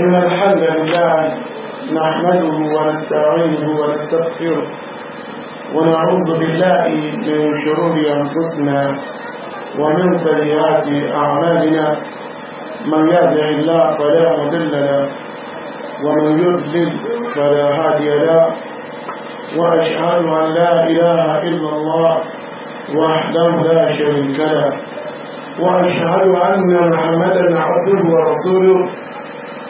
إن الحمد لله نحمده ونستعينه ونستغفره ونعوذ بالله من شرور أنفسنا ومن سيئات أعمالنا من يهدع الله فلا مضل له ومن يضلل فلا هادي له وأشهد أن لا إله إلا الله وحده لا شريك له وأشهد أن محمدا عبده ورسوله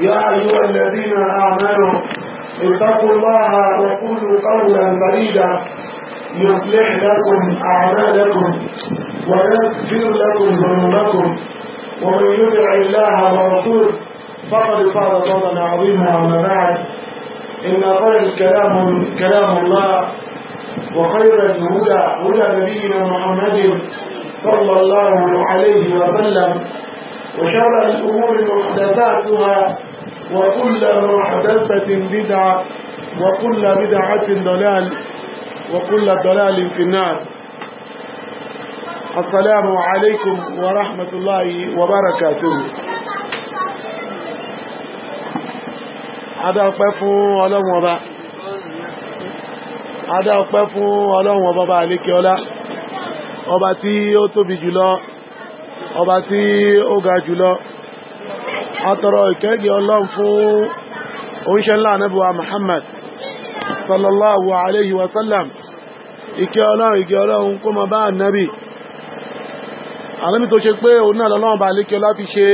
يا أيها الذين آمنوا اتقوا الله وقولوا قولا فريدا يصلح لكم أعمالكم ويغفر لكم ذنوبكم ومن يطع الله ورسوله فقد فاز فوزا عظيما أما بعد إن خير الكلام كلام الله وخير الهدى هدى نبينا محمد صلى الله عليه وسلم وشر الأمور محدثاتها وكل محدثة بدعة وكل بدعة ضلال وكل ضلال في النار السلام عليكم ورحمة الله وبركاته هذا fún ọlọ́run ọba هذا fún ọlọ́run ọba عليك ولا ọlá ọba tí ọba tí ó ga jùlọ àtọrọ ìkẹ́gẹ́ ọlọ́run fún oúnṣẹ́ ńlá anábíwá Muhammad sallallahu alayhi wa sallam ìkẹ́ ọlọ́run ìkẹ́ ọlọ́run kó mọ bá nábì anábì tó ṣe pé òun náà lọ́lọ́run bá lékẹ́ láti ṣe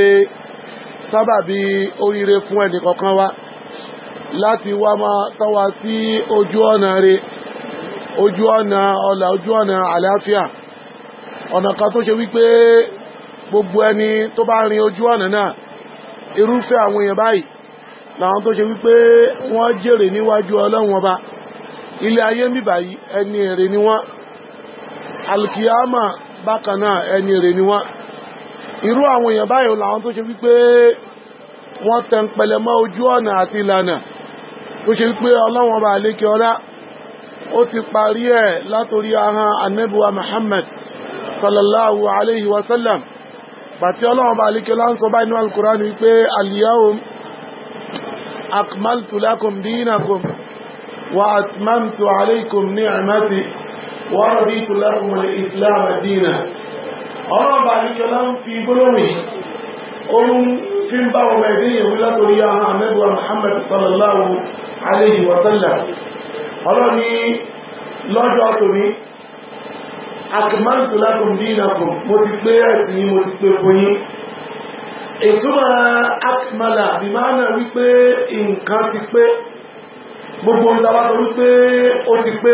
sábàbí oríire fún ẹnì kọ̀ọ̀kan wa láti wá máa tọ́wa sí ojú ọ̀nà rẹ̀ ojú ọ̀nà ọlà ojú ọ̀nà àlàáfíà ọ̀nà kan tó ṣe wípé gbogbo ẹni tó bá rin ojú ọ̀nà náà irúfẹ́ àwọn èèyàn báyìí làwọn tó ṣe wípé wọ́n jèrè níwájú ọlọ́run ọba ilé ayé ń bíbà yìí ẹni èrè ni wọ́n alkiyama bákan náà ẹni èrè ni wọ́n irú àwọn èèyàn báyìí làwọn tó ṣe wípé wọ́n tẹnpẹlẹ mọ́ ojú ọ̀nà àti ìlànà tó ṣe wípé ọlọ́run ọba àlékè ọlá ó ti parí ẹ̀ látòrí ahọ́n anábíwá Muhammad sallallahu alayhi wa sallam pàtí ọlọ́run bá líkẹ́ lọ́n sọ báyìí ní alkùrán ní pé al-yawm akmaltu lakum dinakum wa atmamtu alaykum ni'mati wa raditu lakum al-islam dinan ọlọ́run bá líkẹ́ lọ́n fi gbólóhùn ohun fi ń bá ọmọ ẹ̀dẹ́ yẹ̀wú látòrí ahọ́n amẹ́bùwa muhammad sallallahu alayhi wa sallam ọlọ́run ní lọ́jọ́ tòní akìmáǹtò lákùn bí ìnàkùn mo ti pé ẹ̀sìn yìí mo ti pé fún yín ìtumọ̀ akìmọ̀là bí máa náà wípé nǹkan ti pé gbogbo ń wípé ó ti pé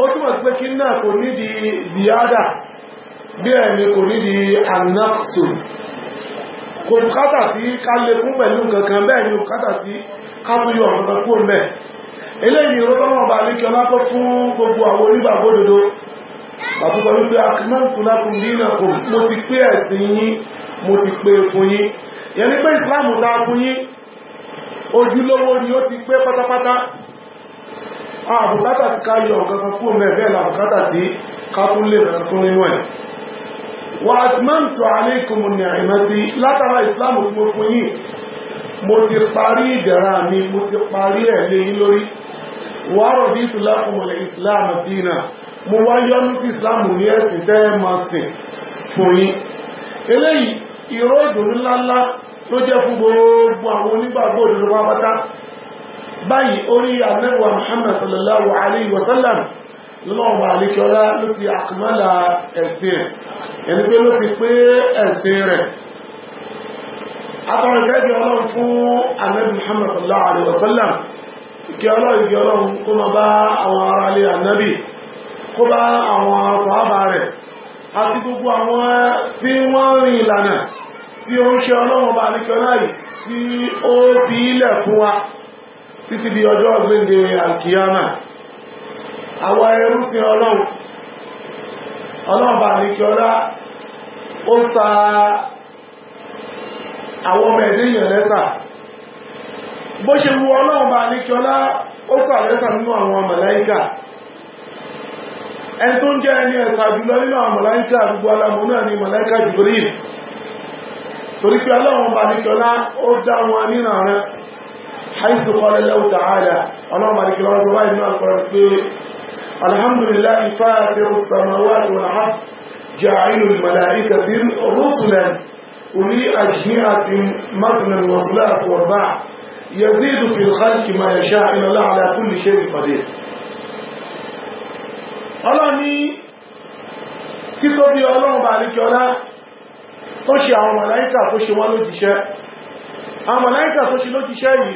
ó túnmọ̀ pé kí náà kò nídìí ziyada bí ẹ̀mí kò nídìí anapsu kò bùkátà sí ká lékún pẹ̀lú kankan bẹ́ẹ̀ ni bùkátà sí ká tún yọ ọ̀rọ̀ kan kúrò mẹ́ eléyìí ìrọ́lọ́wọ́ bá ní kí ọlá tó fún gbogbo àwọn onígbàgbódodo bàbúsọ wípé akínmọ́túnlákùn dínàkùn mo ti pé ẹ̀sìn yín mo ti pé fún yín yẹn ní pé ìsìláàmù ta fún yín ojúlówó ni ó ti pé pátápátá àbùkátà ti ká yọ ọ̀gọ́gọ́ fún mẹ́fẹ́ làbùkátà ti kápúlé rẹ̀ fún nínú ẹ̀ wà àtìmọ́ntù àlékùnmù ní àìmọ́tí látara ìsìláàmù fún yín mo ti wàárọ̀ bí ìtùlá ọmọlẹ̀ islam dínà mo wá yọ́nú sí islam ní ẹ̀sìn tẹ́ máa sìn fún yín eléyìí ìró ìdùnnú ńláńlá ló jẹ́ fún gbogbo àwọn onígbàgbọ́ òdodo wá pátá báyìí orí ànábì muhammad sallallahu alayhi wa sallam lọ́wọ́ àlékiọlá ló fi àkùmọ́lá ẹ̀sìn rẹ̀ ọlọ́run fún ànábì muhammad sallallahu alayhi kí ọlọ́run ìkẹ́ ọlọ́run kó máa bá àwọn ará ilé ànábì kó bá àwọn ọ̀pàábà rẹ̀ àti gbogbo àwọn tí wọ́n rìn ìlànà tí ó ń ṣe ọlọ́run bá níkẹ́ láì tí ó fi ilẹ̀ fún wa títí di ọjọ́ bó ṣe wu ọlọ́run bá níkíọlá ó kọ àlẹ́sà nínú àwọn màláíkà ẹni tó ń jẹ́ ẹni ẹ̀sà jùlọ nínú àwọn màláíkà gbogbo alamọ̀ náà ni màláíkà Jibril torí pé ọlọ́run bá níkíọlá ó dá wọn nínú àrán haisu kọlẹ́lẹ́wù tààdà ọlọ́run bá níkíọlá sọ báyìí náà يزيد في الخلق ما يشاء إن الله على كل شيء قدير ọlọ́run ní títóbi ọlọ́run bá àríkẹ́ ọlá tó ṣe àwọn màláíkà tó ṣe wọ́n lójíṣẹ́ àwọn màláíkà tó ṣe lójíṣẹ́ yìí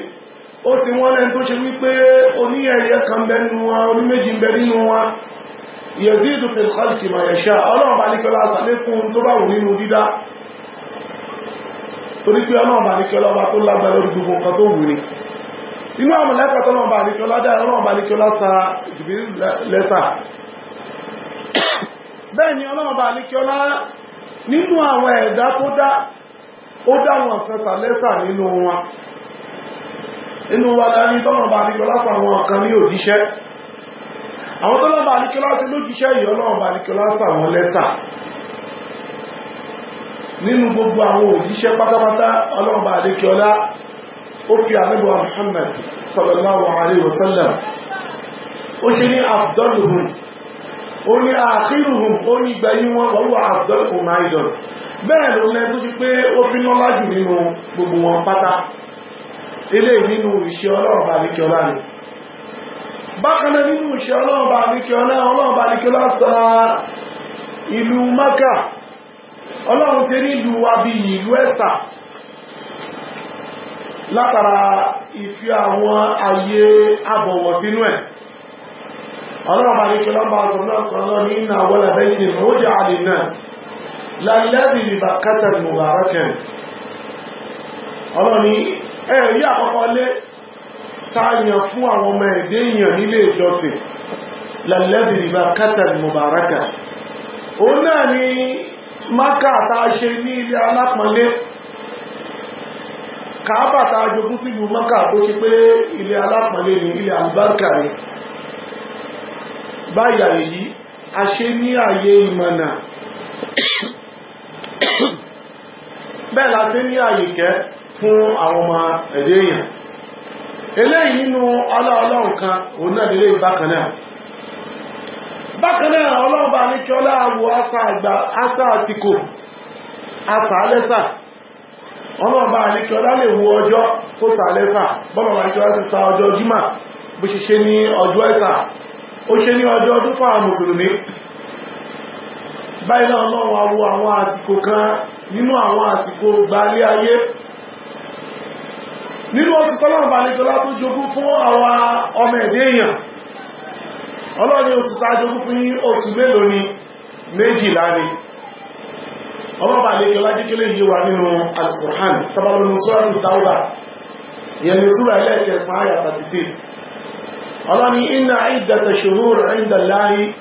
ó ti wọ́n lẹ́n tó ṣe wípé oní ẹ̀yẹ kan bẹ nínú wọn oní méjì bẹ wọn yazidu fil torí pé ọlọ́ọ̀bà àníkẹ́ ọlọ́ọ̀bà tó lágbàá lórí gbogbo nǹkan tó wù inú àwọn lẹ́kọ̀ọ́ tó lọ́ọ̀bà àníkẹ́ ọlọ́dà ọlọ́ọ̀bà àníkẹ́ ọlọ́ta Jibril lẹ́sà bẹ́ẹ̀ ni ọlọ́ọ̀bà àníkẹ́ nínú àwọn ẹ̀dá tó dá ó lẹ́sà nínú wọn inú wa àwọn ní òjíṣẹ́ àwọn ti lójíṣẹ́ àwọn lẹ́sà nínú gbogbo àwọn òjíṣẹ́ pátápátá ọlọ́ọ̀bà àdékíọlá ó fi ànábì wa Muhammad sallallahu alaihi wasallam ó ṣe ní afdọ́lùhùn ó ní àkírùhùn ó ní gbẹ̀yìn wọn wọ́wọ́ afdọ́lùhùn maidon bẹ́ẹ̀ ló lẹ́ ìlú Mákà ọlọ́run ti rí ìlú wa bí ìlú ẹ̀sà látara ìfi àwọn ayé àbọ̀wọ̀ sínú ẹ̀ ọlọ́run bá ní kí lọ́mbà ọdún náà kan lọ ní ìnà àwọn ẹ̀bẹ́yìn ó jẹ́ àlè náà lálẹ́bì ìbà kẹtẹ̀lì mùbàrákẹ̀ ọlọ́run ní ẹ̀rí àkọ́kọ́ lé táyàn fún àwọn ọmọ ẹ̀dẹ́ èèyàn nílé ìjọsìn lálẹ́bì ìbà kẹtẹ̀lì mùbàrákẹ̀ òun náà ní maka tá a ṣe ní ilé alápọ̀nlé kàábà tá a jogún sí ìlú maka tó ṣe pé ilé alápọ̀nlé ní ilé àlùbáríkà ni báyà èyí a ṣe ní àyè ìmọ̀nà bẹ́ẹ̀ la ṣe ní àyè kẹ́ fún àwọn ọmọ ẹ̀dẹ́ èèyàn eléyìí nínú ọlọ́ọ̀lọ́ bákanáà ọlọ́ọ̀bà ní kí ọlá àwọ̀ asá àtìkò asàálẹ́sà ọlọ́ọ̀bà ní kí ọlá lè wo ọjọ́ kó sàálẹ́sà bọ́bàbà ní kí ọlá ti sa ọjọ́ jímà bó ṣe ṣe ní ọjọ́ ẹ̀sà ó ṣe ní ọjọ́ ọdún fáwọn mùsùlùmí báyìí náà ọlọ́wọ́ wo àwọn àsìkò kan nínú ọlọ́ni oṣù tàjogún fún oṣù mélò ni méjì láàrin ọlọ́bà lè yọ lájíkílẹ̀ yìí wà nínú Al-Qur'an sọ́rọ̀ tàúbà yẹni súra ilẹ̀ fàáyà 36 ọlọ́ni inna iddata shuhur inda Allahi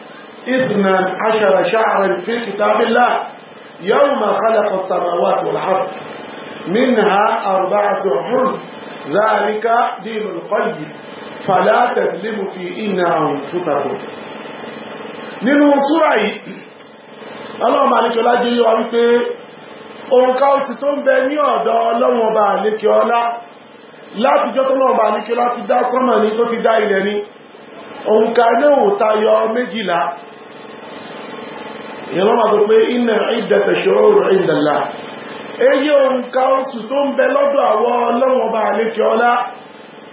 fàlá tẹ̀lébù fi iná àrùn fútàkù nínú súra yìí ọlọ́ọ̀bà alékiọlá jẹ́ yíwa wípé ohun tó ń bẹ ní ọ̀dọ̀ ọlọ́run ọba alékiọlá látijọ́ tó lọ́ọ̀bà alékiọlá ti dá sọ́nà ní tó ti dá ilẹ̀ ní méjìlá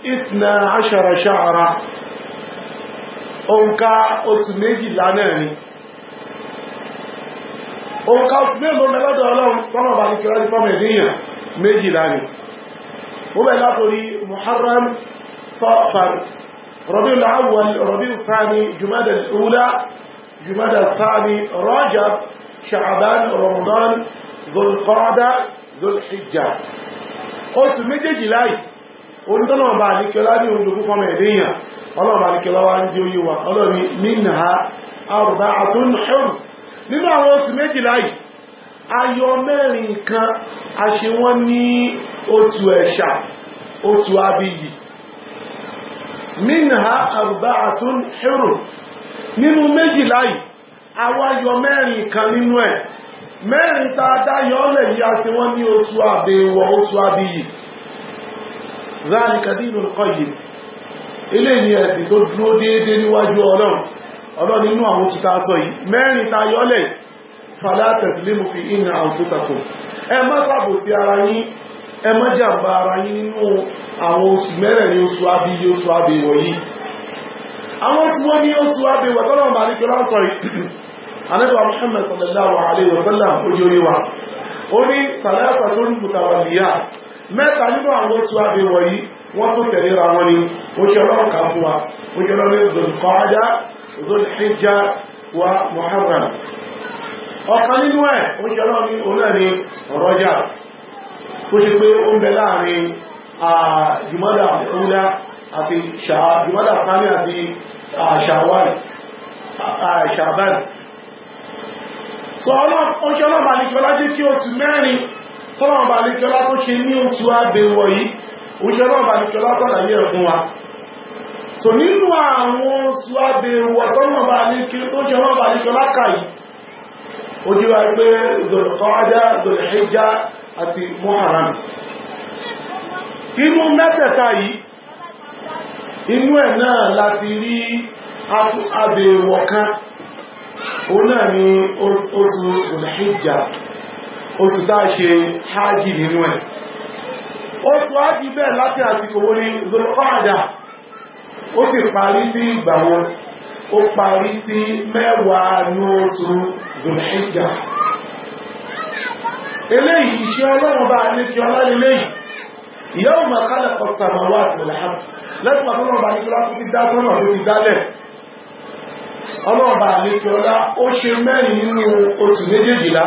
اثنا عشر شعرا انكا اسميجي لاناني انكا اسميجي لاناني انكا اسميجي لاناني طبعا بعد كرادي فاميديا ميجي لاني وبلا قولي محرم صفر ربيع الأول ربيع الثاني جمادة الأولى جمادة الثاني رجب شعبان رمضان ذو القعدة ذو الحجة اسميجي لاناني orítọ́nà ọba àdíkẹ́lá ní oúnjẹ fún fọ́mọ̀ ọlọ́ọ̀bà àdíkẹ́lá wá ń jẹ́ oyé wa ọlọ́rin ha àrùbá àtún nínú àwọn oṣù méjìlá yìí ayọ mẹ́rin kan a ṣe wọ́n ní oṣù ẹ̀ṣà oṣù abiyì àrùbá nínú méjìlá yìí a a zalika dinul qayyim ilé ni ẹ̀sìn tó dúró déédé níwájú ọlọ́run ọlọ́run nínú àwọn oṣù ta sọ yìí mẹ́rin ta yọ́lẹ̀ fala tazlimu fi inna anfusakum ẹ má sàbò ti ara yín ẹ má jàmbá ara yín nínú àwọn oṣù mẹ́rẹ̀ẹ̀rin oṣù abí oṣù abí wọ̀nyí àwọn tí wọ́n ní oṣù abí wọ̀tọ́lọ́run mẹ́ta nínú àwọn tí a bè wọ̀nyí wọ́n tó tẹ̀lé ra wọn ni ojú ọlọ́run kan fún wa ojú ọlọ́run Dhul-Qa'dah Dhul-Hijjah wa Muharram ọ̀kan nínú ẹ̀ ojú ọlọ́run onáni Rajab tó ṣe pé ó ń bẹ láàrin Jumada ọ̀húnlá àti Jumada sani àti Sha'ban sọ ọlọ́run ojú tọ́lọ́wọ́n bá lè kíọ́lá tó ṣe ní oṣù àbẹ̀wọ̀ yìí oṣù ọlọ́wọ́n bá lè kíọ́lá tọ́lá yẹ fún wa so nínú àwọn oṣù àbẹ̀wọ̀ tọ́lọ́wọ́n bá lè kíọ́lá kàyí ó jẹ́ wá pé Dhul-Qa'dah Dhul-Hijjah àti Muharram ni oṣù dhul oṣù tá a ṣe hájì nínú ẹ̀ oṣù hájì bẹ́ẹ̀ láti àsìkò wo ni zolokọ́àdà ó sì parí sí ìgbà wo ó parí sí mẹ́wàá ní oṣù zolokọ́àdà eléyìí iṣẹ́ ọlọ́run bá ní kí ọlá lélẹ́yìí ìyá ò máa kálẹ̀ kọta máa wà àti ìlà hàn lẹ́sùn àtọ́nà bá ní kí ọlá tó ọlá ó ṣe mẹ́rin nínú oṣù méjèèjìlá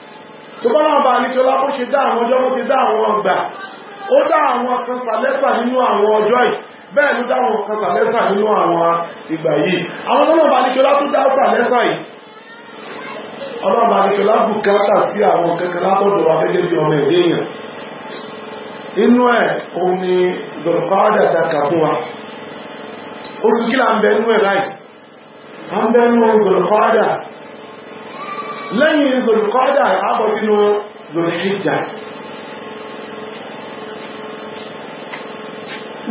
tó bá náà bá lápò ṣe dá àwọn ọjọ́ wọ́n ti dá àwọn ọgbà ó dá àwọn kan sàlẹ́sà nínú àwọn ọjọ́ yìí bẹ́ẹ̀ ló dá àwọn kan sàlẹ́sà nínú àwọn ìgbà yìí àwọn lápò dá sàlẹ́sà yìí lápò sí àwọn kankan látọ̀dọ̀ bí ọmọ ẹ̀dẹ́ inú ẹ̀ òun ni lẹ́yìn zòlùkọ́dà àbọ̀ sínú zòlùkíjà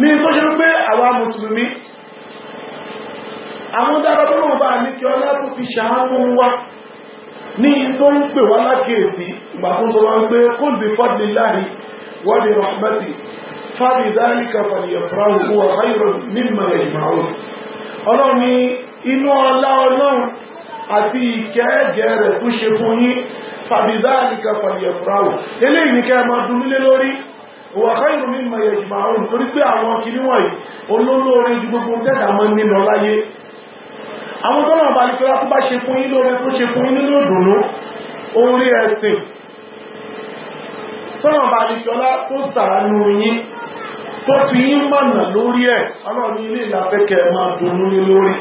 ní tó ṣe pé àwa mùsùlùmí àwọn dára tó lọ́wọ́ bá ní kí ọlá tó fi ṣàánú wá ní tó ń pè wá lákèèsí ìgbà tó sọ wá pé kul bi fadlillahi wa bi rahmatihi fábí dhalika falyafrahu àti ìkẹ́ẹ̀gẹ́ rẹ̀ tó ṣe fún yín fàbíbáàlìkà fàyẹ̀fúráwò eléyìí ní kẹ́ẹ̀mọ́ dúnmílé lórí wà káyìí mi mọ̀ yẹ̀ jùmọ̀ àwọn torí pé àwọn kìíní wọ̀nyí olólóore ju gbogbo tẹ́dà mọ́ nínú láyé àwọn tọ́nà àbálìkọ́lá tó bá ṣe fún yín lóore tó ṣe fún yín fi yín mọ̀nà lórí ẹ̀ ọlọ́run ilé ìlàfẹ́kẹ̀ẹ́ máa dùnnú lórí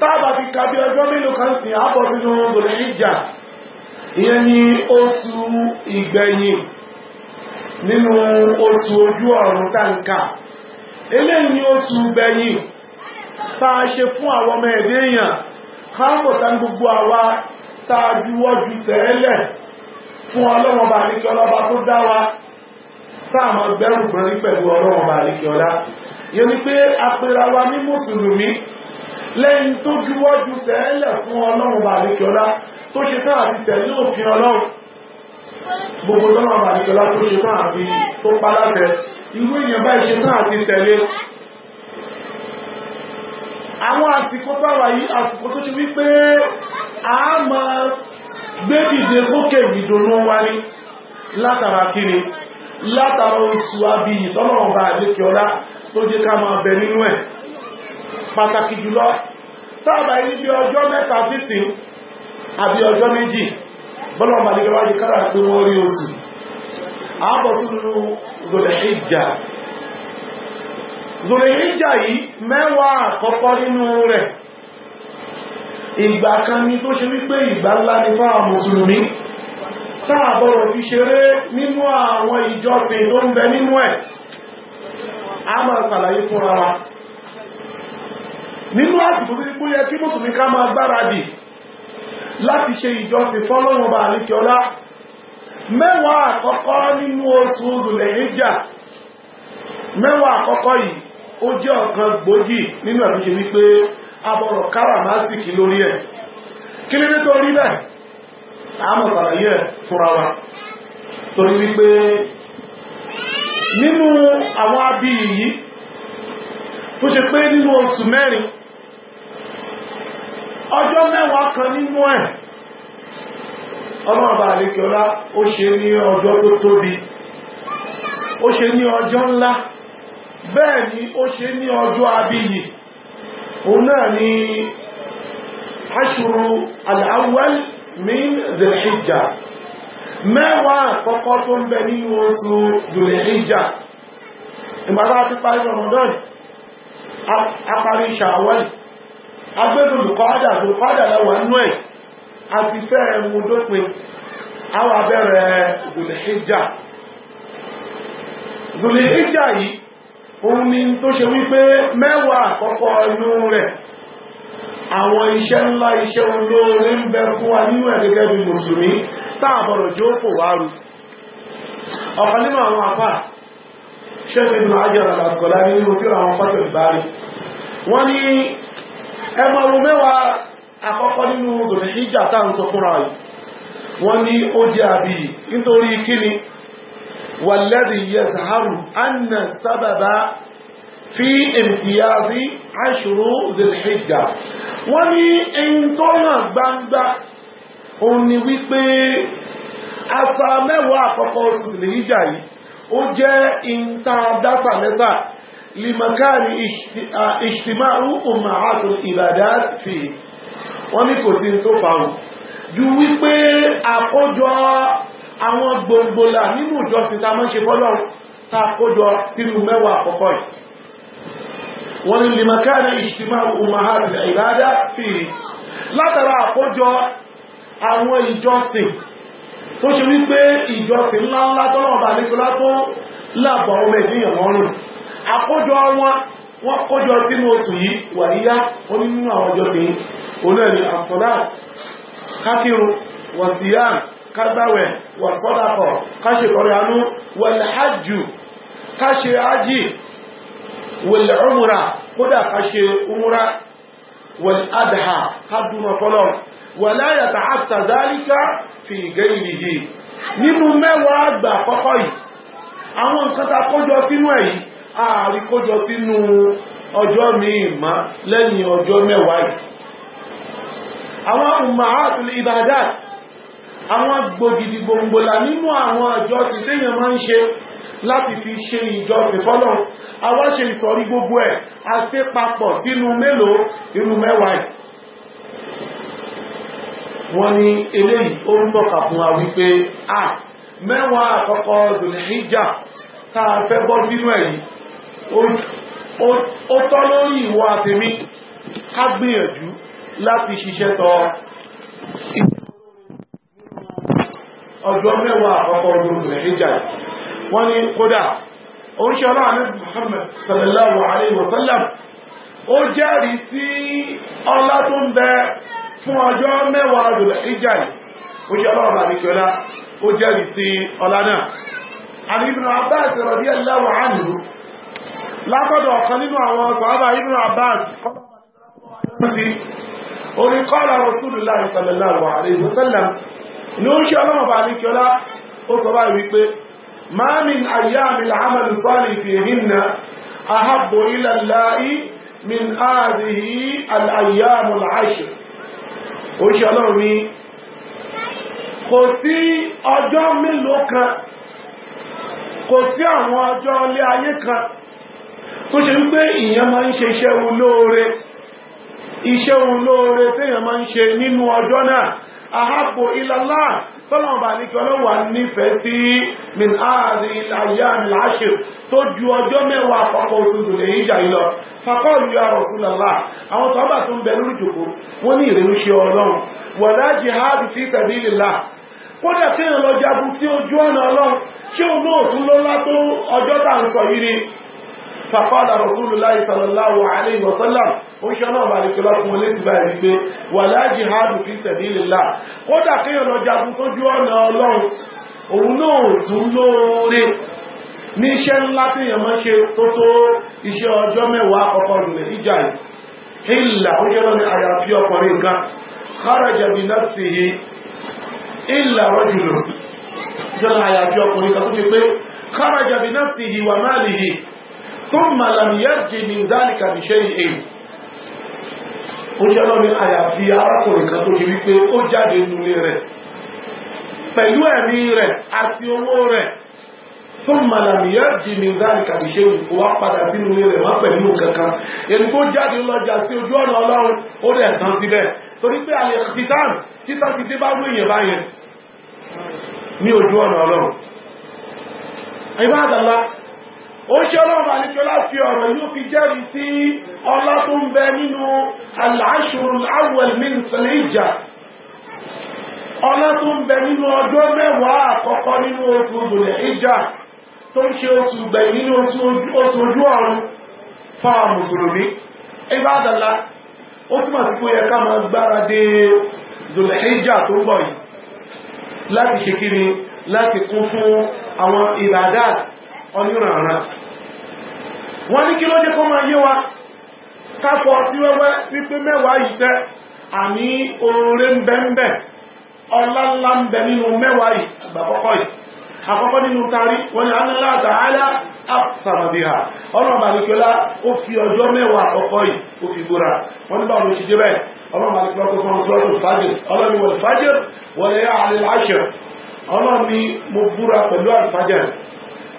tábà fi kàbí ọjọ́ mélòó kan sí àbọ̀ sínú obìnrin ìjà ìyẹn ni oṣù ìgbẹ̀yìn nínú oṣù ojú ọ̀run táǹkà eléyìí ni oṣù ìgbẹ̀yìn tá a ṣe fún àwọn fún ọlọ́wọ́n bá ní kí ọlọ́ba tó dá wa táàmọ̀ gbẹ́rùn-ún pẹ̀lú ọlọ́wọ́n bá ní kí ọlá yẹn ni pé apẹ̀rẹ̀ wa ní mùsùlùmí lẹ́yìn tó juwọ́jú tẹ́ẹ̀lẹ̀ fún ọlọ́run bàríkọ́lá tó ṣe tán àti tẹ̀lé òfin ọlọ́run gbogbo ọlọ́run bàríkọ́lá tó ṣe tán àti tó palábẹ̀ irú èèyàn bá ṣe tán àti tẹ̀lé àwọn àsìkò báwa yìí àsìkò tó ti wípé a máa gbébìde sókè ìdùnnú wa ní látara kiri látara oṣù abiyì tọ́lọ́run bàríkọ́lá tó jẹ́ ká máa bẹ nínú ẹ̀ pàtàkì jùlọ táàbà ilé bí ọjọ́ mẹ́ta fíìsì àbí ọjọ́ méjì bọ́lọ̀mà ní gbáwájú kára pé wọ́n rí oṣù ààbọ̀ túnú zòlẹ̀híjà zòlẹ̀híjà yìí mẹ́wàá àkọ́kọ́ nínú rẹ̀ ìgbà kan ni tó ṣe wípé ìgbà ńlá ni fáwọn mùsùlùmí táàbọ̀rọ̀ fi ṣeré nínú àwọn ìjọsìn tó ń bẹ nínú ẹ̀ a máa ṣàlàyé fúnra wa nínú àsìkò tó kó yẹ kí mùsùlùmí ká máa gbáradì láti ṣe ìjọsìn fọ́lọ́run ọba àríkẹ́ ọlá mẹ́wàá àkọ́kọ́ nínú oṣù Zul-Hijjah mẹ́wàá àkọ́kọ́ yìí ó jẹ́ ọ̀kan gbòógì nínú àbíṣe wípé abọ̀rọ̀ káràmásìkì lórí ẹ̀ kí ní nítorí bẹ́ẹ̀ àmọ̀sàlàyé ẹ̀ fúnra wa torí wípé nínú àwọn abí yìí tó ṣe pé nínú oṣù mẹ́rin ọjọ́ mẹ́wàá kan nínú ẹ̀ ọlọ́ọ̀bà àríkọ́lá ó ṣe ní ọjọ́ tó tóbi ó ṣe ní ọjọ́ ńlá bẹ́ẹ̀ ni ó ṣe ní ọjọ́ abiyì òun náà ni aṣùrù al-awwal min zilhijjá mẹ́wàá àkọ́kọ́ tó ń bẹ nínú oṣù zilhijjá ìgbàlá ti parí Ramadan a parí agbẹ́lùlùkọ́ádà lùkọ́ádà láwà nú ẹ̀ a ti fẹ́ ẹ̀rùn dópin àwọn abẹ́rẹ̀ zulhijjá zulhijjá yìí òun ni tó ṣe wípé mẹ́wàá àkọ́kọ́ inú rẹ̀ àwọn iṣẹ́ ńlá iṣẹ́ olóore ń bẹ fún wa nínú ẹ̀ gẹ́gẹ́ bí mùsùlùmí táàbọ̀rọ̀ jó fò wáru ọ̀kan nínú àwọn apá ṣẹ́gun ìlú ajọ́ àlàkọ̀lá nínú tí àwọn pọ́tò ìbárí wọ́n ní ẹmọ̀rù mẹ́wàá àkọ́kọ́ nínú òdòrò ìjà tá ń sọ fúnra yìí wọ́n ní ó jẹ́ àbí nítorí kíni wàlẹ́dì yẹ̀zàárù anna sábàbá fi imtiyazi aṣòro zilhijja wọ́n ní ẹ̀yìn tó hàn gbangba òun ni wípé asa mẹ́wàá àkọ́kọ́ zilhijja yìí ó jẹ́ ìntàdátà mẹ́ta limakari ìṣtìmáàrù umma'atul ibadat fi wọ́n ní kò tí ń tó fàún ju wípé àkójọ àwọn gbòǹgbòlà nínú ìjọ ti ta mọ́ ṣe fọ́lọ́ tàkójọ sínú mẹ́wàá àkọ́kọ́ yìí wọ́n ní limakari ìṣtìmáàrù umma'atul ibadat fi látara àkójọ àwọn ìjọsìn tó ṣe wípé ìjọsìn ńláńlá tọ́lọ̀ àkójọ wọn wọ́n kójọ sínú oṣù yìí wà níyá ó ní nínú àwọn ọjọ́ sí olóòrìn àfọ́lá kákírun wọ̀síyàn kágbàwẹ̀ wọ̀sọ́dàkọ̀ káṣekọrẹ anú wọ̀lẹ̀hájù káṣe ájì wọ̀lẹ̀ ọmúra kódà káṣe umúra wọ̀lẹ̀ádàá kádùnà fọ́lọ̀ wọ̀láyàtà àtàzálíkà fi gẹ́yìnìyì nínú mẹ́wàá àgbà kọ́kọ́ yìí àwọn nǹkan ta kójọ sínú ààrí kójọ sínú ọjọ́ míì ma lẹ́yìn ọjọ́ mẹ́wàá yìí àwọn ummahatul ibadat àwọn gbògidì gbòǹgbòlà nínú àwọn àjọ ti téèyàn máa ń ṣe láti fi ṣe ìjọ ìfọ́lọ̀ àwọn ṣe ìsọ̀rí gbogbo ẹ̀ a ṣe papọ̀ sínú mélòó inú mẹ́wàá yìí wọ́n ní eléyìí ó fún wa wípé a mẹ́wàá àkọ́kọ́ Dhul Hijjah tá a fẹ́ bọ́ nínú ẹ̀yìn ó tọ́ lórí ìwọ àtèmi ká gbìyànjú láti ṣiṣẹ́ tọ ọjọ́ mẹ́wàá àkọ́kọ́ ọdún nàìjíríà wọ́n ní kódà oúnjẹ ọlọ́run Muhammad sallallahu alaihi wasallam ó jẹ́rìí sí ọlá tó ń bẹ fún ọjọ́ mẹ́wàá ọdún nàìjíríà oúnjẹ ó jẹ́rìí sí ọlá náà àríbìnà Abbas radiyallahu anhu látọ̀dọ̀ ọ̀kan nínú àwọn sàhábà ibn Abbas orí kọ́lá Rasulullahi sallallahu alaihi wasallam ní ó ń ṣe ọlọ́mọ̀bà ní kíọlá ó sọ báyìí wípé ma min ayyamil amali salih fihinna ahabbu ila Allahi min hadhihi al-ayyamul ashr ó ṣe ọlọ́run ní kò sí ọjọ́ ilé ayé kan tó ṣe wípé ìyẹn máa ń ṣe iṣẹ́ olóore iṣẹ́ olóore téèyàn máa ń ṣe nínú ọjọ́ náà ahabu ilàlá tọ́lọ̀mọ̀bà ní kí ọlọ́wà nífẹ̀ẹ́ sí min ààrin ìlàyà ìlàṣẹ tó ju ọjọ́ mẹ́wàá àpapọ̀ òṣùṣù lè ìjà ìlọ fakọ́ ìlú àrọ̀sùlọ́lá àwọn sọ́bà tó ń bẹ lórí jòkó wọ́n ní ìrìnú ṣe ọlọ́run wọ̀lá jihad fàfádà rasulullahi sallallahu alayhi wa sallam ó ń ṣe náà bá ní kílá fún olóṣù báyìí wípé wala jihadu fi sabilillah kódà kéèyàn lọ jagun sójú ọ̀nà ọlọ́run òun náà tún lóore ní iṣẹ́ ńlá tí èèyàn máa ń ṣe tó tó yìí ثم لم يرج من ذلك بشيء ó jẹ́ lọ́mí àyàfi arákùnrin kan tó di wípé ó jáde nulé rẹ̀ pẹ̀lú ẹ̀mí rẹ̀ àti owó rẹ̀ ثم لم يرج من ذلك بشيء wá padà sí nulé rẹ̀ má pẹ̀lú kankan ẹni tó jáde lọ́jà sí ojú ọ̀nà ọlọ́run ó dẹ̀ tán síbẹ̀ torí pé àlè títàn títàn ti dé bá wé èèyàn báyẹn ní ojú ọ̀nà ọlọ́run ibadallah ó ṣe ọlọ́run àníkẹ́ láti ọ̀rọ̀ yóò fi jẹ́rìí sí ọlá tó ń bẹ nínú aláṣòro awwal min zulhijja ọlá tó ń bẹ nínú ọjọ́ mẹ́wàá àkọ́kọ́ nínú oṣù zulhijja tó ń ṣe oṣù gbẹ̀yìn nínú oṣù ojú ọ̀run fáwọn mùsùlùmí ibádàlá ó túnmọ̀ sí pé yẹ ká máa gbára dé zulhijja tó ń bọ̀ yìí láti ṣe kí ni láti kún fún àwọn ìbádà onírànràn wọ́n ní kí ló jẹ́ kó máa yé wa kápọ̀ sí wẹ́wẹ́ wípé mẹ́wàá yìí tẹ́ àní oore ń bẹ ń bẹ ọlá ńlá ń bẹ nínú mẹ́wàá yìí àgbàkọ́kọ́ yìí àkọ́kọ́ nínú tarí wọ́n ni Allah ta'ala àpàmàdìhà ọlọ́mà nìkọlá ó fi ọjọ́ mẹ́wàá àkọ́kọ́ yìí ó fi búra wọ́n nígbà wọn ti débẹ̀ ọlọ́mà nìkọlá kó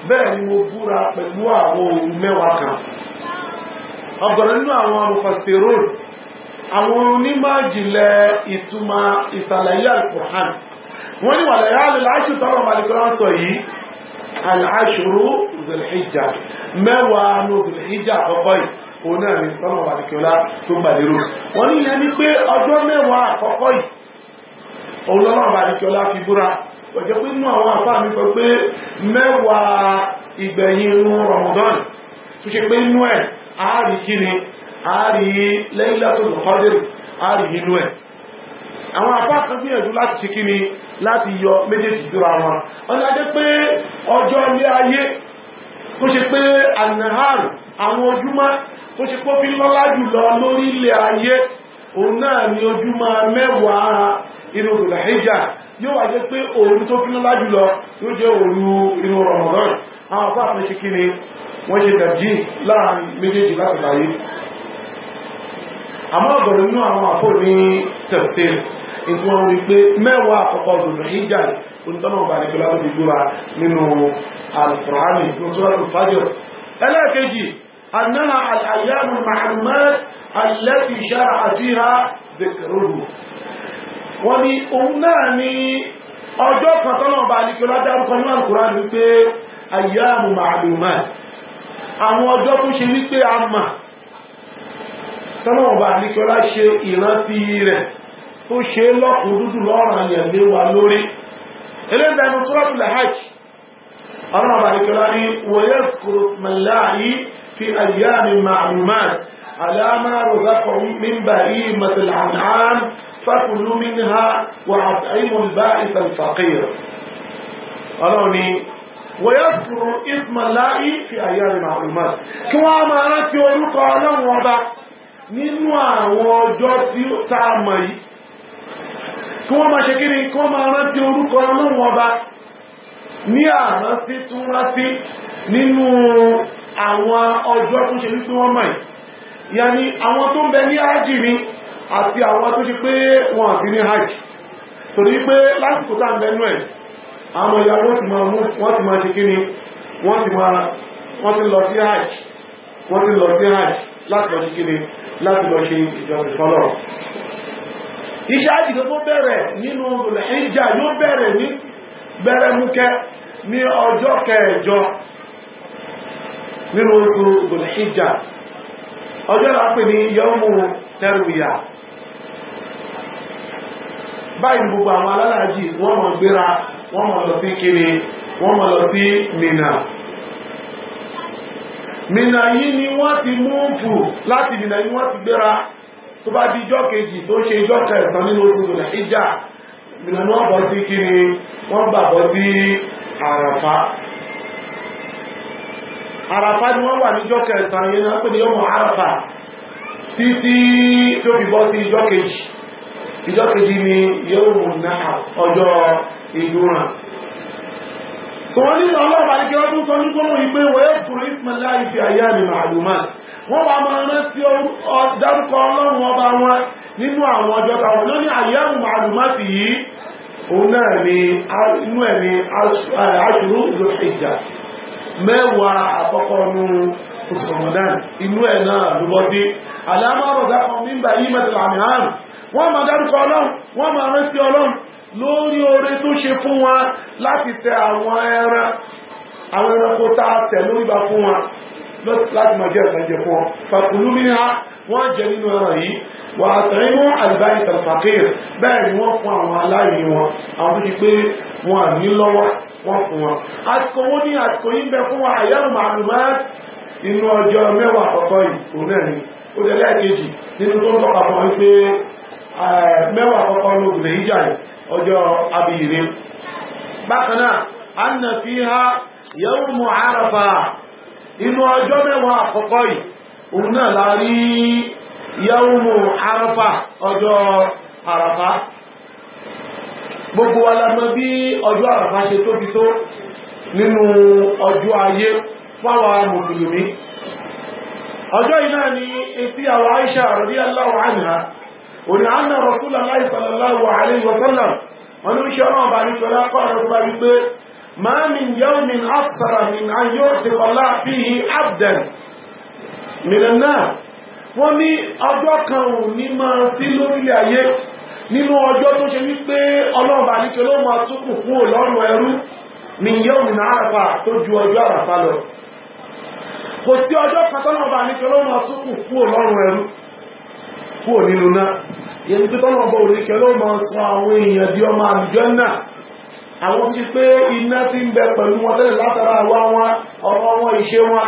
bẹ́ẹ̀ ni mo búra pẹ̀lú àwọn ohun mẹ́wàá kan ọ̀gọ̀rọ̀ nínú àwọn amòfàsíróòlù àwọn onímọ̀jìnlẹ̀ ìtumọ̀ ìsàlàyé alukur'an wọ́n yìí òun náà ní fi búra ọ̀jẹ́ pé inú àwọn àfáà mi sọ pé mẹ́wàá ìgbẹ̀yìn irun Ramadan tó ṣe pé inú ẹ̀ àárí kíni àárí Laylatul Qadr àárí inú ẹ̀ àwọn apá kan gbìyànjú láti ṣe kí ni láti yọ méjèèjì síra wọn ọ̀nà ajẹ́ pé ọjọ́ òun náà ni ojúmọ́ mẹ́wàá inú ìlàhíjà yóò wá jẹ́ pé òru tó fínú lájú lọ yóò jẹ́ òru inú Ramadan àwọn afọ́ àfẹ́ ṣe kí ni wọ́n ṣe tàbí láàrin méjèèjì láti láyé àmọ́ ọ̀gọ̀rọ̀ nínú àwọn àfọ́ ní tafsir ìtú wọn wí pé mẹ́wàá àkọ́kọ́ òdùnà ìjà onítọ́nà ọba ní pẹ̀lú àti ìgbóra nínú Al-Qur'ani nínú Suratul Fajr ẹlẹ́ẹ̀kejì أنها الأيام المعلومات التي شرع فيها ذكره ومن أمناني ọjọ́ kan tọ́nà bá ní kí ọlọ́dárúkọ أيام àkùrá أم pé ayyamu ma'lumat àwọn ọjọ́ tó ṣe wípé a mà tọ́nà bá ní kí ọlá ṣe ìrántí rẹ̀ tó ṣe lọ́kùn dúdú lọ́rùn àyàn lé wa lórí eléńdà ní suratul hajj ọ̀nà bá ní kí ọlá ní في أيام معلومات على ما رزقهم من بهيمة الأنعام فكلوا منها وأطعموا البائس الفقير أروني ويذكر اسم الله في أيام معلومات كما أمرت يقول لهم وضع من وجود ọjọ́ كما ó tàà mọ̀ yìí kí wọ́n máa ṣe ni nínú àwọn ọjọ́ tó ṣe wípé wọ́n mọ̀ yàní àwọn tó ń bẹ ní ájì ni àti àwọn tó ṣe pé wọn àti ní ájì torí pé lásìkò tá ń bẹnu ẹ̀ àwọn ìyá wọ́n ti máa mú wọ́n ti máa ṣe kí ni wọ́n ti máa wọ́n ti lọ sí ájì wọ́n ti lọ sí ájì láti lọ ṣe kí ni láti lọ ṣe ìjọba ìfọlọ́ nínú oṣù Dhul-Hijja ọjọ́ lápẹ́ ní yọ́mù tẹ́rùyà báyìí gbogbo àwọn alálàájì wọ́n mọ̀ gbéra wọ́n mọ̀ lọ sí kiri wọ́n mọ̀ lọ sí Mínà yìí ni wọ́n ti múùfù láti Mínà yìí wọ́n ti gbéra tó bá di ijọ́ tó ṣe ijọ́ àràfà ni wọ́n wà níjọ́ kẹta yẹn náà pè ní ọmọ àràfà títí tó fi bọ́ sí ìjọ́ kejì ìjọ́ kejì ni yóò mú náà ọjọ́ ìdúrà sọ̀rọ̀ nínú ọlọ́ọ̀bà ní kíwájú tó ní gbọ́nà ìgbé wọ́n kùrù ìsìnlá ìfẹ́ àyà ní màálùmá wọ́n bá máa rán sí dárúkọ ọlọ́run ọba wọn nínú àwọn ọjọ́ táwọn lóní àyà màálùmá sì yìí òun náà ni inú ẹ̀ ni aṣùrù ìlú ìjà mẹ́wàá àkọ́kọ́ ní oṣù Ramadan inú ẹ̀ náà lúbọ́dé alámọ́rọ̀dá kan nígbà yí mẹ́tàlá àmì àrùn wọ́n máa dárúkọ ọlọ́run wọ́n máa rántí ọlọ́run lórí oore tó ṣe fún wa láti tẹ àwọn ẹran àwọn ẹranko tá a tẹ̀ lórí bá fún wa láti máa jẹ́ ìtàjẹ̀ fún ọ wọ́n jẹ nínú ẹran yìí wà àtàrí wọn àlìbáyé tàbàkìr bẹ́ẹ̀ ni wọ́n fún àwọn aláìní wọn àwọn tó ti pé wọn à ní lọ́wọ́ wọ́n fún wọn àsìkò wọn ní àsìkò yìí bẹ fún wa àyẹ̀wò inú ọjọ́ mẹ́wàá àkọ́kọ́ yìí òun náà la rí yawmu arafa ọjọ́ arafa gbogbo wa la mọ̀ bí ọjọ́ arafa ṣe tóbi tó nínú ọjọ́ ayé fáwa mùsùlùmí ọjọ́ iná ni etí àwọn Aisha radiyallahu anha òní àánà Rasulullahi sallallahu alayhi wa sallam wọn ló ń ṣe ọ̀rọ̀ àbárí mìíràn náà wọ́n ní ọjọ́ kan ò ní máa sí lórílẹ̀ ayé nínú ọjọ́ tó ṣe wípé ọlọ́ọ̀bà ní kí olóòmà túnkù fún ọlọ́rùn ẹrú ní yẹ́ òmìnà àràpá tó ju ọjọ́ àràpá lọ kò sí ọjọ́ katọ́lọ́ọ̀bà ní kí olóòmà túnkù fún ọlọ́rùn ẹrú fún ònínú náà yẹn tí tọ́lọ́ọ̀bà orí kí olóòmà sọ àwọn èèyàn bí ọmọ àlùjọ náà àwọn ti pé iná ti ń bẹ pẹ̀lú wọn tẹ́lẹ̀ látara àwa wọn ọ̀rọ̀ wọn ìṣe wọn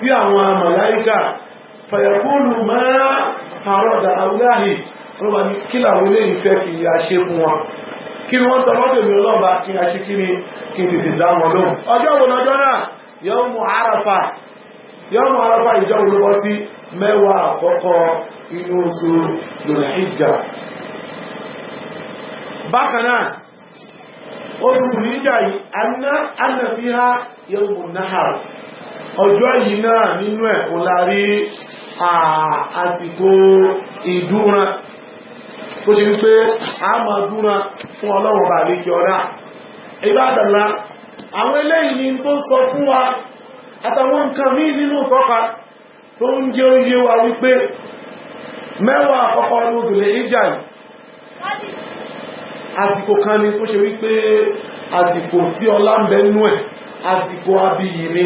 sí àwọn màláíkà fàyàkúlù máa àrọ̀dà àwúláhì tó bá ní kí làwọn ilé ìfẹ́ kì í fún wọn kí wọ́n tọmọ́dé mi ọlọ́ọ̀bá kí a ṣe kí ni kí n tètè dá wọn ọjọ́ wo lọ́jọ́ náà yọ́mù àràfà arafa ìjọ olówó sí mẹ́wàá àkọ́kọ́ inú oṣù bákan náà oṣù yìí ha náà ọjọ́ yìí náà nínú ẹ̀ kò lárí àsìkò ìdúnran tó ṣe pé a máa dúnran fún ọlọ́run bá lè kí ọ̀dá ìbádàlá àwọn eléyìí tó sọ fún wa àtàwọn nǹkan míì nínú tọ́ka tó ń jẹ́ oyé wa wípé mẹ́wàá àkọ́kọ́ ní ìjà yìí kan ni ṣe wípé tí ọlá ń nú ẹ̀ àsìkò abiyì ni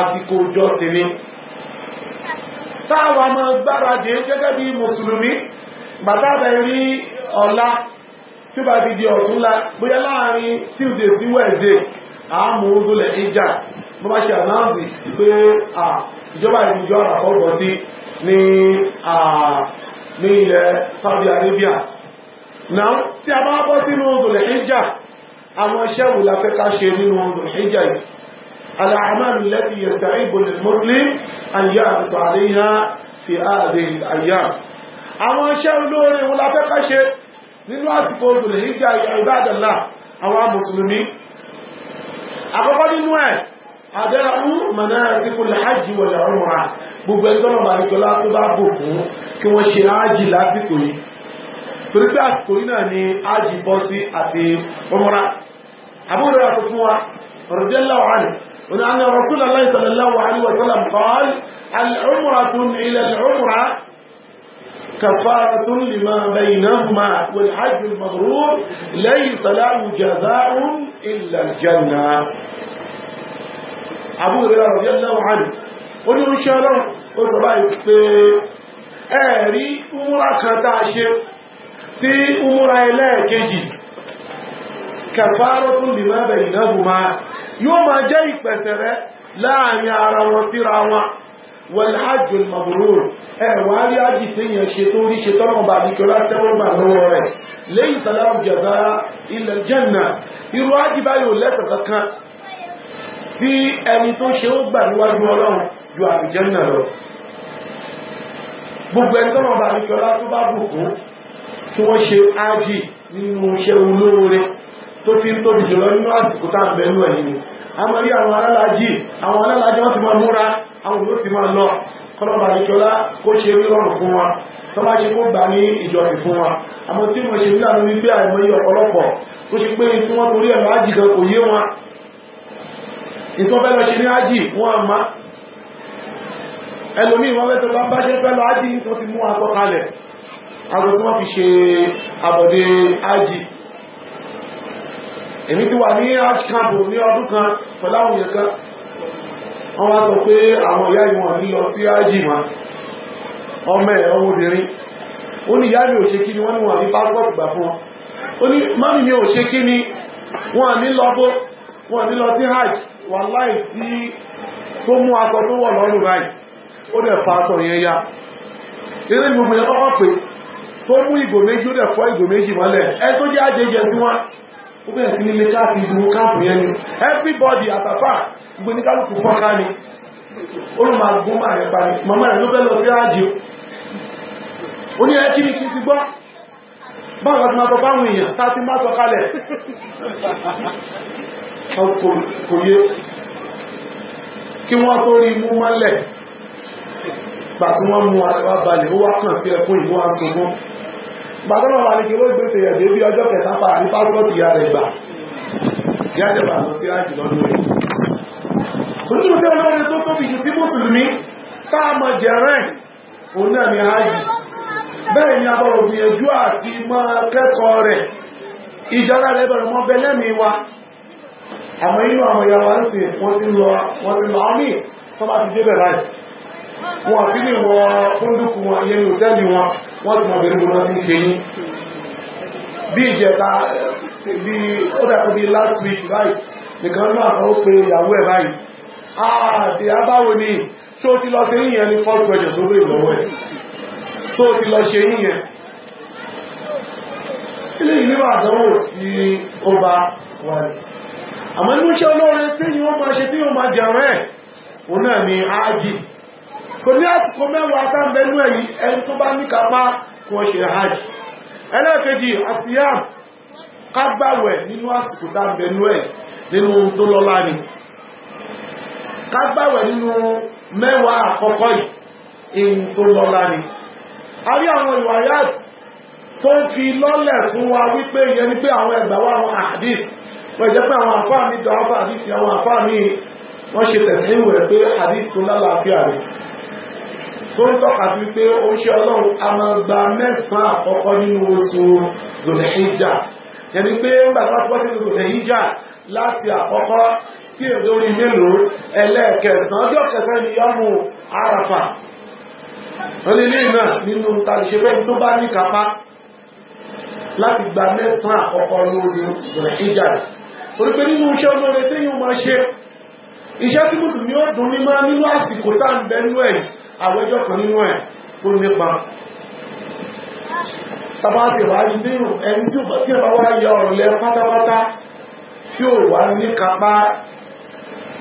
àsìkò ìjọsìn ni táwa máa gbáradì gẹ́gẹ́ bí mùsùlùmí bàtàbà rí ọ̀la tí ó bá fi di ọ̀túnla bóyá láàrin tuesday sí wednesday àmú ozúlẹ̀ ìjà bó bá ṣe ànáàzì pé ìjọba ìrìnjọ àràfọ́gbọ̀ sí ní ilẹ̀ Saudi Arabia náà tí a bá bọ́ sínú ozúlẹ̀ ìjà àwọn iṣẹ́ wù la fẹ́ ká ṣe nínú ozúlẹ̀ ìjà yìí الأعمال التي يستعيب للمسلم أن يعرف عليها في هذه الأيام أما iṣẹ́ olóore wọn la fẹ́ ká ṣe nínú àsìkò òdùnlé ìjà ìbádàlá àwọn mùsùlùmí àkọ́kọ́ nínú ẹ̀ àdáhù mọ̀nà àti kùnlẹ̀ hajji wọ̀lẹ̀ ọ̀rùnwà gbogbo ẹgbọ́n ọmọ àríkọlá tó bá bò fún kí wọ́n ṣe hajji lásìkò yìí torí pé àsìkò yìí náà ni hajji bọ́ sí àti ọmọra àbúrò rẹ̀ ولأن رسول الله صلى الله عليه وسلم قال العمرة إلى العمرة كفارة لما بينهما والحج المبرور ليس له جزاء إلا الجنة أبو هريرة رضي الله عنه قل إن شاء الله قلت رأيك أري أمورا كتاشر تي أمورا إليك kẹfàárọ́tún lè máa bẹ̀ ìnáhùnmá yóò máa jẹ́ ìpẹ̀sẹ̀rẹ́ láàrin ara wọn síra wọn wàlhájò mabrur ẹ̀wà rí ájì tí yẹn ṣe tó rí ṣe tọ́rọ bá nìkẹ́ látẹ́wọ́gbà lọ́wọ́ rẹ̀ lẹ́yìn tàlá jẹ̀bá ilẹ̀ jẹ́nà irú ájì báyìí lẹ́tọ̀ kankan tí ẹni tó bá bùkún tí wọ́n ṣe ájì nínú iṣẹ́ olóore tó fi tóbi jùlọ nínú àsìkò tá ń bẹ̀rù ẹ̀yìn ni a mọ̀ rí àwọn alálàájì àwọn alálàájì wọ́n ti máa múra àwọn òun ti máa lọ kọlọ́bà nìkọlá kó ṣe rí rọrùn fún wa tó bá ṣe kó gbà ní ìjọrin fún wa àmọ́ tí mo ṣe ní àwọn wípé àìmọ̀ iye ọ̀pọ̀lọpọ̀ tó ṣe pé tí wọ́n torí ẹ̀lọ́ ájì gan kò yé wọn ìtọ́ fẹ́ lọ ṣe ní ájì wọn a má ẹlòmíì wọn fẹ́ tó bá ṣe fẹ́ lọ ájì tó ti mú aṣọ kalẹ̀ àgọ́ tí wọ́n fi ṣe àbọ̀dé ájì èmi ti wà ní ashkambo ní ọdún kan pẹ̀lú àwọn èèyàn kan wọ́n wá sọ pé àwọn ìyá ìwọ̀n ní lọ sí ájì mọ́ ọmọ ẹ̀ ọmọ obìnrin ó ní ìyá mi ò ṣe kí ni wọ́n ní wọ́n ní pásítọ̀tì gbà fún wọn ó ní mọ́mí mi ò ṣe kí ni wọ́n ní lọ bó wọ́n ní lọ sí hajj wà láì tí tó mú aṣọ tó wọ̀ lọ́rùn báyìí ó dẹ̀ fa aṣọ yẹn ya eré gbogbo yẹn kọ́kọ́ pé tó mú ìgò méjì ó dẹ̀ fọ́ ìgò méjì mọ́lẹ̀ ẹ tó jẹ́ àjẹjẹ sí wọn ó bẹ̀rẹ̀ sí nílé káàkì ìgbìmọ̀ káàkì yẹn ni everybody àtàfà gbé ní kálùkù fọ́nká ni olùmọ̀ àgbó máa rẹ̀ parí màmá rẹ̀ ló bẹ́ lọ sí ààjì ó ní ẹkí ni títí gbọ́ báwọn ti máa sọ èèyàn tá ti máa sọ kò yé kí wọ́n tó rí mú mọ́lẹ̀ gbà tí wọ́n mú ara balẹ̀ ó wá kàn sí ẹkún ìwọ́ àsùnfún bàtọ́nà wà ní kí ló gbèsè ẹ̀dẹ́ bí ọjọ́ kẹta padà ní pásítọ̀tì ìyá rẹ̀ gbà yájọba lọ sí láti lọ́dún rẹ̀ sójú tí olórin tó tóbi jù tí mùsùlùmí táàmà jẹ̀rẹ̀ òun náà ni hajj bẹ́ẹ̀ ni abọ̀rọ̀ gbìyànjú àti mọ́ kẹ́kọ̀ọ́ rẹ̀ ìjọra rẹ̀ bẹ̀rẹ̀ mọ́ bẹ lẹ́mí wa àmọ́ inú àwọn ìyàwó ń sìn wọ́n ti lọ àwọn míì tó bá ti débẹ̀ láì wọn àti ní wọ fúndùkú wọn yẹnu tẹ́lì wọn wọ́n ti mọ̀bẹ̀rẹ̀ mọ́ ní ṣe yí bí ìjẹta bí ó dàtí bí last week báyìí nìkan náà kan ó pe ìyàwó ẹ̀ báyìí àti abáwo ni tí ó ti lọ ṣe yíyẹn ní first question sórí ìlọ́wọ́ ẹ̀ tó ti lọ ṣe yíyẹn ilé ìlú àdánwò tí ó bá wà ní àmọ́ inú iṣẹ́ olóore tí yíò máa ṣe tí yíò máa jẹun ẹ̀ òun náà ni ájì so ní àtìkò mẹ́wàá tàbẹ̀lú ẹ̀yìn ẹni tó bá ní kápá kò ṣe hajj ẹlẹ́ẹ̀kejì àtìyà kágbàwẹ̀ nínú àsìkò tàbẹ̀lú ẹ̀ nínú tó lọ́lá ni kágbàwẹ̀ nínú mẹ́wàá àkọ́kọ́ yìí tó lọ́lá ni a rí àwọn ìwàyà tó ń fi lọ́lẹ̀ fún wa wípé ìyẹn ni pé àwọn ẹgbà wà àwọn àdìs wọ́n jẹ́ pé àwọn àfáà mi dọ̀ àfáà àdìs àwọn àfáà mi pé àdìs tó lálàáfíà rẹ̀ tó ń tọ́ka sí pé ó ṣe ọlọ́run a máa gba mẹ́sàn-án àkọ́kọ́ nínú oṣù zòlẹ́híjà yẹni pé nígbà tó pọ́ sínú zòlẹ́híjà láti àkọ́kọ́ tí èdè orí mélòó ẹlẹ́ẹ̀kẹsàn-án ọjọ́ kẹsàn-án ni yọ́mù àràfà wọ́n lè léyìn náà nínú tàbíṣẹ́fẹ́ tó bá ní kápá láti gba mẹ́sàn-án àkọ́kọ́ lórí zòlẹ́híjà rẹ̀ torí pé nínú iṣẹ́ ọlọ́run tí yóò máa ṣe iṣẹ́ tí mùsùlùmí ó dùn ní máa nínú àsìkò tá à ń bẹ́nu ẹ̀yìn àwẹ́jọ́ kan nínú ẹ̀ tó nípa tàbátì wá rí nínú ẹni tí ó bá tí ó bá wá yẹ pátápátá tí ó wà ní kápá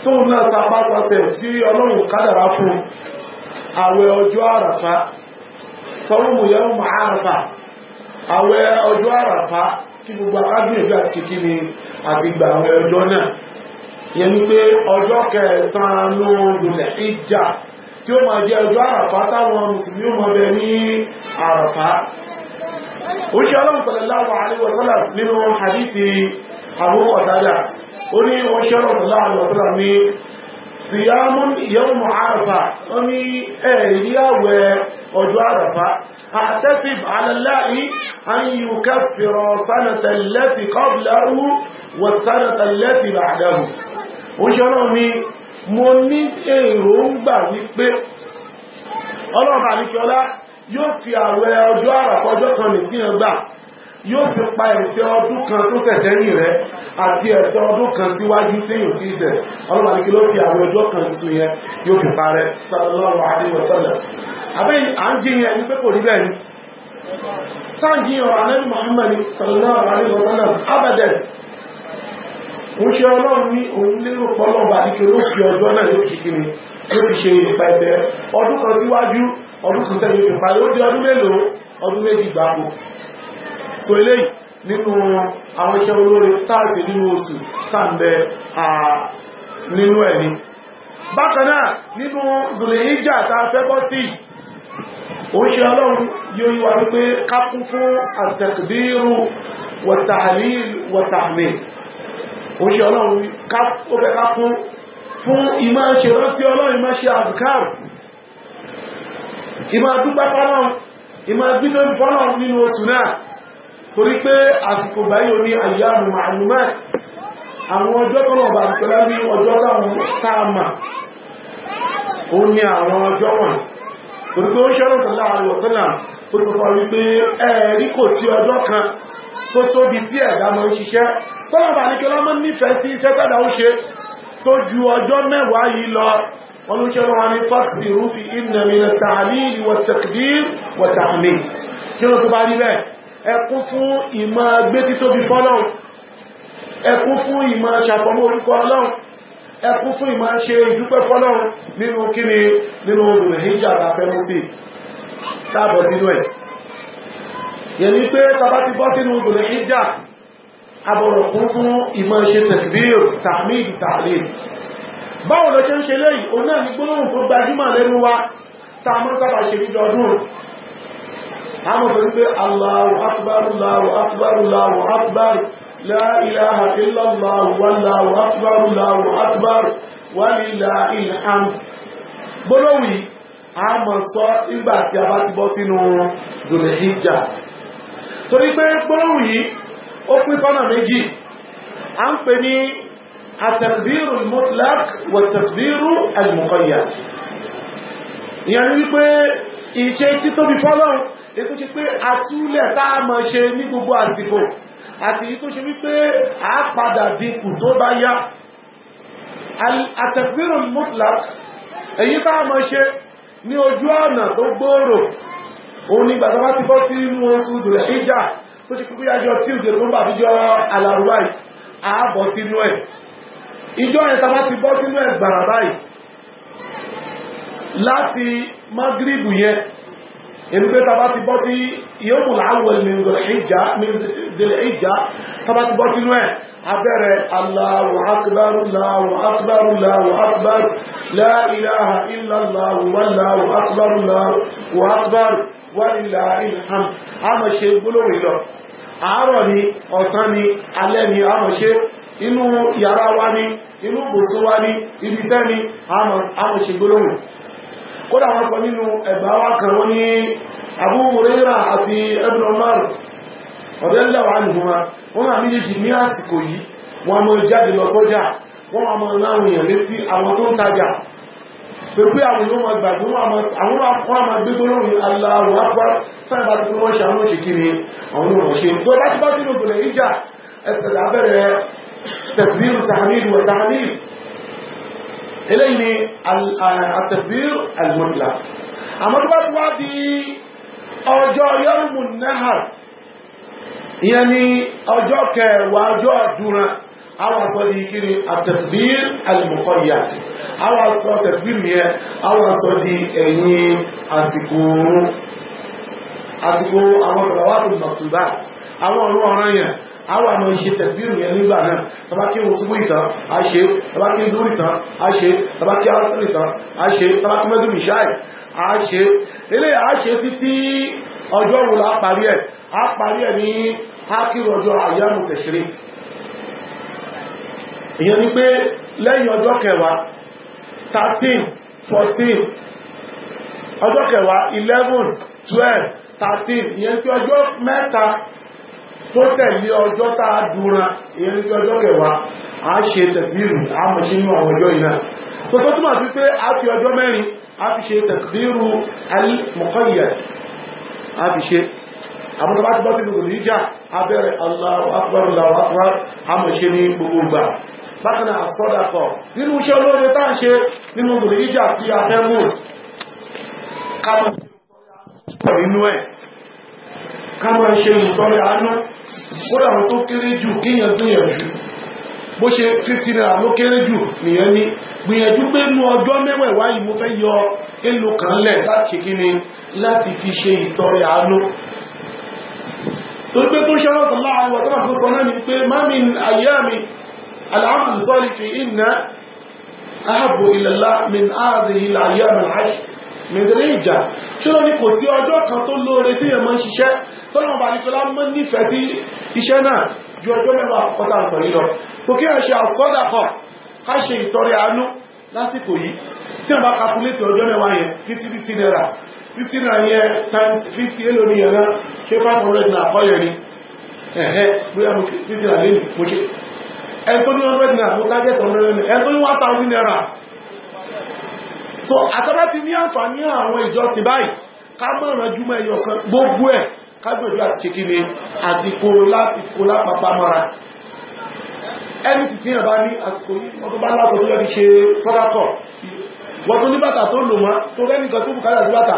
tó ń náà tapá pàtẹ̀ tí ọlọ́run kádàrá fún àwẹ̀ ọjọ́ àràfà yẹ́ ọjọ́ tí gbogbo àti àti gbà ọjọ́ náà pé ọjọ́ tí ó máa jẹ́ ọjọ́ àràfá táwọn mùsùlùmí ó máa bẹ ní àràfá oríṣẹ́ ọlọ́run sallallahu alaihi wasallam nínú hadithi Abu Qatada ó ní wọ́n ṣe ọlọ́run sallallahu alaihi wasallam ní siyamun yawm àràfá ó ní ẹ̀rí àwẹ̀ ọjọ́ àràfá àtẹ́sìb mo ní èròǹgbà wípé ọlọ́ọ̀bà àríkíọlá yóò fi àwẹ̀ ọjọ́ àràkọjọ́ kan nìkíyàn gbà yóò fi pa ẹ̀ṣẹ̀ ọdún kan tó tẹ̀tẹ̀ ní àti ọdún kan síwájú téèyàn ti ṣẹ̀ ọlọ́pàá ní kí ló fi àwọn ọjọ́ kan tuntun yẹn yóò fi parẹ́ ó ṣe ọlọ́run ní òun lérò pọ́lọ́mbà nítorí ó fi ọjọ́ náà ló kìí kiri ló ti ṣe ìpa ẹ̀fẹ́ ọdún kan síwájú ọdún kan sẹ́yìn ìpa ló di ọdún mélòó ọdún méjì gbàgbó so eléyìí nínú àwọn iṣẹ́ olóore táàsì nínú oṣù tàǹbẹ̀ nínú ẹ̀ bákan náà nínú zùlẹ̀yíjà tá a fẹ́ bọ́ sí òṣìṣẹ́ ọlọ́run yóò yíwa wípé kákún fún àtẹ̀kùdírù wọ̀tàlí wọ̀tàmì oṣù ọlọ́run ó fẹ́ ká fún fún ìmá ṣe rántí ọlọ́run ìmá ṣe àdùkárù ìmá dúpẹ́ fọ́lọ́run ìmá gbígbé fọ́lọ́run nínú oṣù náà torí pé àsìkò báyìí ní àyàmù àlùmọ́ àwọn ọjọ́ tọ́lọ̀ bá ti sọlá ní ọjọ́ táwọn táàmà ó ní àwọn ọjọ́ wọn torí pé ó ṣọ́rọ̀ sọ́lá tó tóbi tí ẹ̀dá mọ́ ṣiṣẹ́ tọ́lọ̀bà ní kí ọlọ́mọ́ nífẹ̀ẹ́ sí iṣẹ́ tẹ́dà ó ṣe tó ju ọjọ́ mẹ́wàá yìí lọ olùṣẹ́lọ́ wọn ni fásitì rúfi ìnàmìnà tààlì ìwọ̀tẹ̀kìdì wọ̀tàmì kí ló tó bá rí bẹ́ẹ̀ ẹkún fún ìmọ̀ gbé títóbi fọ́lọ́run ẹkún fún ìmọ̀ ṣàfọ̀mọ́ orúkọ yẹni pé bàbá ti bọ́ sínú ìgbòlẹ̀ ìjà abọ̀rọ̀ fún fún ìmọ̀ ṣe tẹ̀kìdíò tahmid tahlil báwo ló ṣe ń ṣe léyìí o náà ní gbólóhùn tó gbajúmọ̀ lẹ́nu wa tá a mọ́ sábà ṣe ní ọdún àwọn òfin pé Allahu akbar Allahu akbar Allahu akbar la ilaha illallah wallahu sọ nígbà tí a bá ti bọ́ sínú zùlẹ̀ ìjà torí pé gbólóhùn yìí ó pín fọ́nà méjì a ń pè ní àtàkbírù mutlak wà tàkbírù al-muqayyad ìyẹn ni wípé ìṣe títóbi fọ́lọ́run ètò ṣe pé àtúlẹ̀ táà mọ̀ ṣe ní gbogbo àsìkò àti èyí ṣe wípé a padà dínkù tó bá yá àtàkbírù mutlak èyí táà mọ̀ ṣe ní ojú ọ̀nà tó gbòòrò òun ní gbàtà bá ti bọ́ sí inú oṣù ìdòrè ìjà tó ti kúkú yájọ tí òjò tó ń bàbí jọ alárùbá yìí àábọ̀ sínú ẹ̀ ìjọ yẹn tàbá ti bọ́ sínú ẹ̀ gbàrà báyìí láti magribu yẹn èmi pé tàbá ti bọ́ sí yóò láwọ̀ ìdòrè ìjà tàbá ti bọ́ sínú ẹ̀ abẹ́rẹ̀ Allahu akbar Allahu akbar Allahu akbar la ilaha illa Allahu wallahu akbar Allahu wàlìlà ìlhàn àmọ̀ṣe gbólóhùn lọ àárọ̀ ni ọ̀sán ni alẹ́ ni àmọ̀ṣe inú yàrá wa ni inú gbòsó wa ní ibi tẹ́ ni àmọ̀ṣe gbólóhùn kódà wọ́n sọ nínú ẹ̀gbà wa kan wọ́n ní Abu Huraira àti Ibn Umar ọ̀dẹ́lẹ́wà nìhùnmá wọ́n máa méjèèjì ní àsìkò yìí wọ́n máa jáde lọ sọ́jà wọ́n máa láwọn tó pé àwọn yóò máa gbàgbé àwọn akọ́ àmà gbé tó lórí aláwọ̀ apá sáà bá tó wọ́n ṣe àwọn òṣèkiri àwọn òṣèkiri tó bá tó bá tó lòdò lẹ́yìn ìjà ẹ̀sẹ̀lẹ̀ abẹ́rẹ̀ tẹ̀síìrù tàhàmìlì wọ̀ tàhàmìlì eléyìí ni àtẹ̀síìrù àlùmọ̀tìlá àwọn sọ di kiri àtẹ̀bír àlùmọ̀kọ́yà àwọn sọ tẹ̀bír yẹn àwọn sọ di ẹ̀yìn àsìkò àsìkò àwọn ìrọ̀wá tó mọ̀túbà àwọn ọ̀rọ̀ ọ̀ràn yẹn àwọn àmọ́ ìṣe tẹ̀bírù yẹn nígbà náà tọba kí wọ́n súnmọ́ ìtàn a ṣe tọba kí lórí ìtàn a ṣe tọba kí ásìrì ìtàn a ṣe tọba kí mẹ́gbẹ̀mí ṣáì a ṣe ilé a ṣe títí ọjọ́ ìyẹn ni pé lẹ́yìn ọjọ́ kẹwàá 13 14 ọjọ́ kẹwàá 11 12 13 ìyẹn tí ọjọ́ mẹ́ta tó tẹ̀lé ọjọ́ tá a dúra ìyẹn tí ọjọ́ kẹwàá a ṣe tẹ̀bírù a mọ̀ sí inú àwọn ọjọ́ iná tó tó túnmọ̀ sí pé a fi ọjọ́ mẹ́rin a fi ṣe tẹ̀bírù al-muqayyad a fi abẹ́rẹ̀ Allahu akbar Allahu akbar a mọ̀ ṣe ní gbogbo gbà bákanáà àsọ́dàpọ̀ nínú iṣẹ́ olóore tá ń ṣe nínú gbòlìgíjà tí a fẹ́ mú kámọ̀ ṣe ìtọ́rẹ àánú kódà wọn tó kéré jù kíyàn gbìyànjú bó ṣe fífí náà ló kéré jù nìyẹn ní gbìyànjú pé nú ọjọ́ mẹ́wẹ̀ẹ̀wá yìí mo fẹ́ yọ èlò kan lẹ̀ láti kí ni láti fi ṣe ìtọ́rẹ àánú torí pé tó ṣe ọlọ́sàn ni pé العمل الصالح إن أحب إلى الله من هذه الأيام العشر من ذي الحجة ṣé ló ní kò sí ọjọ́ kan tó lóore tí èèyàn máa ń ṣiṣẹ́ tọ́lọ́mù balẹ̀kọ́lá mọ́ nífẹ̀ẹ́ sí iṣẹ́ náà ju ọjọ́ mẹ́wàá àkọ́kọ́ta ń sọ yìí lọ so kí a ṣe àsọdàkọ ká ọjọ́ mẹ́wàá yẹn fifty fifty naira fifty naira yẹn times fifty èlò ni yẹn náà ṣé five hundred naira kọ́ yẹn ni ẹ̀hẹ́ bóyá mo fifty naira lé ẹni tó ní 100 naira mo target 100 naira ẹni tó ní 1000 naira so àtọ́lá ti ní àǹfààní àwọn ìjọsìn báyìí ká mọ̀ràn júmọ̀ ẹyọ kan gbogbo ẹ̀ kágbèjú àti kékeré àti kó lápapá mọ́ra ẹni tí fíyàn bá ní àsìkò yìí wọ́n tó bá lápò tó lẹ́bi ṣe sọ́dákọ̀ wọ́n tó ní bàtà tó lò mọ́ tó rẹ́nìkan tó bùkátà sí bàtà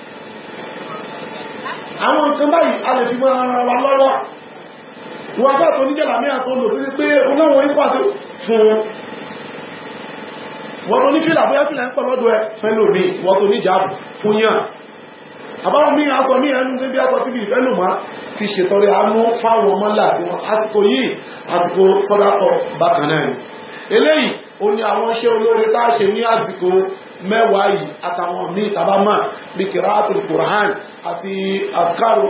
àwọn nǹkan báyìí a lè fi mọ́ ara wa lọ́wọ́ wọ́n bá tó níjẹ̀lá mí àtọ́ lò títí pé onáwọn ikú àti fún wọn tó ní fílà bóyá fílà ń pọ̀ lọ́dọ̀ ẹ fẹ́lò mi wọ́n tó níjàbù fún yàn àbáwọn mí aṣọ ní ẹnu bí akọ tí bí ìfẹ́lò máa fi ṣètọrẹ àánú fáwọn mọ́lá àtiwọn àsìkò yìí àsìkò sọ́dákọ̀ bákan náà eléyìí ó ní àwọn iṣẹ́ mẹ́wàá yìí àtàwọn míì tàbámà bí kìráàtù kùrán àti àfikàrò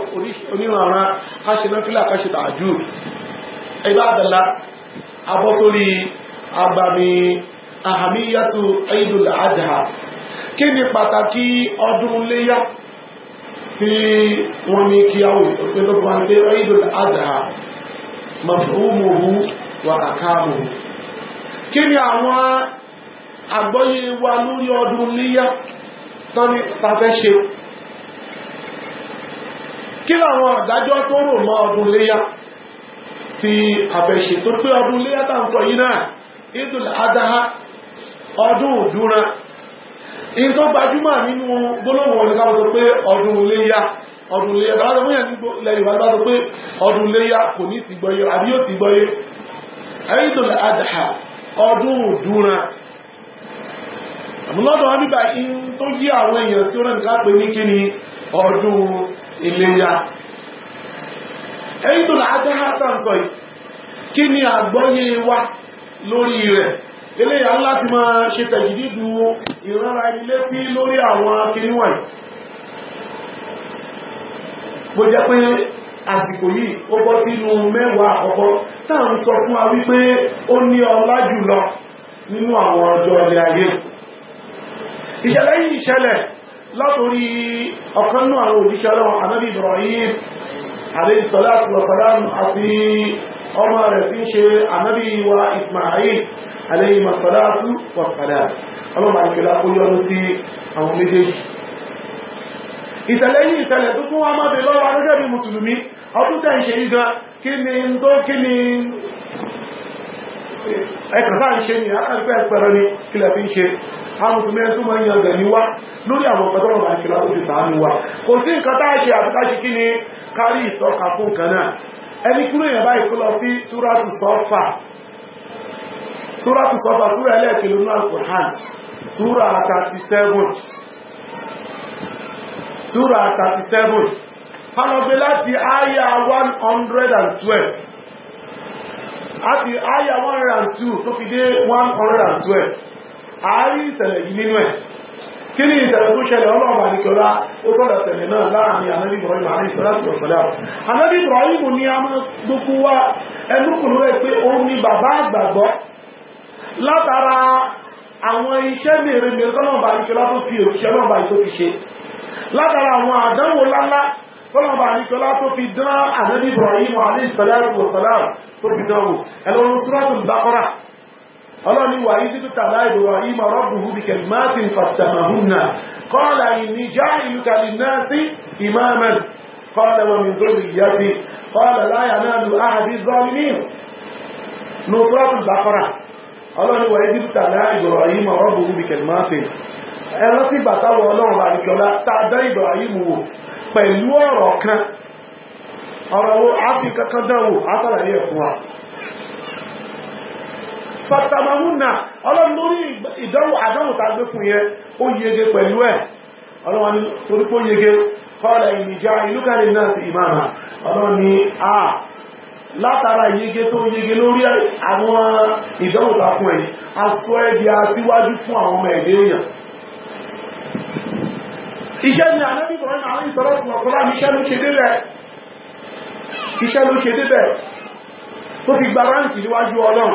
oníranran káṣínáfílà káṣítà àjú ìbádàlá abọ́tórí agbami àhàmíyàtú Eidul Adha kí ni pàtàkì ọdún léyà tí wọ́n ní kí àwọn ìpínlẹ̀ tó wà ní Eidul Adha mafhumuhu wa akamuhu kí ni àwọn àgbọ́yé wa lórí ọdún níyá tọ́ni tafẹ́ ṣe kí làwọn àdájọ́ tó rò mọ́ ọdún léyá tí àfẹ́ṣe tó pé ọdún léyá tá ń sọ yìí náà Idul Adha ọdún òdúnra in tó gbajúmọ̀ nínú gbólóhùn wọn ni ká sọ pé ọdún léyá ọdún léyá bàbá tó múyàn nígbò lẹ́yìn wá sọ pé ọdún léyá kò ní ti gbọ́yé àbí yóò ti gbọ́yé Idul Adha ọdún òdúnra àmúlọ́dọ̀ wọn bíbá kí tó yí àwọn èèyàn tí ó rẹ̀ nìká pé ní kí ni ọdún iléyá ẹ̀yìn tó láàájá kí ni àgbọ́yé wa lórí rẹ̀ eléyà láti máa ṣe tẹ̀jìdìdù ìrànra ilé tí lórí àwọn kíníwọ̀n bó jẹ́ pé àsìkò yìí ó bọ́ wa wípé ó ní ọlá jùlọ nínú àwọn ọjọ́ ilẹ̀ ayé ìṣẹ̀lẹ̀ yìí ṣẹlẹ̀ látòrí ọ̀kanú àwọn òjíṣẹ́ ọlọ́run anábì Ibrahim alayhi salatu wa salam àti ọmọ rẹ̀ tí ń ṣe anábì wa Ismail alayhi salatu wa salam ọlọ́run àìkẹ́lá kó yọ́nú sí àwọn méjèèjì ìṣẹ̀lẹ̀ yìí ìṣẹ̀lẹ̀ tó kún wá máa bè lọ́wọ́ agẹ́gẹ́ bí mùsùlùmí ọdún tẹ́ ìṣe ìgbà kí ni tó ń ṣe ẹ̀pẹ̀rẹ̀ ní kílẹ̀ fi ń ṣe àwọn oṣù mẹ́rin tó máa ń yan gẹ̀mí wá lórí àwọn ọ̀pọ̀ tọ́lọ̀ láti lọ́wọ́ ti sàánú wa kò sí nǹkan tá a ṣe àbúkáṣe kí ni kárí ìtọ́ka fún kan náà ẹni kúrò yẹn báyìí kó lọ sí súrátù sọ́fà súrátù sọ́fà súrà ẹlẹ́ẹ̀kìlú náà Al-Qur'an súrà 37 súrà 37 pàlọ́gbé láti àyà 112 àti àyà 102 tó fi dé 112 àárí ìtẹ̀lẹ̀ yìí nínú ẹ̀ kí ni ìtẹ̀lẹ̀ tó ṣẹlẹ̀ ọlọ́ọ̀bà nìkọ́lá ó tọ́lẹ̀ tẹ̀lẹ̀ náà láàrin anábì ibrahim aláìsọ́láṣì ọ̀sọ̀lá anábì ibrahim ni a máa gbókú wá ẹnukùnú rẹ̀ pé òun ni bàbá àgbàgbọ́ látara àwọn iṣẹ́ mèremère tọ́lọ̀bà nìkọ́lá tó fi òṣìṣẹ́ lọ́bà tó fi ṣe látara àwọn àdánwò lálá tọ́lọ̀bà nìkọ́lá tó fi dán anábì ibrahim aláìsọ́láṣì ọ̀sọ̀lá ọlọ́ni wà yí títú tàbí àìdòwà ìmọ̀ rọ́bù hù bí kẹlmáàtì fàtàmàhúnnà kọ́ọ̀lá ìní já ìlú kàlínáàtì ìmáàmàn kọ́ọ̀lá wọn min tóbi ìyáti kọ́ọ̀lá láyà náà lù áhàdì zọ́mìnì nùsọ́tù bàkọ́rà ọlọ́ni wà yí títú tàbí àìdòwà ìmọ̀ rọ́bù hù bí kẹlmáàtì ẹran tí bàtà fàtàmàmúnà ọlọ́run lórí ìdánwò àdánwò tá a gbé fún yẹn ó yege pẹ̀lú ẹ̀ ọlọ́run torí pé ó yege kọ́ọ̀lẹ̀ ìnìjà ìlú náà sí ìmáàmà ọlọ́run ni a látara yege tó yege lórí àwọn ìdánwò tá a fún ẹ̀ a sọ ẹ́ di aṣíwájú fún àwọn ọmọ ẹ̀dẹ́ èèyàn iṣẹ́ ni ànábì bọ̀rọ̀ ní àwọn ìtọ́rọ̀ tí wọ́n kọ́lá iṣẹ́ ló ṣe débẹ̀ iṣẹ́ tó fi gba níwájú ọlọ́run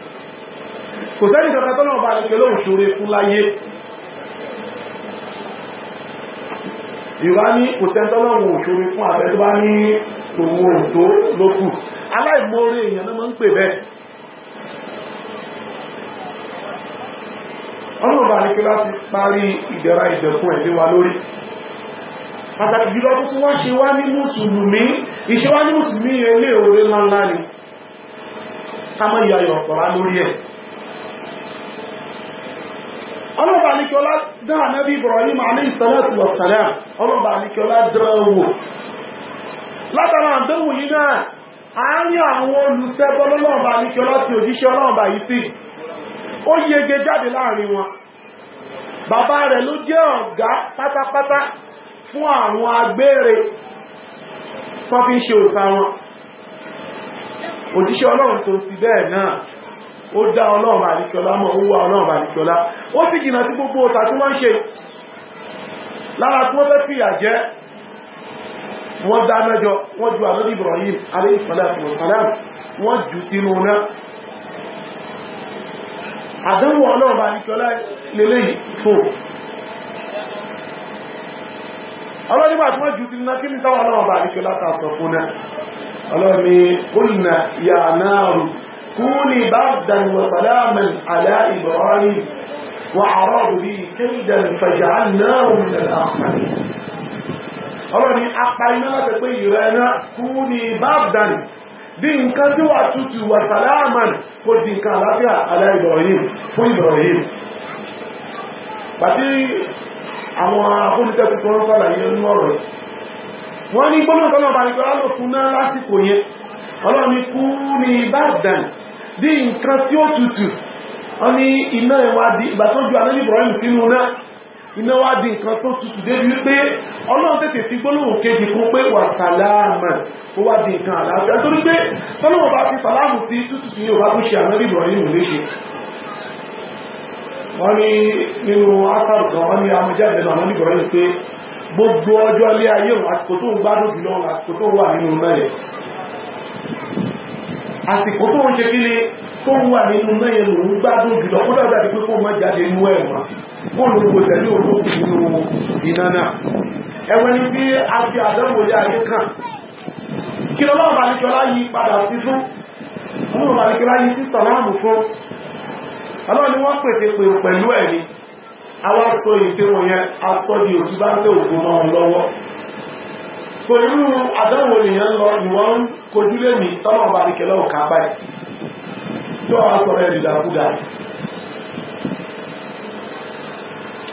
kò sẹ́ni kankan tó náà bá ní pẹ̀lú òṣòro fún láyé ìwá ní kò sẹ́ni tó náà òṣòro fún àbẹ́ tó bá ní òun òǹtó lókù aláìmoore èèyàn náà ń pè bẹ́ẹ̀ ọlọ́run ní kí láti parí ìdẹ̀ra ìdẹ̀kùn ẹ̀ wa lórí pàtàkì jùlọ tó tún wọ́n ṣe wá ní mùsùlùmí ìṣe ní mùsùlùmí ilé òwe ńláńlá ni ká mọ́ ìyàyọ̀ ọ̀pọ̀lá lórí ẹ̀ ọlọ́ba àníkíọlá dá ànábì Ibrahim alayhi salatu wa salam ọlọ́ba àníkíọlá dánwò látara àdánwò yìí náà àárín àwọn olùsẹ́bọ́ lọ́lọ́ba àníkíọlá ti òjíṣẹ́ ọlọ́ba yìí sí ó yege jáde láàrin wọn bàbá rẹ̀ ló jẹ́ ọ̀gá pátápátá fún àwọn agbére tó fi ń ṣe òòṣà wọn òjíṣẹ́ ọlọ́run tó ti bẹ́ẹ̀ náà ó dá ọlọ́ọ̀bà àdíkíọlá mọ̀ ó wá ọlọ́ọ̀bà àdíkíọlá ó sì jìnà gbogbo ọ̀tà tí wọ́n ṣe lára tí wọ́n fẹ́ fìyà jẹ wọ́n dá mẹ́jọ wọ́n ju àlọ́dí Ibrahim aléìsànláàtìwọ̀sánláà wọ́n jù sínú náà náà yà náà كوني بردا وسلاما على إبراهيم وعرض به كيدا فجعلناه من الأخمرين ọ̀rọ̀ ni apainá láti pé ìrẹ́ná kú ní bábdánì bí nǹkan tí wà tútù wà sàlámàn kò sí nǹkan àlàáfíà aláìbọ̀rìn fún ìbọ̀rìn pàtí àwọn akónitẹ́sí tó rán sàlàyé inú ọ̀rọ̀ wọ́n yẹn ní bábdánì bí nǹkan tí ó tutù wọ́n ní iná ẹwà di ìgbà tó ju anábì Ibrahim sínú náà iná wá di nǹkan tó tutù débi wípé ọlọ́run tètè sí gbólóhùn kejì kún pé wà sàlámà ó wá di nǹkan àlàáfíà torí pé tọ́lọ́wọ́ bá ti sàlámù tí tútù tí yóò bá tún ṣe anábì Ibrahim léṣe wọ́n ní nínú ásàrù kan wọ́n ní amújáde náà anábì Ibrahim pé gbogbo ọjọ́ ilé ayé òun àsìkò tó ń gbádùn jùlọ àsìkò tó wà nínú mẹ́rin àsìkò tó ń ṣe kí ni tó ń wà nínú náà yẹn lòún gbádùn jùlọ kó dàgbà di pé kó mọ jáde mú ẹ̀wọ̀n kó ló náà ni bí a fi àdánwò ayé kàn kí lọ́wọ́ balẹ̀kọ́lá yí padà sí fún ọlọ́wọ́ balẹ̀kọ́lá yí sí sàlámù fún ọlọ́wọ́ ni wọ́n pèsè pẹ̀lú di òkú náà lọ́wọ́ so irú adánwò nìyẹn lọ ìwọ́n kojú lé ní tọ́nà ọba àríkẹ́lẹ́ ọ̀ká báyìí tí wọ́n sọ̀rọ̀ ẹ̀rì dàkúdà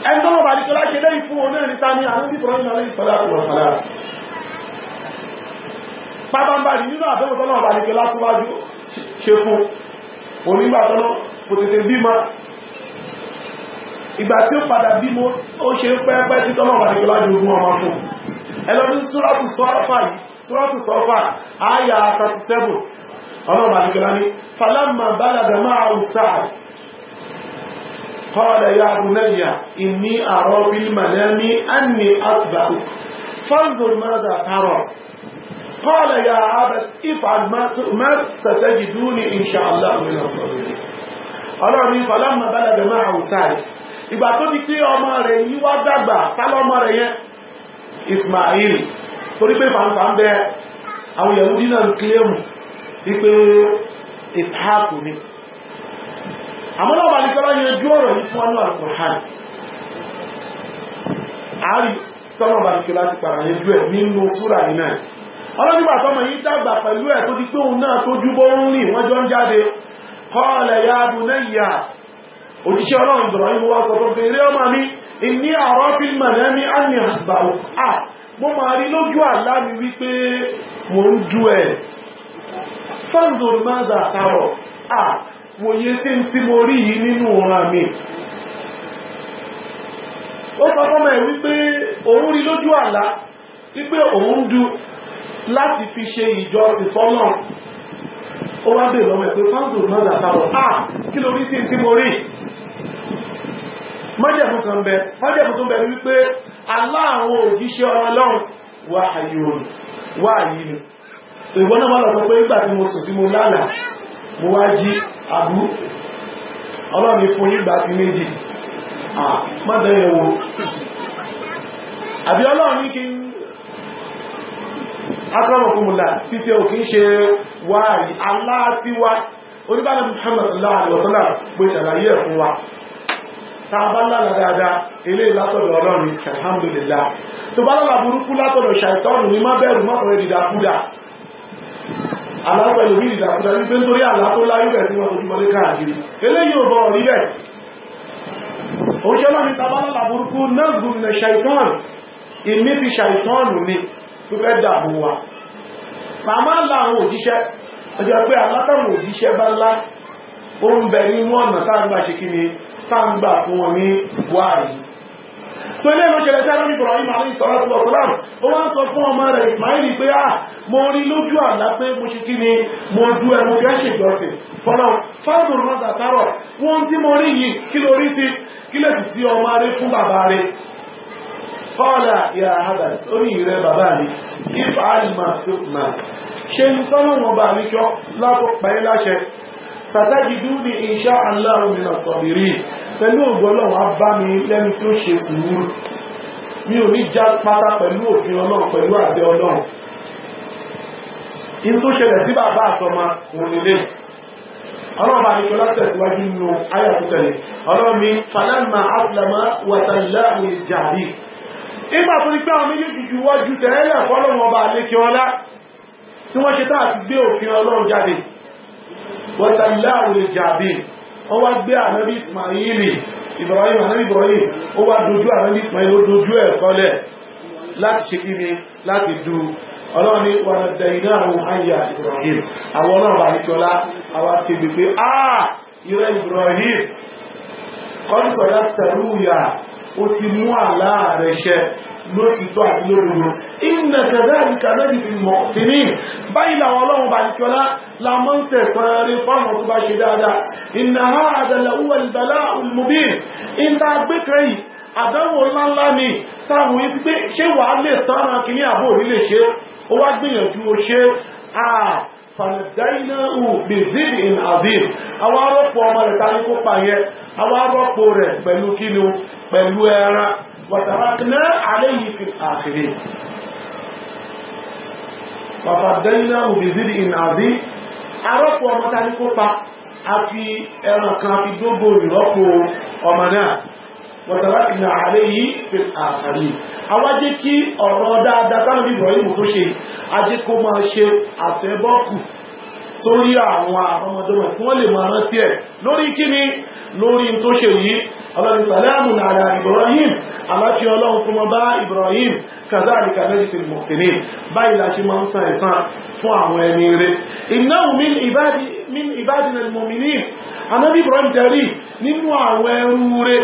ẹni tọ́nà ọba àríkẹ́lẹ́ kẹlẹ́ ìfún onírin ta ní àwọn ìfọ̀rọ̀ ìlànà ìfọ̀lá àkùnrọ̀fọ̀lá pábánbárì nínú àdánwò tọ́nà ọba àríkẹ́lẹ́ látúwájú ṣe fún onígbàtọ́nà kò tètè bímọ ìgbà tí ó padà bímọ ó ṣe pẹ́ẹ́pẹ́ títọ́nà ọba àríkẹ́lẹ́ ẹlọ́dún súrátù sọ́fà yìí súrátù sọ́fà ayà 37 ọlọ́mà àdìgbẹ̀lá ní falamma balada máa ustaad qala ya bunayya inni ara bil manami anni asbahu fanzur madha tara qala ya abat if'al ma satajiduni insha Allah min as-sabirin ọlọ́rin falamma balada máa ustaad ìgbà tó di pé ọmọ Ismail torí pé fàǹfà ń bẹ àwọn Yahudi náà ń kílẹ̀mù wípé ìtàkù ni àmọ́ náà bá ní kọ́lá yanjú ọ̀rọ̀ yìí fún ọ́nà Al-Qur'an àárí tọ́nà bá ní kọ́lá ti pàrà yanjú ẹ̀ nínú súrà yìí náà ọlọ́dúnbà tọ́mọ yìí dàgbà pẹ̀lú ẹ̀ tó di pé òun náà tó jú bó ń wọ́n jọ ń jáde kọ́ọ̀lẹ̀ ya bunayya òjíṣẹ́ ọlọ́run ìdọ̀rọ̀ yìí sọ tó bèèrè ọmọ mi ìní àrọ́ fi mọ̀lẹ́ ní àmì à mo máa rí lójú àlá mi wípé mo ń ju ẹ̀ fáńdùn máa dà àtàrọ̀ à wòye tí ń tí mo rí yìí nínú ọ̀ràn mi ó sọ mẹ́ wípé òun rí lójú àlá wípé òun dù láti fi ṣe ìjọ ìfọ́nà ó wá bèèrè lọ́wọ́ ẹ̀ pé fáńdùn máa àtàrọ̀ à kí lórí tí ń tí mo rí májẹ̀mú kan bẹ májẹ̀mú tó bẹ̀rẹ̀ wípé aláàwọn òjíṣẹ́ ọlọ́run wà àyòrò wà àyìnú ìwọ́n náà lọ sọ pé ìgbà tí mo sùn tí mo lálàá mo wá jí àbú ọlọ́run fún ìgbà tí méjì mọ́dẹ̀ ẹ̀wọ̀ àbí ọlọ́run kí n akọ́rọ̀kúnmùlà títẹ́ òkè ń ṣe tàbálàlà dáadáa ilé látọ̀dọ̀ ọlọ́run alhamdulillah tó bá lọ́la burúkú látọ̀dọ̀ ṣàìtọ́nù ní má bẹ̀rù mọ́kànlẹ̀ dìdàkúdà alátọ̀lẹ̀ ní ìdàkúdà wípé nítorí àlátó láyúbẹ̀ tí wọ́n ojúmọ́lé káàkiri eléyìí ò bọ̀ rí bẹ̀ òjò lọ́ni tàbálàlà burúkú náà gùn ní ṣàìtọ́nù ìmí fi ṣàìtọ́nù ni tó fẹ́ dàbò wa màmá láwọn òjíṣẹ́ ọjọ́ pé alátàwọn òjíṣẹ́ bá táǹgbà fún wọn ní wáyé so ilé ìlú kẹlẹ̀ sẹ́rọ Ibrahim alayhi salatu wa salam ó wá ń sọ fún ọmọ rẹ̀ Ismail pé à ah, mo rí lójú àlá pé mo ṣe kí ni mo du ẹ̀mú fẹ́ ṣe ìjọsìn fọlọ́ fáàdùn náà dàtàrọ̀ fún tí mo rí yìí kí ló rí ti kí lè ti ti ọmọ rẹ̀ fún bàbá rẹ̀ fọ́ọ̀lá ìyá àbà ó ní ìrẹ́ bàbá mi ìfà àlùmọ̀ tó mà ṣe ń tọ́nà wọn bá mi lápò pẹ̀lú láṣẹ sàtàjìdúdì insha Allah min as-sabirin pẹ̀lú ògbọ́lọ́wọ́ bá mi lẹ́nu tí ó ṣe sùúrù mi ò ní já pátá pẹ̀lú òfin ọlọ́run pẹ̀lú àti ọlọ́run in tó ṣẹlẹ̀ sí bàbá àtọmọ ònílé ọlọ́run bá ní kí ọlọ́run tẹ̀síwájú nínú ayà tó tẹ̀lé ọlọ́run mi falamma aslama wa tallahu jàdí nígbà tó ní pé àwọn méjèèjì ju wájú tẹ̀lé ẹ̀kọ́ ọba àlékè ọlá tí wọ́n ṣe tá àti gbé òfin ọlọ́run wọ́ta ilá àwòrẹ̀ jàbí wọ́n wá gbé ànábì ismaili ibrahim ànábì ibrahim ó wá dojú ànábì ismaili ó dojú ẹ̀ kọlẹ̀ láti ṣe kí ni láti du ọlọ́run ní wà dẹ̀ àwọn àyà ibrahim pé ah ìrẹ́ ibrahim kọ́ńtọ̀ láti tẹ̀lú ìyá ó ti mú àlá rẹ̀ ṣẹ lóòtítọ́ àti lóòrò iná kẹ̀dáàrí kàdáàrí fi mọ̀ sí ní báyìí làwọn ọlọ́run bá ìkíọlá lámọ́ ń tẹ̀sán rí fáwọn tó bá ṣe dáadáa iná ha àdàlẹ̀ òwò ìbàlá ni táwọn isi pé ṣé wàá lè tán ara kìíní àbò orílẹ̀ ṣe ó fàdáìnáhù bí zíbi in àbíl àwọn arọ́pọ̀ ọmọ rẹ̀ tàbí kó pàyẹ àwọn arọ́pọ̀ rẹ̀ pẹ̀lú kínú pẹ̀lú ẹran wàtàràkìná àléyìí fi àfìrí fàdáìnáhù bí zíbi in àbíl arọ́pọ̀ ọmọ tàbí kó pa a fi ẹran kan fi dógbò ìrọ́pọ̀ ọmọ náà wọ̀tàlákìnà ààrẹ yìí fi àkàrí awájé kí ọ̀rọ̀ dáadáa tánà bí Ibrahim tó ṣe ajé kó máa ṣe àtẹ́bọ́kù sórí àwọn àrọmọdọ́mọ tí wọ́n lè máa rántí ẹ̀ lórí kíni lórí tó ṣe yìí ọlọ́run sàlámù nàrà Ibrahim aláfi ọlọ́run fún ọba Ibrahim kazalika medicine mọ̀sílẹ̀ báyìí la ṣe máa ń san ẹ̀san fún àwọn ẹni rẹ̀ innahu min ibadina al-mu'minin Ibrahim tẹ̀rí nínú àwọn ẹrú rẹ̀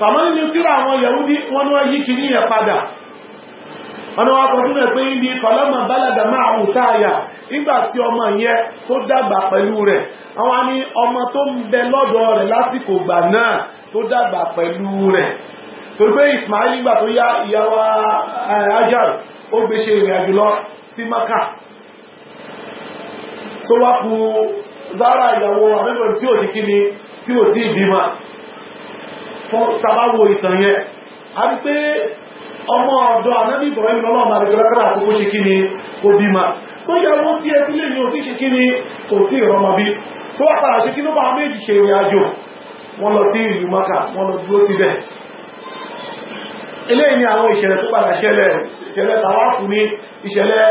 sàmọ́lì ní tíra àwọn yahudi wọn wọ́n yí kìí yẹ padà wọn wá sọ fún ẹgbẹ́ ìdí fọlọ́mà bálàdà máa hù táyà nígbà tí ọmọ yẹn tó dàgbà pẹ̀lú rẹ̀ àwọn ni ọmọ tó ń bẹ lọ́dọ̀ rẹ̀ lásìkò gbà náà tó dàgbà pẹ̀lú rẹ̀ torí pé Ismail nígbà tó yá ìyàwó Hajar ó gbé ṣe ìrìn àjò lọ sí Maka tó wá kú Zara ìyàwó abẹ́bẹ̀rẹ̀ tí ò ti ni tí ò ti tàbáwo ìtàn yẹn a rí pé ọmọ ọ̀dọ́ ànábì Ibrahim lọ́lọ́mà àdìgbọ́lákàrà àkókò ṣe kí ni kò bí ma tó yẹ wọ́n tí ẹ sílé ní òtí ṣe kí ni kò tí ìrọmọ bí tó wà tàà ṣe kí ló máa méjì ṣe ìrìn àjò wọ́n lọ sí ìlú maka wọ́n lọ dúró síbẹ̀ eléyìí ni àwọn ìṣẹ̀lẹ̀ tó padà ṣẹlẹ̀ ìṣẹ̀lẹ̀ tàwáfù ni ìṣẹ̀lẹ̀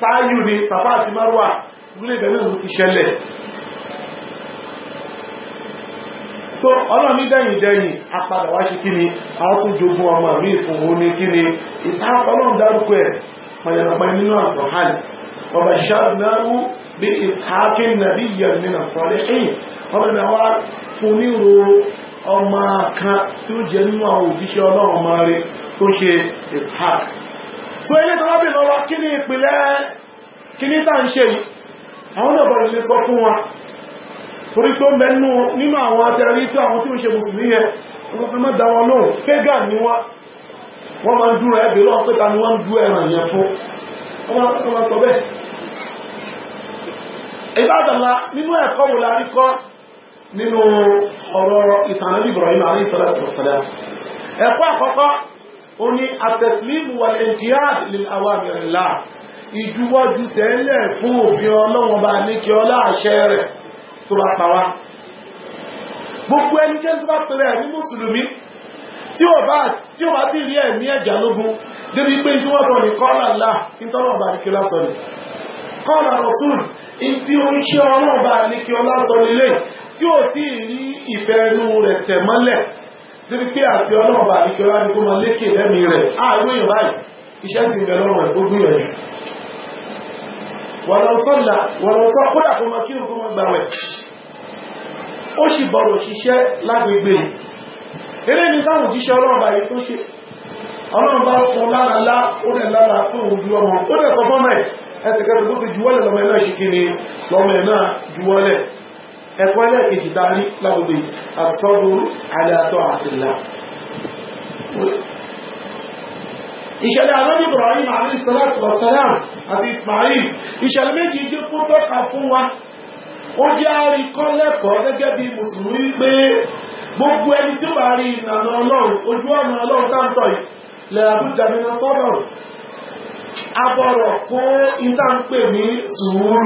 sáyù um, ni tàbá àti márùwà gúlé ìbẹ̀rẹ̀ ìṣẹ̀lẹ̀ so ọlọ́run ní dẹ̀yìn dẹ̀yìn apadà wá ṣe kíni àwọn tún ọmọ mi fún òun ní kíni ìsáàkọ́ dárúkọ ẹ̀ pàyànàpá nínú àkọ́hàn ọba ṣàdùnáwó bí ìsáàkì nàbí yẹ̀mínà sọ́lẹ̀ ẹ̀yìn na ìrìnà wá fún níro ọmọ kan tí ó jẹ́ nínú àwọn òjíṣẹ́ ọlọ́run ọmọ rẹ̀ tó ṣe ìsáàkì torí pé mẹ́nu nínú àwọn adarí tí àwọn tí ó ṣe mùsùlùmí yẹn wọ́n fi mọ́dá wọn lóhùn pégà ní wọ́n wọ́n máa ń dúró ẹgbẹ̀ lọ́wọ́ pẹ́ta ni wọ́n ń dú ẹran yẹn fún wọ́n máa sọ bẹ́ẹ̀ ìbádàlá nínú ẹ̀kọ́ wò lárí kọ́ nínú ọ̀rọ̀ ìtàn Ibrahim alayhi salatu ẹ̀kọ́ àkọ́kọ́ tó bá pa wá gbogbo ẹni jẹ́ tó bá pẹ̀lẹ̀ ẹ̀mí mùsùlùmí tí ó bá tí ó bá tí rí ẹ̀mí ẹ̀jà lógún débi pé tí wọ́n sọ ní kọ́lá ńlá ìtọ́nà ọba ní kí ọlá sọ ní kọ́lá rọ̀sùn tí ó ń ṣe ọlọ́run bá ní kí ọlá sọ nílé tí ó tí rí ìfẹ́ inú rẹ̀ tẹ̀ mọ́lẹ̀ débi pé àti ọlọ́run bá ní kí ọlá ní kó máa lékè lẹ́mí rẹ̀ àárú èèyàn báyìí ó sì bọ̀rọ̀ ṣiṣẹ́ lágbègbè eré ní táwọn òjíṣẹ́ ọlọ́run bá yìí tó ṣe ọlọ́run bá sọ lára lá ó rẹ̀ lára tó ń ju ọmọ ó dẹ̀ sọ fọ́mọ̀ ẹ̀tẹ̀kẹ́tẹ̀ tó ti juwọ́lẹ̀ lọ́mọ ẹ̀nà ṣìkiri lọ́mọ ẹ̀nà juwọ́lẹ̀ ẹ̀kọ́ ẹlẹ́ẹ̀kejì darí lágbègbè àsọ́dù àdàtọ̀ àtìlá ìṣẹ̀lẹ̀ àrọ́bí Ibrahim àti Ismail àti Ismail ìṣẹ̀lẹ̀ méjì jẹ́ kó tọ́ka fún ó jẹ́ àríkọ́ lẹ́kọ̀ọ́ gẹ́gẹ́ bí mùsùlùmí pé gbogbo ẹni tí ó bá rí ìlànà ọlọ́run ojú ọ̀nà ọlọ́run táǹtọ̀ yìí lẹ́yàbújá mi lọ sọ́bọ̀ abọ̀rọ̀ kó ìtànpè ní sùúrù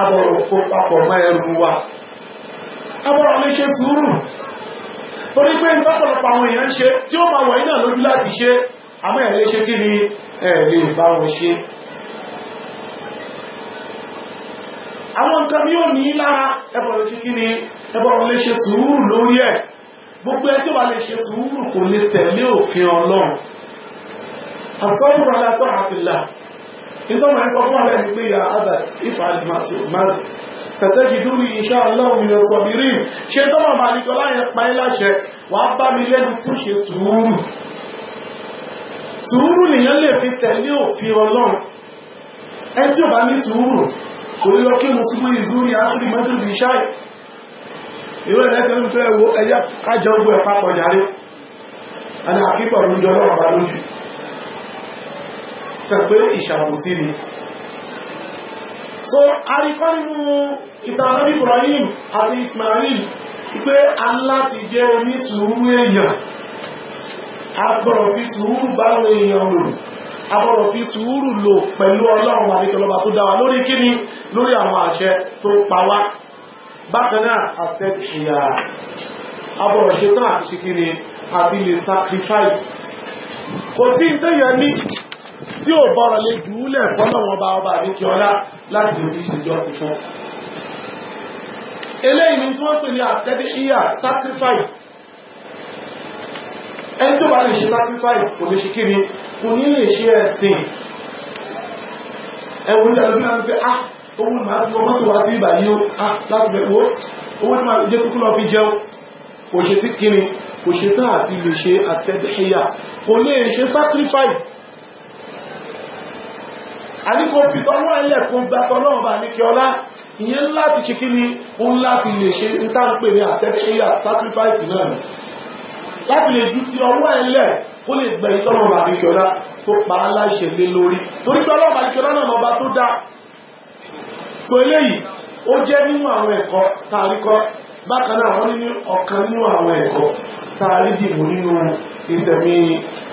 abọ̀rọ̀ kó papọ̀ mọ́ ẹrù wa abọ̀rọ̀ lè ṣe sùúrù torí pé ìtọ́pọ̀lọpọ̀ àwọn èèyàn ṣe tí ó máa náà lójú láti ṣe àmọ́ ẹ̀ àwọn nǹkan ní ò ní lára ẹbọ̀rọ̀ kíkí ni ẹbọ̀rọ̀ lè ṣe sùúrù lórí ẹ̀ gbogbo ẹ tí wà lè ṣe sùúrù kò lè tẹ̀lé òfin ọlọ́run àtọ́bùrọ̀ látọ̀ àtìlá nítorí ẹ̀kọ́ fún ọ̀rẹ́ mi pé ya ada ifa alimati omar tẹ̀tẹ́gì dúró insha Allah òmìnira sọ̀bìrì ṣe tọ́mọ̀ màlìkọ́ sùúrù sùúrù lè fi tẹ̀lé òfin ọlọ́run ẹ tí ò bá ní sùúrù kò yọ kí mùsùlùmí zuri asiri mọ́tò bí ṣáì ìwé ẹ̀lẹ́kẹ́ ń fẹ́ wo ẹyá kájọ ogun ẹ̀pá pọ̀járe ẹni àkíkọ̀ ló jọ lọ́rọ̀ bá lójú pẹ̀pẹ́ ìṣàmùsí ni so arikọ́ nínú ìtàn Ibrahim àti Ismail pé aláti jẹ́ oní sùúrù èèyàn agbọ́rọ̀ fi sùúrù báwọn èèyàn lò agbọ́rọ̀ fi sùúrù lò pẹ̀lú Ọlọ́run àríkọlọba tó dáwà lórí kíni lórí àwọn àṣẹ tó pa wá bákan náà àtẹ́kìyà abọ̀rọ̀ ṣetán àti ṣìkiri àti lè sacrifice kò tí ń tẹ́yẹ ní tí ò bọ́rọ̀ lè jùúlẹ̀ fọ́lọ́wọ́n bá ọba àríkẹ́ ọlá láti lè fi ṣèjọ́ ti fún eléyìí tí wọ́n pè ní àtẹ́kìyà sacrifice ẹni tó bá lè ṣe sacrifice kò lè ṣe kiri kò ní lè ṣe ẹ̀sìn ẹ̀wọ̀n ìjọba ní wọ́n fi ah owó ni màá tó mọ́tò wá sí ibà yìí ó ah, láti fẹ́ owó owó ni màá jẹ́ kúkú lọ fi jẹun kò ṣe sí kíni kò ṣe tá àti lè ṣe àtẹ́dẹ́yà kò lè ṣe sacrifice àníkò fìtọ́lọ́ ẹlẹ̀ kò gba tọ́lọ́run bá ní kí ọlá ìyẹn láti ṣe kí ni ó láti lè ṣe ń tá ń pè ní àtẹ́dẹ́yà sacrifice náà láti lè ju ti ọwọ́ ẹlẹ̀ kó lè gbẹ̀yìn tọ́lọ́run bá ní kí ọlá tó pa á láṣẹ lé lórí torí tọ́lọ́run bá ní kí ọlá náà lọ́ba tó dáa so eléyìí ó jẹ́ nínú àwọn ẹ̀kọ́ tàríkọ́ bákan náà wọ́n nínú ọ̀kan nínú àwọn ẹ̀kọ́ tàrídìmù nínú ìtẹ̀mí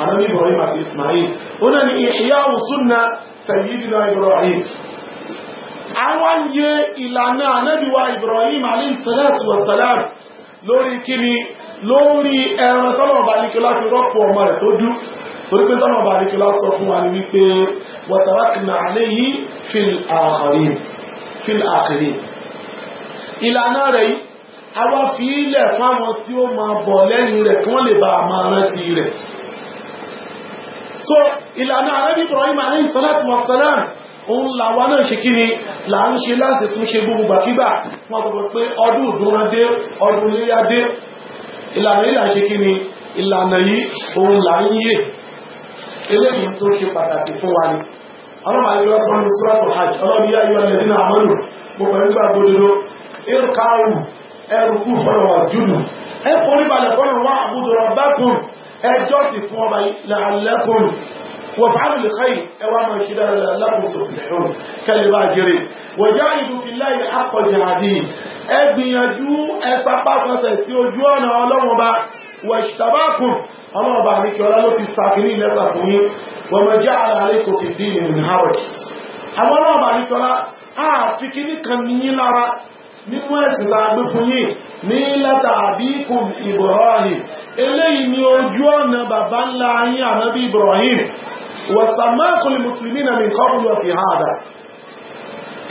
anábì Ibrahim àti Ismail ó náà ní ìyá òsúnna sayyidina Ibrahim àwọn yẹ Ibrahim lórí kíni lórí ẹran tọ́lọ̀ balikọ́lá fi rọ́pò ọmọ rẹ̀ tó dú torí pé tọ́lọ̀ balikọ́lá sọ fún wa ní wípé wa tarakna alayhi fil akhirin fil akhirin ìlànà rẹ̀ yìí àwa fi ilẹ̀ fáwọn tí ó máa bọ̀ lẹ́yìn rẹ̀ kí wọ́n lè bá a máa rántí rẹ̀ so ìlànà Ànábì Ibrahim alayhi salatu wa salam òun làwa náà ṣe kíni là ń ṣe láti tún ṣe gbogbo gbàkígbà wọn gbogbo pé ọdún ìdúnrán dé ọdún iléyá dé ìlànà yìí là ń ṣe kíni ìlànà yìí òun là ń yè eléyìí tó ṣe pàtàkì fún wa ni ọlọ́run àlejò ọ̀sán ní sọ́ọ̀tù hajj ọlọ́run yá yọ ẹ̀dín náà àmọ́lù mo pẹ̀lú gbà gbódòdó ẹrù kárù ẹrù kú fọlọ̀ wà jùlù ẹ forí balẹ̀ fọlọ̀ wà àbúdó rọ̀ bákùn ẹjọ́ ti fún ọba làálẹ́kùn وافعلوا الخير وما كده لكم تفلحون كلمة جري وجاهدوا في الله حق جهاده ẹgbìyànjú ẹsàpáfẹsẹ̀ sí ojú ọ̀nà ọlọ́wọ́ba wẹ̀ṣtàbákùn ọlọ́wọ́ba àríkẹ́ ọlá ló fi sàkíní mẹ́ta وما جعل عليكم في الدين من حرج àwọn náà bá ní tọ́lá ààfi kí ní kan ní lára nínú ẹ̀sìn láàgbé fún yìí ní lẹ́ta àbíkùn Ibrahim eléyìí ni ojú ọ̀nà bàbá ńlá yín ànábí Ibrahim wọ̀sàmákùnlé mùsùlùmí na mìkọ́kùnlé ọ̀fì hàdà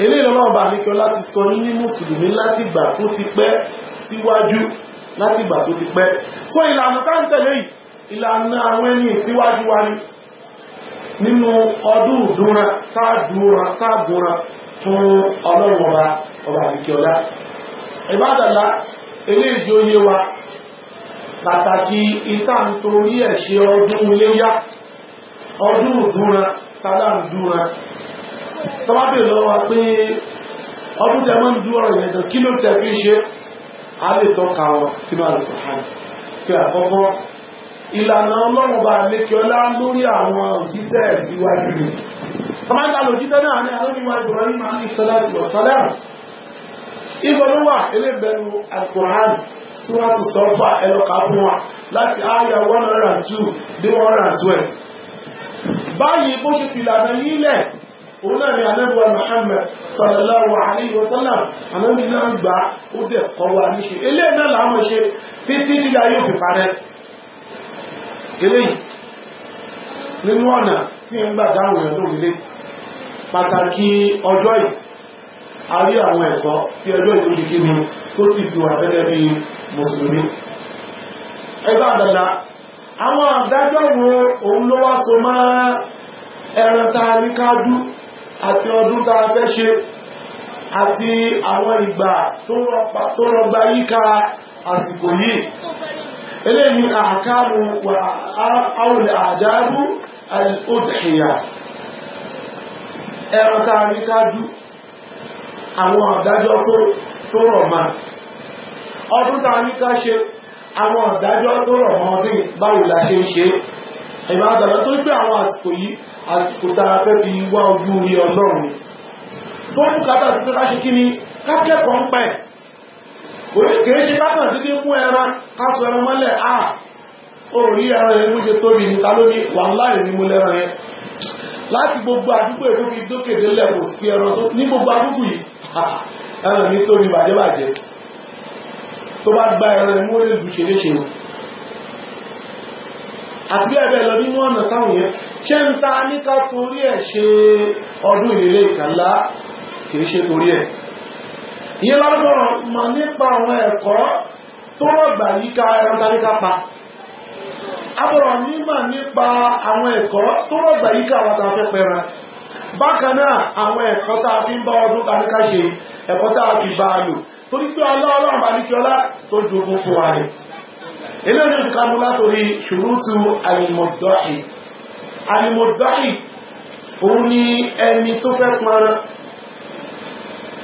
eléyìí náà bá ní tọ́ láti sọ ní mùsùlùmí láti gbà tó ti pẹ́ síwájú láti gbà tó ti pẹ́ so ìlànà ìlànà àwọn ẹni ìsíwájú wa ni nínú ọdún ìdúnra táàdúnra táàdúnra fún ọlọ́run ọba ọba àríkíọlá ìbádàlá eléjì oyé wa pàtàkì ìta ń torí ẹ̀ ṣe ọdún iléyá ọdún ìdúnra táàdúnra tọ́wábẹ̀ lọ́wọ́ pé ọdún tẹ́ mọ́ ń dú ọ̀rọ̀ ìrìnàjò kí ló tẹ́ fi ṣe a lè tọ́ka wọn sínú àlùkò hàn àkọ́kọ́ ìlànà ọlọ́run bá lékè ọlá lórí àwọn òjíṣẹ́ ìwájú rẹ̀. Tọ́mátà lòjíṣẹ́ náà ní alóníwá ìbòrán máa ní sọ́lá ìwọ̀ sọ́lá. Ìgbọ́ ló wà elébẹ̀rù Al-Qur'an tí wọ́n ti sọ fà ẹlọ́ka fún wa láti àyà 102 dé 112. Báyìí bó ṣe fi ìlànà yìí lẹ̀, òun náà ni Anábíwá Muhammad sallallahu alayhi wa sallam, Anábí náà gbà ó dẹ̀ kọ́ wa níṣe. Eléyìí náà làwọn ṣe títí nígbà yóò fi parẹ́ eléyìí nínú ọ̀nà tí ń gbà dáhùn ẹ̀ lórí lé pàtàkì ọjọ́ yìí a rí àwọn ẹ̀kọ́ tí ọjọ́ yìí lórí kíni tó ti fi wà tẹ́lẹ̀ bí mùsùlùmí ẹgbẹ́ àdàdà àwọn àdájọ́ wo òun ló wá so máa ẹran tá ní kájú àti ọdún tá fẹ́ ṣe àti àwọn ìgbà tó rọgbà yíká àsìkò yìí إليه àkáàmù wà áwùl àdáàbù al-udhiyah ẹ̀rọ tààrí kájú àwọn àdájọ́ tó rọ̀ máa ọdún tààrí ká ṣe àwọn àdájọ́ tó rọ̀ mọ́ ọdún báwo la ṣe ń ṣe ẹ̀mọ́ àdàlọ́ tó gbé àwọn àsìkò yìí àsìkò tààrà fẹ́ fi wá ojú rí ọlọ́run tó bùkátà sí pé ká ṣe kí ni ká ń pẹ̀ kìí ṣe kákan dídí mú ẹran kátó ẹran mọ́lẹ̀ à ó rí ẹran yẹn múje tóbi níta lóní wàhálà ní mo lẹ́ran yẹn láti gbogbo àdúgbò èkó fi dókèdè lẹ́kọ̀ọ́ sí ẹran tó ní gbogbo àdúgbò yìí ẹran mi tóbi bàjẹ́bàjẹ́ tó bá gba ẹran yẹn mú ó lè lù ṣeléṣe o àti ẹ̀bẹ̀ lọ nínú ọ̀nà táwọn yẹn ṣé ń ta ní ká torí ẹ̀ ṣe ọdún ìrẹ̀lẹ̀ ìkàlá kìí ṣe torí ẹ̀ ìyẹn lábọ̀rọ̀ mọ̀ nípa àwọn ẹ̀kọ́ tó rọ̀gbà yíká ẹran tàríká pa abọ̀rọ̀ nímọ̀ nípa àwọn ẹ̀kọ́ tó rọ̀gbà yíká àwọn tàfẹ́ pẹran bákan náà àwọn ẹ̀kọ́ tá a fi ń bá ọdún tàríká ṣe ẹ̀kọ́ tá a fi bá a lò torí pé aláwọ̀ àbáníkíọ́lá tó jogun fún wa rẹ̀ eléyìí ní kanu látòrí ṣùrùtù àlìmọ̀dọ́ì àlìmọ̀dọ́ì òun ni ẹni tó fẹ́ pọn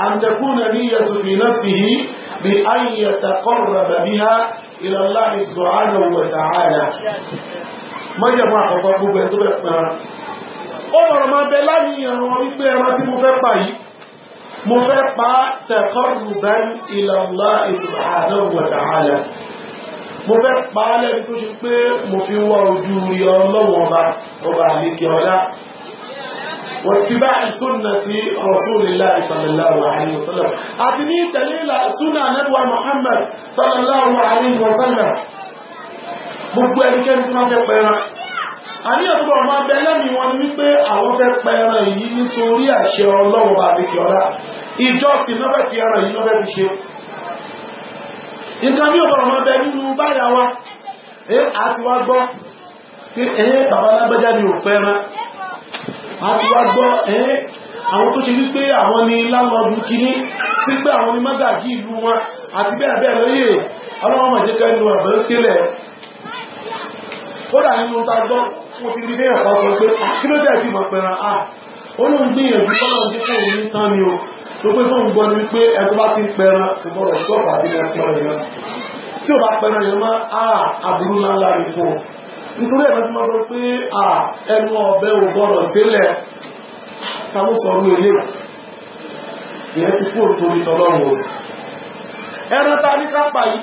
أن تكون نية في نفسه بأن يتقرب بها إلى الله سبحانه وتعالى ما جمع خطاب بنتبقنا ọ̀rọ̀ ma bẹ láyìnyàn wípé ẹran tí mo fẹ́ pa yìí mo fẹ́ pa taqarruban ila Allah subhanahu wa ta'ala mo fẹ́ pa lẹ́ni tó ṣe pé mo fi wá ojú rí ọlọ́wọ́ ọba ọba àlékè ọlá واتباع سنة رسول الله صلى الله عليه وسلم أتني دليل سنة نبوة محمد صلى الله عليه وسلم gbogbo ẹnikẹ́ni tí wọ́n fẹ́ pẹran àní ọ̀pọ̀ ọmọ abẹ́lẹ́mì wọn ni wípé àwọn fẹ́ pẹran èyí nítorí àṣẹ ọlọ́run bá fi kíọ́lá ìjọ sí lọ́fẹ́ fi ẹran yìí lọ́fẹ́ fi ṣe nǹkan ní ọ̀pọ̀ ọmọ abẹ nínú báyà wa àti wá gbọ́ pé ẹ̀yẹ bàbá lágbájá ni ò fẹ́ràn a ti wá gbọ́ ẹ́ àwọn tó ṣe wípé àwọn ni láńlọ́dù kìíní tí pé àwọn ni mágàjí ìlú wọn àti bẹ́ẹ̀ bẹ́ẹ̀ lóyè ọlọ́wọ́n mọ̀ jẹ́kẹ́ inú ẹ̀bẹ̀ ń kélẹ̀ kódà nínú ta gbọ́ mo ti rí ah, ah, o tó pé tóun gbọ́ ni wípé ẹ̀kọ́ bá ti pẹ̀ràn kò gbọ́dọ̀ sọ́ọ̀bà nítorí ẹ̀rọ tí wọ́n sọ pé à ẹnu ọ̀bẹ ò gbọ́dọ̀ délẹ̀ káwọn sọ ní ilé ìyẹn ti fún òtòrí tọlọ́run o ẹran ta ní kápá yìí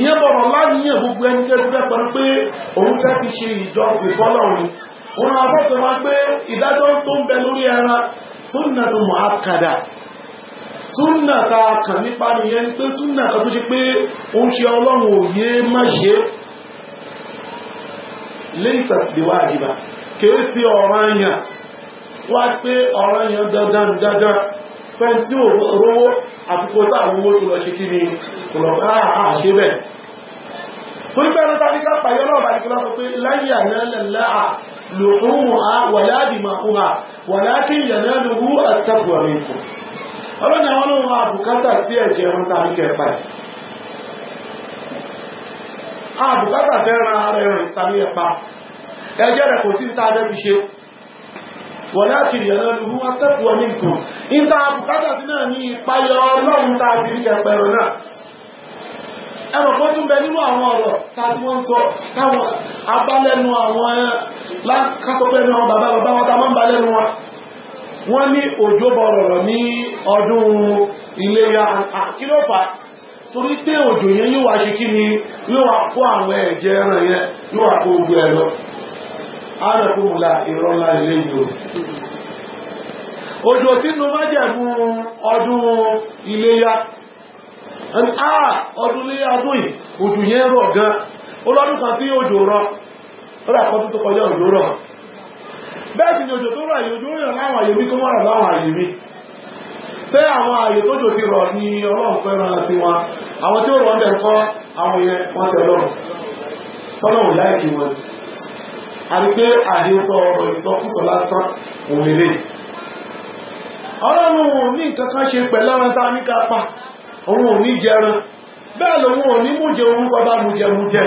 ìyẹn bọ̀rọ̀ láníyàn gbogbo ẹni jẹ́ fẹ́ pẹ̀lú pé òun fẹ́ fi ṣe ìjọ ìfọ́lọ́run òun àbọ̀tẹ̀ máa pé ìdájọ́ tó ń bẹ lórí ẹran súnà tó mọ̀ ákàdà súnà ta kàn nípa nìyẹn pé súnà kan tó ṣe pé ó ṣe ọlọ́run òye má ṣe é laysat biwajiba kìí sí ọ̀ranyàn wá pé ọ̀ranyàn dandan dandan fẹ́ tí ò rówó àtúkò táwọn owó tó lọ ṣe kí ni kò lọ bá àṣẹ bẹ́ẹ̀ torí pé ẹnìta ní ká pàyọ́ náà bá nìkan sọ pé láyé ànálẹ́lá à lòhùnmù à wàládìmà hùhà wàlákì ìyànà lòhù àtàkùwà rẹ̀ kù ọlọ́nà àwọn olóhùn àbùkátà sí àbùkátà fẹ́ ran ara ẹ̀rùn tàbí ẹ̀pa ẹjọ́ rẹ̀ kò sí tàbí ṣe wọ̀n láti rí ẹ̀rọ ìlú wá tẹ́kù ọ ní nǹkan níta àbùkátà sí náà ní ìpayọ ọlọ́run tá a fi náà ẹ̀rọ tún bẹ nínú àwọn ọ̀rọ̀ wọ́n sọ táwọn abálẹ́nu àwọn àwọn bàbá bàbá wọn máa ń balẹ́nu wọn wọ́n ní òjò torí pé òjò yẹn yóò wá ṣe kí ni yóò wá kó àwọn ẹ̀jẹ̀ ẹran yẹn yóò wá kó gbogbo ẹ lọ alẹ́kùnmùlà ńlá ilé o òjò sínú májẹ̀mú ọdún iléyá ọdún iléyá ọdún yìí òjò yẹn rọ̀ gan olọ́dún kan tí òjò rọ̀ ọdún àkọ́tún tó kọjá òjò rọ̀ bẹ́ẹ̀ sì ni òjò tó rọ̀ àyè òjò rọ̀ láwọn àyè mi ṣé àwọn ààyè tó jò ti rọ̀ ní ọlọ́run fẹ́ràn sí wọn àwọn tí ó rọ̀ ń bẹ̀ kọ́ àwọn yẹn wọ́n lọ́rùn tọ́lọ́run wọn a rí pé ọ̀rọ̀ ìsọkúsọ lásán òun ọlọ́run ò ní kankan ṣe pẹ̀lú tá ní kápá ní bẹ́ẹ̀ lòun ò ní òun sọba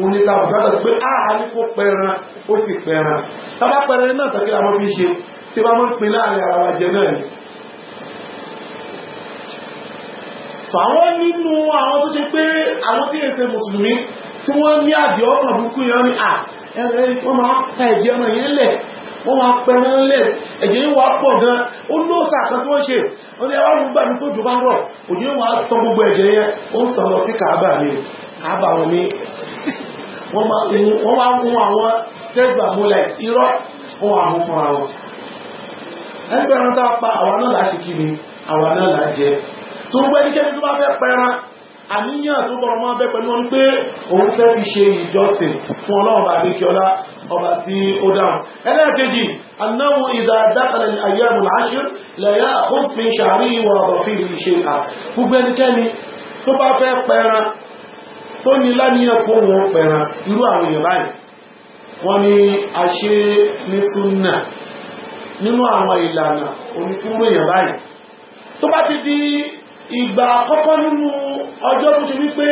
òun ní táwọn gbádùn pé áà ah, ní kó pẹran ó sì pẹran tábà pẹran náà tàbí àwọn fi ṣe tí wọ́n máa ń pin láàrin ara wa jẹ náà ni. sọ àwọn nínú àwọn tó ṣe pé àwọn tí èsè mùsùlùmí tí wọ́n ní àdìẹ ọkàn burúkú yẹn ni à ah, ẹ̀rẹ́ wọ́n máa ta ẹ̀jẹ̀ ọmọ yẹn lẹ̀ wọ́n máa pẹran lẹ̀ ẹ̀jẹ̀ yìí wà pọ̀ gan ó ní òsà kan tí wọ́n ṣe wọ́n ní ẹwà rúgbà mi tó jù bá rọ̀ òjò yìí wà tọ́ gbogbo ẹ̀jẹ̀ yẹn ó ń sọ̀rọ̀ sí kàábà mi kàábà wọn ní wọ́n máa mú àwọn tẹ́gbà múlẹ̀ irọ́ fún àwọn fúnra wọn ẹgbẹ̀rún tá a pa àwa náà láti kí ni àwa náà là ń jẹ tó gbé ẹnikẹ́ni tó bá fẹ́ pẹran àníyàn tó bọ̀rọ̀ máa bẹ́ pẹ̀lú wọn pé òun fẹ́ fi ṣe ìjọsìn fún ọlọ́run bá dé kíọlá ọba tí ó dáhùn ẹlẹ́ẹ̀kejì anáwó ìdá dákàlẹ̀ ayé àmúlà áṣír lẹ́yà òfin ṣàárín ìwà ọ̀dọ̀fin ìṣe à gbogbo ẹnikẹ́ni tó bá fẹ́ pẹran tó ní láníyàn kó wọn pẹ̀ràn irú àwọn èèyàn báyìí wọ́n ní a ṣe ní súnà nínú àwọn ìlànà onífúnrú èèyàn báyìí tó bá ti di ìgbà àkọ́kọ́ nínú ọjọ́ tó ti wípé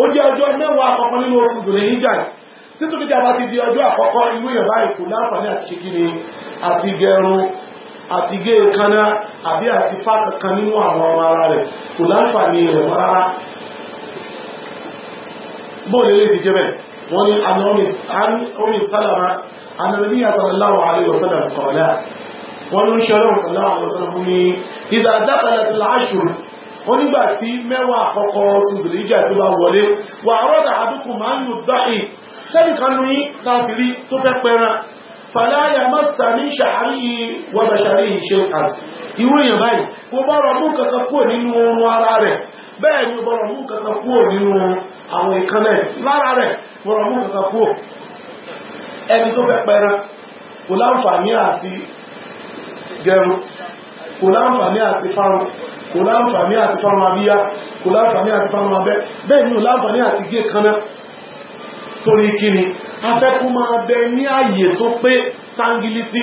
ó jẹ́ ọjọ́ mẹ́wàá àkọ́kọ́ nínú oṣù tòlè níjà títún níjà bá ti di ọjọ́ àkọ́kọ́ inú èèyàn báyìí kò láǹfààní àti ṣe kíni àti gẹrun àti gé kaná àbí àti fáàkà kan nínú àwọn ọmọ ara rẹ̀ kò láǹfààní rẹ̀ rárá bóòlù ilé ti jẹ́ bẹ́ẹ̀ wọ́n ní anọ́rin sálàmà anàbí sallallahu alaihi wasallam kọ̀ọ̀lá wọ́n ní ṣọ́rọ̀ sallallahu alaihi wasallam ní ìdá dákàlẹ̀ tí láṣù wọ́n nígbà tí mẹ́wàá àkọ́kọ́ sùzùlì ìjà tó bá wọlé wà rọ́dà àdúkù máa ń lò dáì sẹ́nìkan ní káfìrí tó fẹ́ pẹran fàlàyà mọ́ta ní ṣàárí wọ́bẹ̀ṣàrí ìṣe àti irú èèyàn báyìí kò bọ́rọ̀ mú kankan nínú ara rẹ̀ bẹ́ẹ̀ ni bọ́rọ̀ mú kankan nínú àwọn nǹkan náà lára rẹ̀ wọ́n mú kankan kú ẹni tó fẹ́ pẹran kò láǹfààní àti gẹrun kò láǹfààní àti fárun kò láǹfààní àti fárun abíyá kò láǹfààní àti fárun abẹ́ bẹ́ẹ̀ ni ò láǹfààní àti gé kaná torí kíni afẹ́kú máa bẹ ní ààyè tó pé tangiliti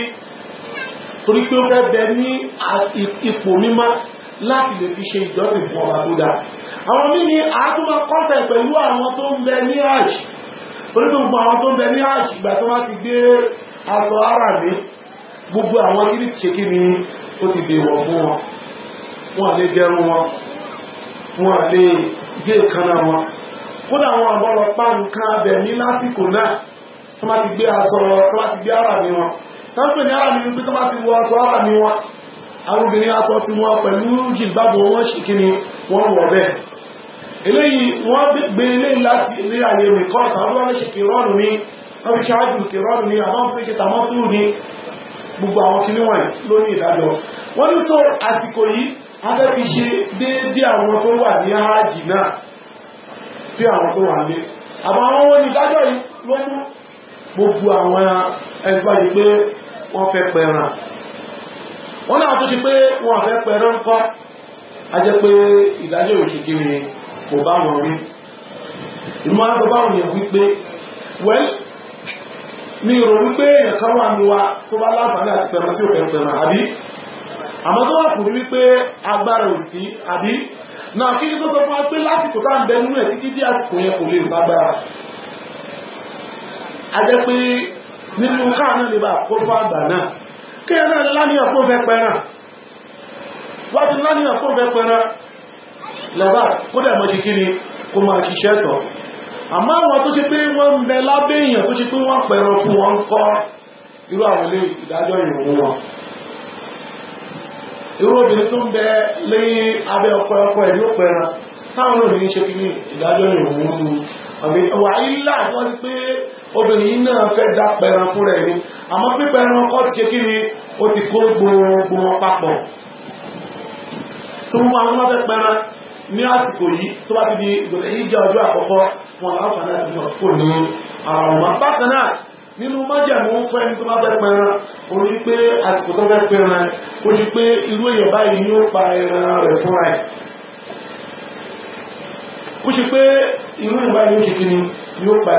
torí pé ó fẹ́ bẹ ní ipò mímá láti lè fi ṣe ìjọ́sìn fún ọba tó dáa àwọn mí ni àátúmọ̀ kọ́tẹ̀ pẹ̀lú àwọn tó ń bẹ ní àjì orígbogbo àwọn tó ń bẹ ní àjì ìgbà tó bá ti gbé aṣọ ara ní gbogbo àwọn kí ní ti ṣe kí ni ó ti dèwọ̀ fún wọn wọn lè gẹrun wọn wọn lè gé ìkànnà wọn kódà wọn àbọ̀rọ̀ pa nǹkan abẹ ní lásìkò náà tó bá ti gbé aṣọ tó bá ti gbé ara ní wọn tó ń pè ní ara ní wípé tó bá ti wọ aṣọ ara ní wọn àwọn obìnrin aṣọ tí wọn pẹ̀lú jìlbábò wọn ṣe ni wọ́n wọ̀ bẹ́ẹ̀ eléyìí wọ́n gbé eléyìí láti ilé àyè rìkọ́ tàbí wọ́n léṣe kìrọ́nù ní wọ́n fi ṣáájú kìrọ́nù ní àwọn fíkẹ́ tàmọ́túrù ní gbogbo àwọn kìní wọ̀nyí lórí ìdájọ́ wọ́n ní sọ àsìkò yìí afẹ́fi ṣe déédé àwọn tó wà ní náà àwọn tó wà ní àmọ́ àwọn wọn ìdájọ́ yìí ló mú gbogbo àwọn ẹgbẹ́ yìí pé wọ́n fẹ́ pẹran wọ́n náà tó ti pé wọ́n fẹ́ pẹran kò bá wọn wí ìmọ̀ àtọ́ bá wọn yẹn wípé wẹ́l mi rò wípé èèyàn kan wà ní wa tó bá láǹfààní àti pẹ̀mọ́ tí ò fẹ́ pẹ̀mọ́ àbí àmọ́ tó wà kùn wípé agbára ò sí àbí náà kí ni tó sọ fún wa pé lásìkò tá à ń bẹ nínú ẹ̀ títí dí àsìkò yẹn kò lè bá gbára a jẹ́ pé nínú káà lè bá àkókò àgbà náà kí ẹ náà láníyàn kó fẹ́ pẹ̀ràn láti láníyàn kó fẹ́ pẹ̀ràn lọ́rà kódà mọ́ ti kíni kó máa ṣiṣẹ́ tọ̀ àmọ́ àwọn tó ṣe pé wọ́n ń bẹ lábẹ́ èèyàn tó ṣe pé wọ́n pẹ̀rọ fún wọn kọ́ irú àwọn ilé ìdájọ́ ìrùn wọn irú obìnrin tó ń bẹ lẹ́yìn abẹ́ ọkọ ọkọ ẹ̀ ló pẹ̀rọ táwọn olóòrùn ṣe kí ní ìdájọ́ ìrùn wọn wà ilá wọ́n pé obìnrin náà fẹ́ dá pẹ̀rọ fún rẹ̀ ni àmọ́ pípẹ̀rọ ọkọ ti ṣe kí ní àsìkò yìí tó bá ti di ìgbẹ̀rẹ̀ yìí jẹ́ ọjọ́ àkọ́kọ́ wọn láǹfààní àti kò ní ara wọn bákan náà nínú májẹ̀mú fún ẹni tó bá fẹ́ pẹran o ní pé tó fẹ́ o ní pé irú èèyàn báyìí ni ó pa ẹran rẹ̀ ẹ̀ pé irú èèyàn báyìí ó kí ni ni ó pa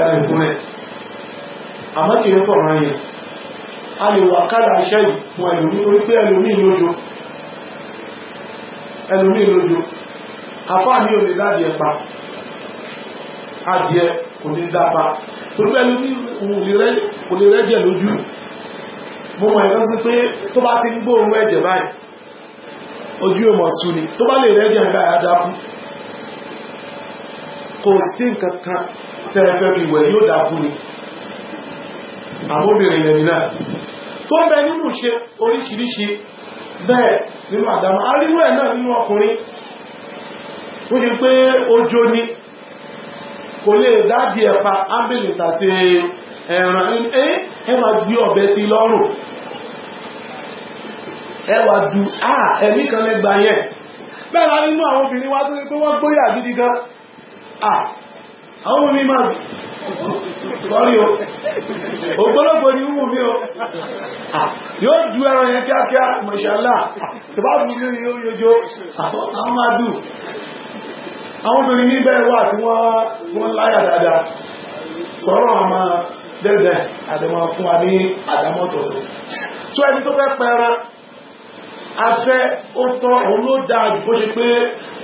a lè wà kára iṣẹ́ yìí fún torí pé àfáà ní olè ládìẹ pa adìẹ kò ní dápa torí pẹ̀lú ní kò lè rẹ́jẹ̀ lójú mo mọ̀ ìran sí pé tó bá ti ń gbóòórùn ẹ̀jẹ̀ báyìí ojú ọmọ sùn ni tó bá lè rẹ́jẹ̀ ń báyìí adákú kò sí nǹkan kan tẹ́ẹ̀fẹ́ fi wẹ̀ yóò dákú ni àwọn obìnrin yẹn nínà tó bẹ nínú ṣe oríṣiríṣi bẹ́ẹ̀ nínú àdámọ́ arínú ẹ̀ náà nínú ọkùnrin ó ṣe pé ni ní kò lè dábì ẹ̀pa ábìlì tàti ẹ̀ràn ẹ́ ẹ ọ̀bẹ lọ́rùn ẹ̀mí kan lẹ́gbà yẹn bẹ́ẹ̀ la nínú àwọn obìnrin wá tó pé wọ́n gbóyà gidi gan àwọn máa o ògbólógbò ni wù mí o yóò ju ẹran yẹn kíákíá mọ̀ṣálà tó bá àwọn máa àwọn obìnrin níbẹ̀ wà tí wọ́n láyà dáadáa sọ̀rọ̀ àmà dẹ́dẹ̀ àdẹ̀mọ̀ fún wa ní àdámọ́tọ̀ tó ẹni tó fẹ́ pẹran afẹ́ ó tọ́ òun ló dáa bó ṣe pé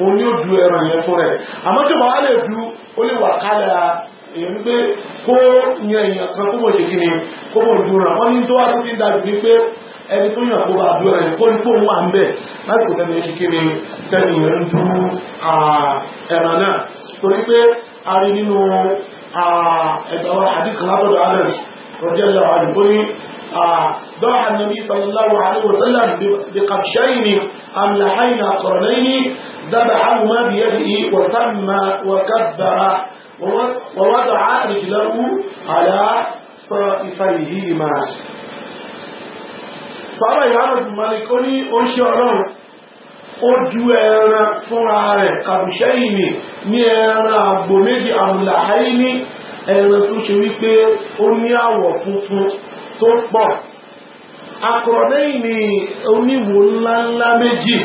òun yóò du ẹran yẹn fún rẹ̀ àmọ́ tí wàá lè du ó lè wà kálẹ̀ èyí pé kó yan èèyàn kan kó mọ̀ ṣe kí ni kó mọ̀ dúró rà wọ́n ní tó wá tó fi ń dájú pé ẹni tó yàn kó bá dúró ẹni kó ní kó wà ń bẹ̀ láti kò tẹ́lẹ̀ kékeré tẹ́lẹ̀ ìyẹn ń dúró ẹ̀rọ náà torí pé a rí nínú ẹ̀gbọ́n àdìkànlábọ̀dọ̀ adams rọ̀jẹ́lẹ̀ àdìgbóní ضاع النبي صلى الله عليه وسلم بقبشين أملحين قرنين ذبحهما بيده وسمى وكبر ووضع رجله على صائفيهما sọ́rọ̀ ìyáàrùn ìmọ̀lẹ̀ kó ní oúnjẹ ọlọ́run ó ju ẹran fúnra rẹ̀ kàbùṣẹ́ ìmì ní ẹran àgbò méjì àmùlàáyé ní ẹran tó ṣe wípé ó ní àwọ̀ funfun tó pọ̀ akọ̀rọ̀dẹ́ ìmì oníwò ńláńlá méjì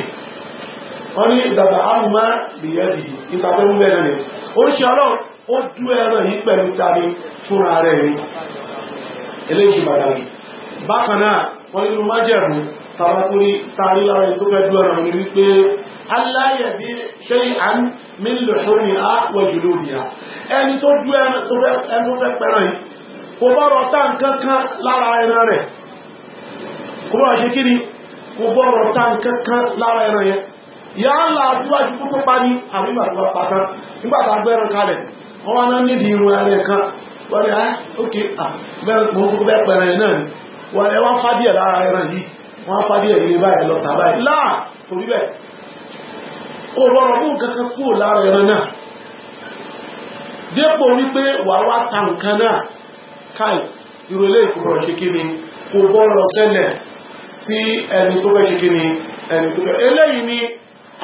wọ́n ní ìdàgbà àmùmá bìyẹ́sì ìtàfẹ́ mú bẹ́ẹ̀ rẹ̀ oúnjẹ ọlọ́run ó ju ẹran yìí pẹ̀lú tani fúnra rẹ̀ ni eléyìí bàtàkì bákan náà wọ́n nínú májẹ̀mú tàbátúrí tààrí lára tó fẹ́ dúró ọ̀nà ní pé aláyẹ̀bí ṣe àn mílò sórí àpọ̀ jùlọ òbíà ẹni tó dú ẹni tó fẹ́ pẹ̀rọ yìí kò bọ́rọ̀ tá nǹkan kan lára ẹran rẹ̀ kò bọ́rọ̀ ṣe kíni kò bọ́rọ̀ tá nǹkan kan lára ẹran yẹn yálà àdúwájú púpọ̀ pa ní àríwá àdúwá pátá nígbàtà wọ́n ẹ wọ́n fádìẹ̀ lára ẹran yìí wọ́n fádìẹ̀ ilé báyìí lọ tàbá yìí láà torí bẹ́ẹ̀ ó rọrọ̀ fún kankan kúrò lára ẹran náà dépò wípé wà wá ta nǹkan náà káì ìrọ̀lẹ́ ìkúrọ̀ ṣe kí ni kò bọ́ lọ sẹ́lẹ̀ sí ẹni tó fẹ́ ṣe ẹni tó fẹ́ eléyìí ni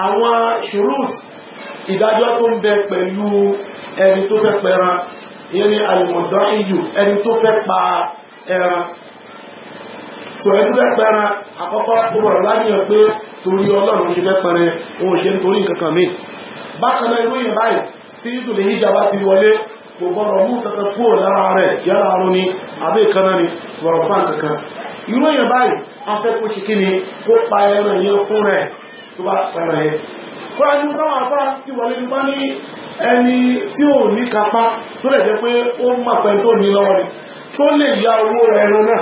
àwọn shurut ìdájọ́ tó ń bẹ pẹ̀lú ẹni tó fẹ́ pẹran ìyẹn ni àlùmọ̀dọ́ ìyù ẹni tó fẹ́ pa ẹran sọ ẹni bẹ́ẹ̀ pẹ́ran àkọ́kọ́ gbọ́dọ̀ láníyàn pé torí ọlọ́run ní bẹ́ẹ̀ pẹ́ran òun ṣe ń torí nǹkan kan mí bákan náà irú yìí báyìí tí ìtòlè yìí jàmbá ti wọlé kò gbọ́dọ̀ mú kankan kúrò lára rẹ̀ yára arun ni àbí ìkaná ni gbọ́dọ̀ fà kankan irú yìí afẹ́kù kíkí ni kó pa ẹran yẹn fún rẹ̀ tó bá pẹ́ran yẹn kọ́ra ní afá ti wọlé nípa ní ẹni tí ò ní kápá tó lè jẹ́ pé ó mọ̀ tó ní lọ́wọ́ ni tó lè ya owó rẹ̀ náà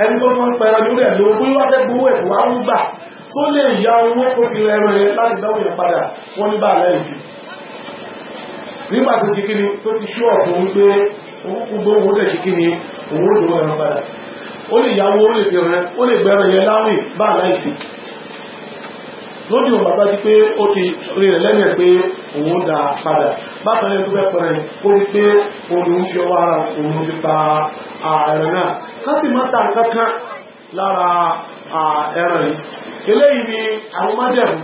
ẹni tó máa ń pẹ̀rọ lórí ẹ̀lú owó yíwá fẹ́ gbowó ẹ̀kú wá ń gbà tó lè ya owó tó fi rẹ̀ rẹ̀ láti dánwò yẹn padà wọ́n ní báà lẹ́yìn sí nígbà tó ti kíni tó ti ṣú ọ̀fún wípé owó gbogbo owó dẹ̀ ti kíni owó lòó ẹran padà ó lè yáwó ó lè fi rẹ̀ ó lè gbẹ̀rẹ̀ yẹn láwìn báà lẹ́yìn sí lódì òun bàbá di pé ó ti rí rẹ̀ lẹ́nu ẹ̀ pé òun dà padà bákan náà tó fẹ́ pẹ̀rẹ̀ ó rí pé òun ń fi ọwọ́ ara òun fi ta ààrẹ náà ká sì má ta nǹkan kan lára ẹran yìí eléyìí ni àwọn májẹ̀mú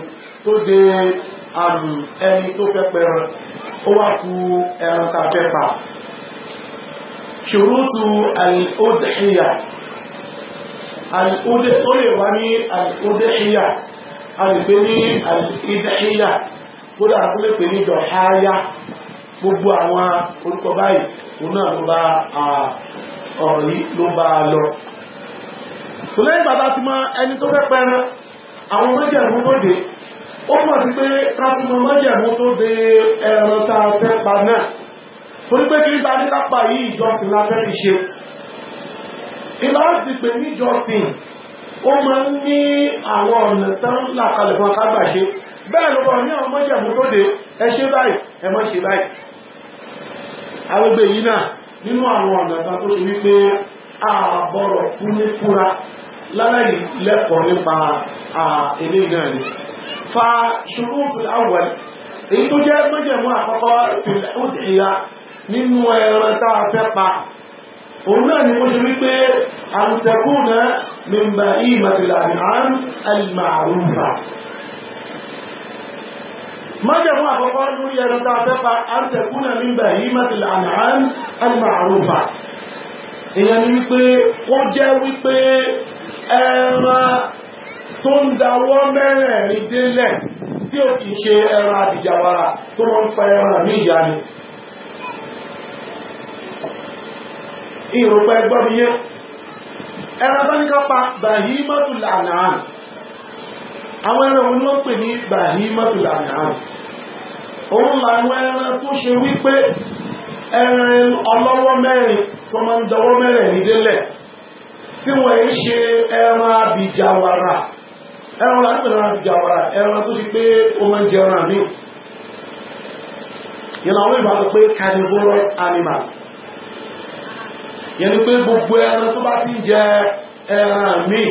tó de àlù ẹni tó fẹ́ pẹran ó wá ku ẹran tá a fẹ́ pa ṣòrótù àlùkòdìyà àlùkòdì ó lè wá ní àlùkòdìyà a lè pè ní àlùkòdìyà kódà tó lè pè ní dọ̀háyà gbogbo àwọn orúkọ báyìí òun náà ló bá ọ̀rọ̀ yìí ló bá a lọ tó lẹ́yìn bàbá ti mọ ẹni tó fẹ́ pẹran àwọn mọ́jẹ̀mú tó dé ó mọ̀ sí pé kásùmọ̀ mọ́jẹ̀mú tó dé ẹran tá a fẹ́ pa náà torí pé kí nípa nípa pa yìí ìjọsìn la fẹ́ ti ṣe ìlà ti pè ní ìjọsìn ó máa ń ní àwọn ọ̀nà tán làkalẹ̀ fún akágbà ṣe bẹ́ẹ̀ ló bọ̀ ní àwọn mọ́jẹ̀mú tó dé ẹ ṣe báyìí ẹ má ṣe báyìí agbègbè yìí náà nínú àwọn ọ̀nàta tó ti wípé àbọ̀rọ̀ fún ní fúra láláì lẹ́kọ̀ọ́ nípa èlé náà ni fa ṣùgbọ́n tó láwọ̀ èyí tó jẹ́ mọ́jẹ̀mú àkọ́kọ́ ìyá nínú ẹran tá a fẹ́ pa òun náà ni mo ṣe wípé àrùtẹ̀kùn náà mímbà ìmọ̀tìlà àrùn alìmọ̀ àrùn májẹ̀mú àkọ́kọ́ lórí ẹran tá a fẹ́ pa á ń tẹ̀kúnà ní bahimatil an'am al-ma'rufa èèyàn ni wípé wọ́n jẹ́ wípé ẹran tó ń dawọ́ mẹ́rẹ̀ẹ̀rin délẹ̀ tí ó kìí ṣe ẹran àdìjàwara tó wọ́n fa ẹran ní ìyá ni ìrùpẹ́ gbọ́mìyẹ ẹran tó ní ká pa bahimatul àwọn ẹran òun ló pè ní bàhí mọ́tòlá náà òun làwọn ẹran tó ṣe wípé ẹran ọlọ́wọ́ mẹ́rin tó máa ń dọwọ́ mẹ́rin nídélẹ̀ tí wọ́n ń ṣe ẹran abìjàwàrà ẹran lápẹ̀lẹ̀ abìjàwàrà ẹran tó fi pé ó máa ń jẹ ẹran mi ìlànà ìbára pé carnivorous animal yẹn ni pé gbogbo ẹran tó bá ti ń jẹ ẹran míì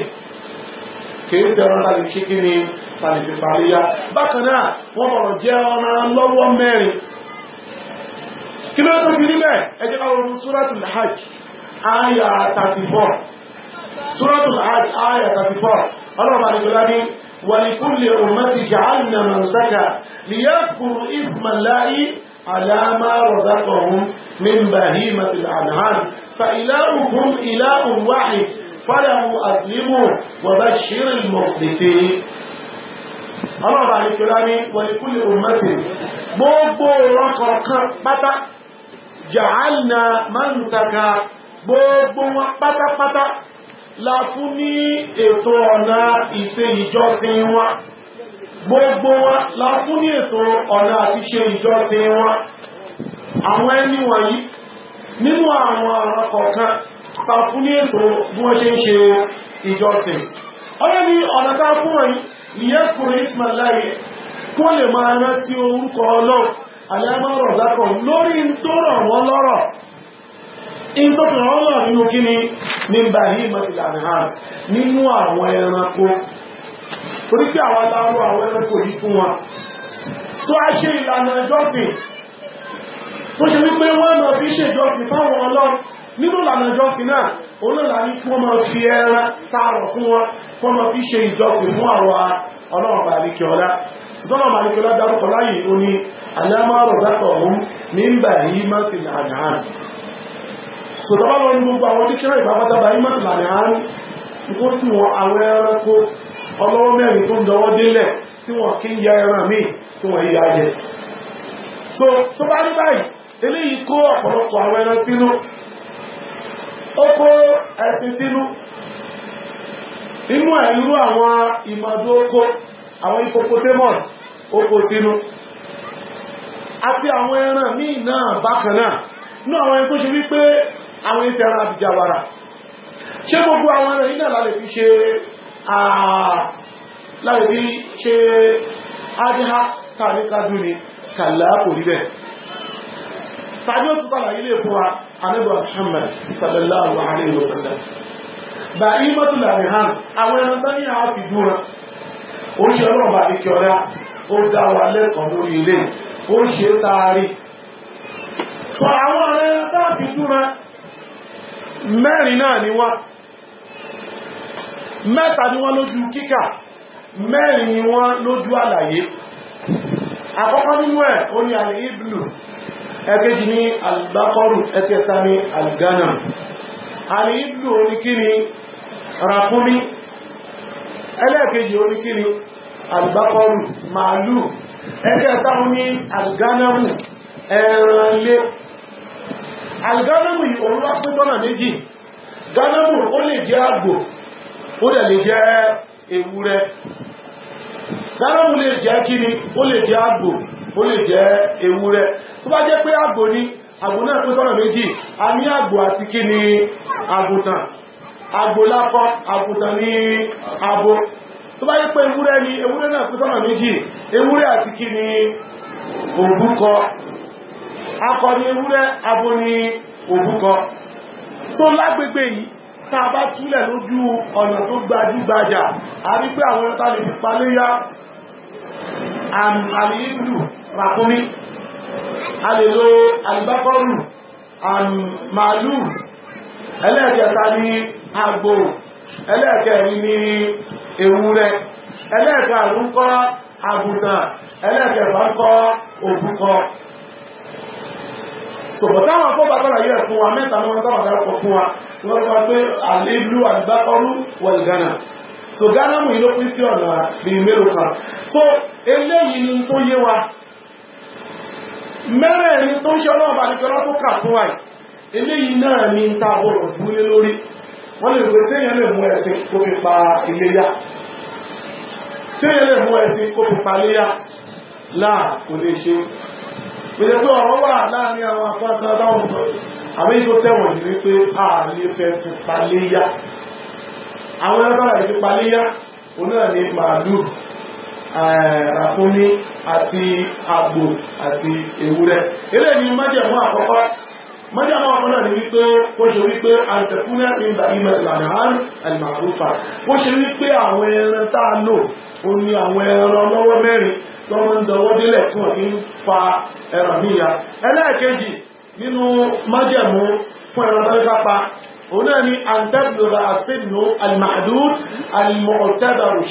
kìí tẹ ọ̀rọ̀ tàbí kíkí ni tàbí fífa ríyá bákan náà wọ́n bọ̀rọ̀ jẹ́ ọ̀nà lọ́wọ́ mẹ́rin kí ló tó fi níbẹ̀ ẹjẹ́ ọ̀rọ̀ suratul hajj aya 34 suratul hajj aya 34 ọlọ́pàá ní gbọ́lá ní walikulli ummati ja'alna mansaka liyadhkuru isma Allahi ala ma razaqahum min bahimatil an'am fa ilahukum ilahun wahid فله أسلموا وبشر المخبتين ọlọ́run bá ní kí ọlá ní wọlékúlé òmìnàtì gbogbo ọkọ̀ kan pátá jàálìnà mọ́ntaka gbogbo wọn pátápátá la fún ní ètò ọ̀nà ìṣe ìjọsìn wọn gbogbo wọn la fún ní ètò ọ̀nà àti ìjọsìn wọn àwọn ẹni wọ̀nyí nínú àwọn ọ̀rọ̀ kọ̀ọ̀kan ta fún ní ètò bí ṣe ọjọ́ ní ta fún wọn láyé kó lè máa orúkọ alẹ́mọ̀rọ̀ lórí tó rọ̀ wọ́n lọ́rọ̀ in tó fi nínú ni ní bàrí nínú àwọn ẹranko torí pé àwọn aláwọ̀ àwọn ẹranko fún wọn tó a ṣe ìlànà tó ṣe wípé wọ́n fi fáwọn ọlọ́run nínú ìlànà ìjọsìn náà olóòlà ní kí wọ́n máa fi ẹran tààrọ̀ fún wọn kọ́ máa fi ṣe ìjọsìn fún àwọn ọlọ́run bàríkẹ́ ọlá tọ́lọ̀ màríkọ́lá dárúkọ láyé ó ní alámọ́rọ̀ látọ̀ ọ̀hún ní ń bà so tọ́bálọ́ ní gbogbo àwọn díkẹ́ ìbábátá bà yí martin anahan tó tí wọ́n àwọn ẹranko ọlọ́wọ́ mẹ́rin tó ń dọwọ́ délẹ̀ tí wọ́n kí ń ya so tó bá rí báyìí eléyìí kó ọ̀pọ̀lọpọ̀ ó kó ẹ̀sìn sínú nínú ẹ̀ àwọn ìmọ̀dó oko àwọn hippopotamus oko sínú àti àwọn ẹran míì náà bákan náà ní àwọn ẹni tó ṣe wípé àwọn ẹni tẹran àbìjàwàrà ṣé gbogbo àwọn ẹran yìí náà la lè fi ṣe la ṣe ádíhá tàbí kájú ni kàlá kò rí bẹ́ẹ̀ tàbí ó tún sàlàyé lè fún wa anábọ̀ Muhammad sallallahu alayhi wa sallam bá yí mọ́tò láàrin hàn àwọn ẹran tó ní àwọn fi dúró oúnjẹ ọlọ́run bá rí kí ó dá wa lẹ́kọ̀ọ́ lórí ilé ó ń ṣe taari sọ àwọn ọ̀rẹ́ tá fi dúró mẹ́rin náà ni wọ́n mẹ́ta ni wọ́n lójú kíkà mẹ́rin ni wọ́n lójú àlàyé àkọ́kọ́ nínú ẹ̀ ó ní àlè ìbìlù ẹkẹ́jì ní albakọrù ẹkẹta ní alganam alìlú oníkíni rakúmí ẹlẹ́ẹ̀kẹ́jì oníkíni albakọrù màálù ẹkẹta ní alganamu ẹranlé alganamu yìí òun wá fún tọ́nà méjì ganamu ó lè jẹ́ àgbò ó dẹ̀ lè jẹ́ ewúrẹ́ ganamu lè jẹ́ kíni ó lè jẹ́ àgbò ó lè jẹ́ ewúrẹ́ tó bá jẹ́ pé àgbò ni àgbò náà pín sọ́nà méjì a ní àgbò àti kí ni àgùntàn àgbò lápọ̀ àgùntàn ní abo tó bá jẹ́ pé ewúrẹ́ ni ewúrẹ́ náà pín sọ́nà méjì ewúrẹ́ àti kí ni òbúkọ akọ ni ewúrẹ́ abo ni òbúkọ tó lágbègbè yìí tá a bá túlẹ̀ lójú ọ̀nà tó gbajúgbajà a rí pé àwọn ẹ̀ta lè fi paléyá àmì ìlú ràkúnmí a lè lo alìbákọ́rù màálù ẹlẹ́ẹ̀kẹta ní àgbò ẹlẹ́ẹ̀kẹrin ní ewúrẹ́ ẹlẹ́ẹ̀kẹrin ń kọ́ àgùntàn ẹlẹ́ẹ̀kẹfà ń kọ́ òbúkọ sọ̀pọ̀táwọn fún bàtàlà yẹ fún wa mẹ́ta ní wọ́n tàbà dárúkọ fún wa wọ́n tàbà pé àlébú àgbákọrú wọ̀lì Ghana so Ghana mú ìlópin sí ọ̀nà ní mélòó kan so eléyìí ni tó yé wa mẹ́rẹ̀ẹ̀rin tó ń ṣe ọlọ́ọ̀bà ní kọlá tó kà fún wáyé eléyìí náà ní ta bọ̀rọ̀ gúnlé lórí wọ́n lè pè téèyàn lè mú ẹ̀sìn kó fi pa iléyà téèyàn lè mú ẹ̀sìn kó fi pa iléyà láà kò lè ṣe pèsè pé ọ̀rọ̀ wà láàrin àwọn afáàtà dáhùn ràkúnmí eh, àti àgbò àti ewúrẹ́ ilé ni májẹ̀mú àkọ́kọ́ májẹ̀mú àkọ́kọ́ náà ni wípé kó ṣe wípé àtẹ̀kúnlẹ̀ ní ìgbàgbìmọ̀ ìlànà àlùmàrúfà kó ṣe wípé àwọn ẹran tá a lò ó ní àwọn ẹran ọlọ́wọ́ mẹ́rin tó ń dọwọ́ délẹ̀ tí wọ́n ń fa ẹran níya ẹlẹ́ẹ̀kejì nínú májẹ̀mú fún ẹran tó òun náà ni àǹtẹ́bùlọ́dà àti ìnú àlùmàdún àlùmọ̀ọ́tẹ́bàrù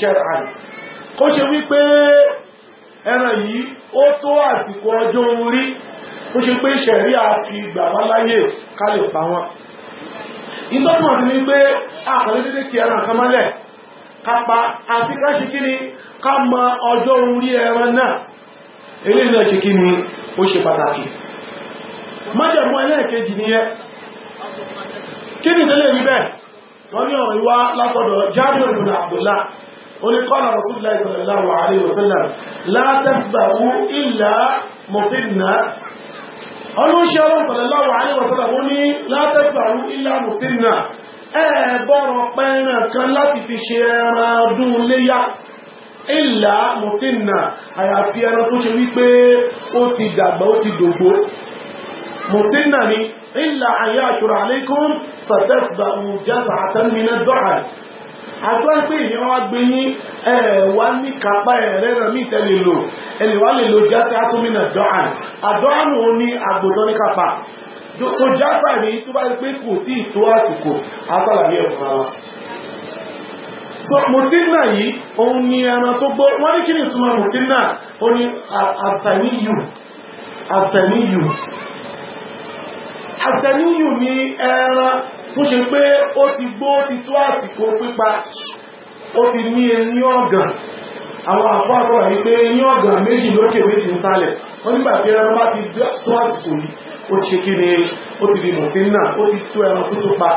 kó ṣe wípé ẹran yìí ó tó àsìkò ọjọ́ orí tó ṣe pé ṣẹ̀rí àti ìgbà wá láyè ká lè pa wọn ìtọ́tùmọ̀ sí ní pé àkọlé dédé kí ẹran kan mọ́lẹ̀ àti ká ni ká mọ ọjọ́ orí ẹran náà eré náà ṣe kí ni ó ṣe pàtàkì májẹ̀mú ẹlẹ́ẹ̀kejì ni kí ni ìdẹ́lẹ̀ rí bẹ́ẹ̀ wọ́n ní ọ̀rọ̀ ìwá látọ̀dọ̀ jábìrì oníkọ́nà rasulullah sallallahu alaihi wasallam la tabtaghu illa mufsidna ọlọ́ṣẹ́ ọlọ́run sallallahu alaihi wasallam ó ní la tabtaghu illa mufsidna ẹ̀ẹ́bọ̀rọ̀ pẹ́ẹ̀rẹ̀ kan láti fi ṣe ẹran ọdún léyá ìlà mùsínà àyàfi ẹran tó ṣe wípé ó ti dàgbà ó ti dògbó mùsínà ni ìlà àyà àṣùrà alaykum fàtẹ́sbà òjásà àtẹ́mìnà dọ́hàrì àtọ́ pé èèyàn wá gbé yín ẹ̀ẹ̀wá ní kápá ẹ̀rẹ́rẹ́ mí tẹ́lẹ̀ lò ẹ̀lẹ̀ wá lè lo jáde átúmínà dọ́hàn àdọ́hàn òun ní àgbòdọ́ ní kápá tó jáde ní tó bá gbé kò tí ìtó àsìkò àtàlàyé ẹ̀fọ́ra wa so mùtínà yìí òun ni ẹran tó gbọ́ wọ́n ní kí ni ìtumọ̀ mùtínà ó ní àtàníyù àtàníyù àtàníyù ni ẹran tó ṣe pé ó ti gbó ó ti tó àsìkò pípa ó ti ní ẹni ọ̀gàn àwọn àfáàkọ́wà ní pé ẹni ọ̀gàn méjì lókè méjì ń sálẹ̀ wọ́n nígbà tí ẹran bá ti tó àsìkò yìí ó ti ṣe kí ni ó ti di mọ̀tínà ó ti tó ẹran tó tó pa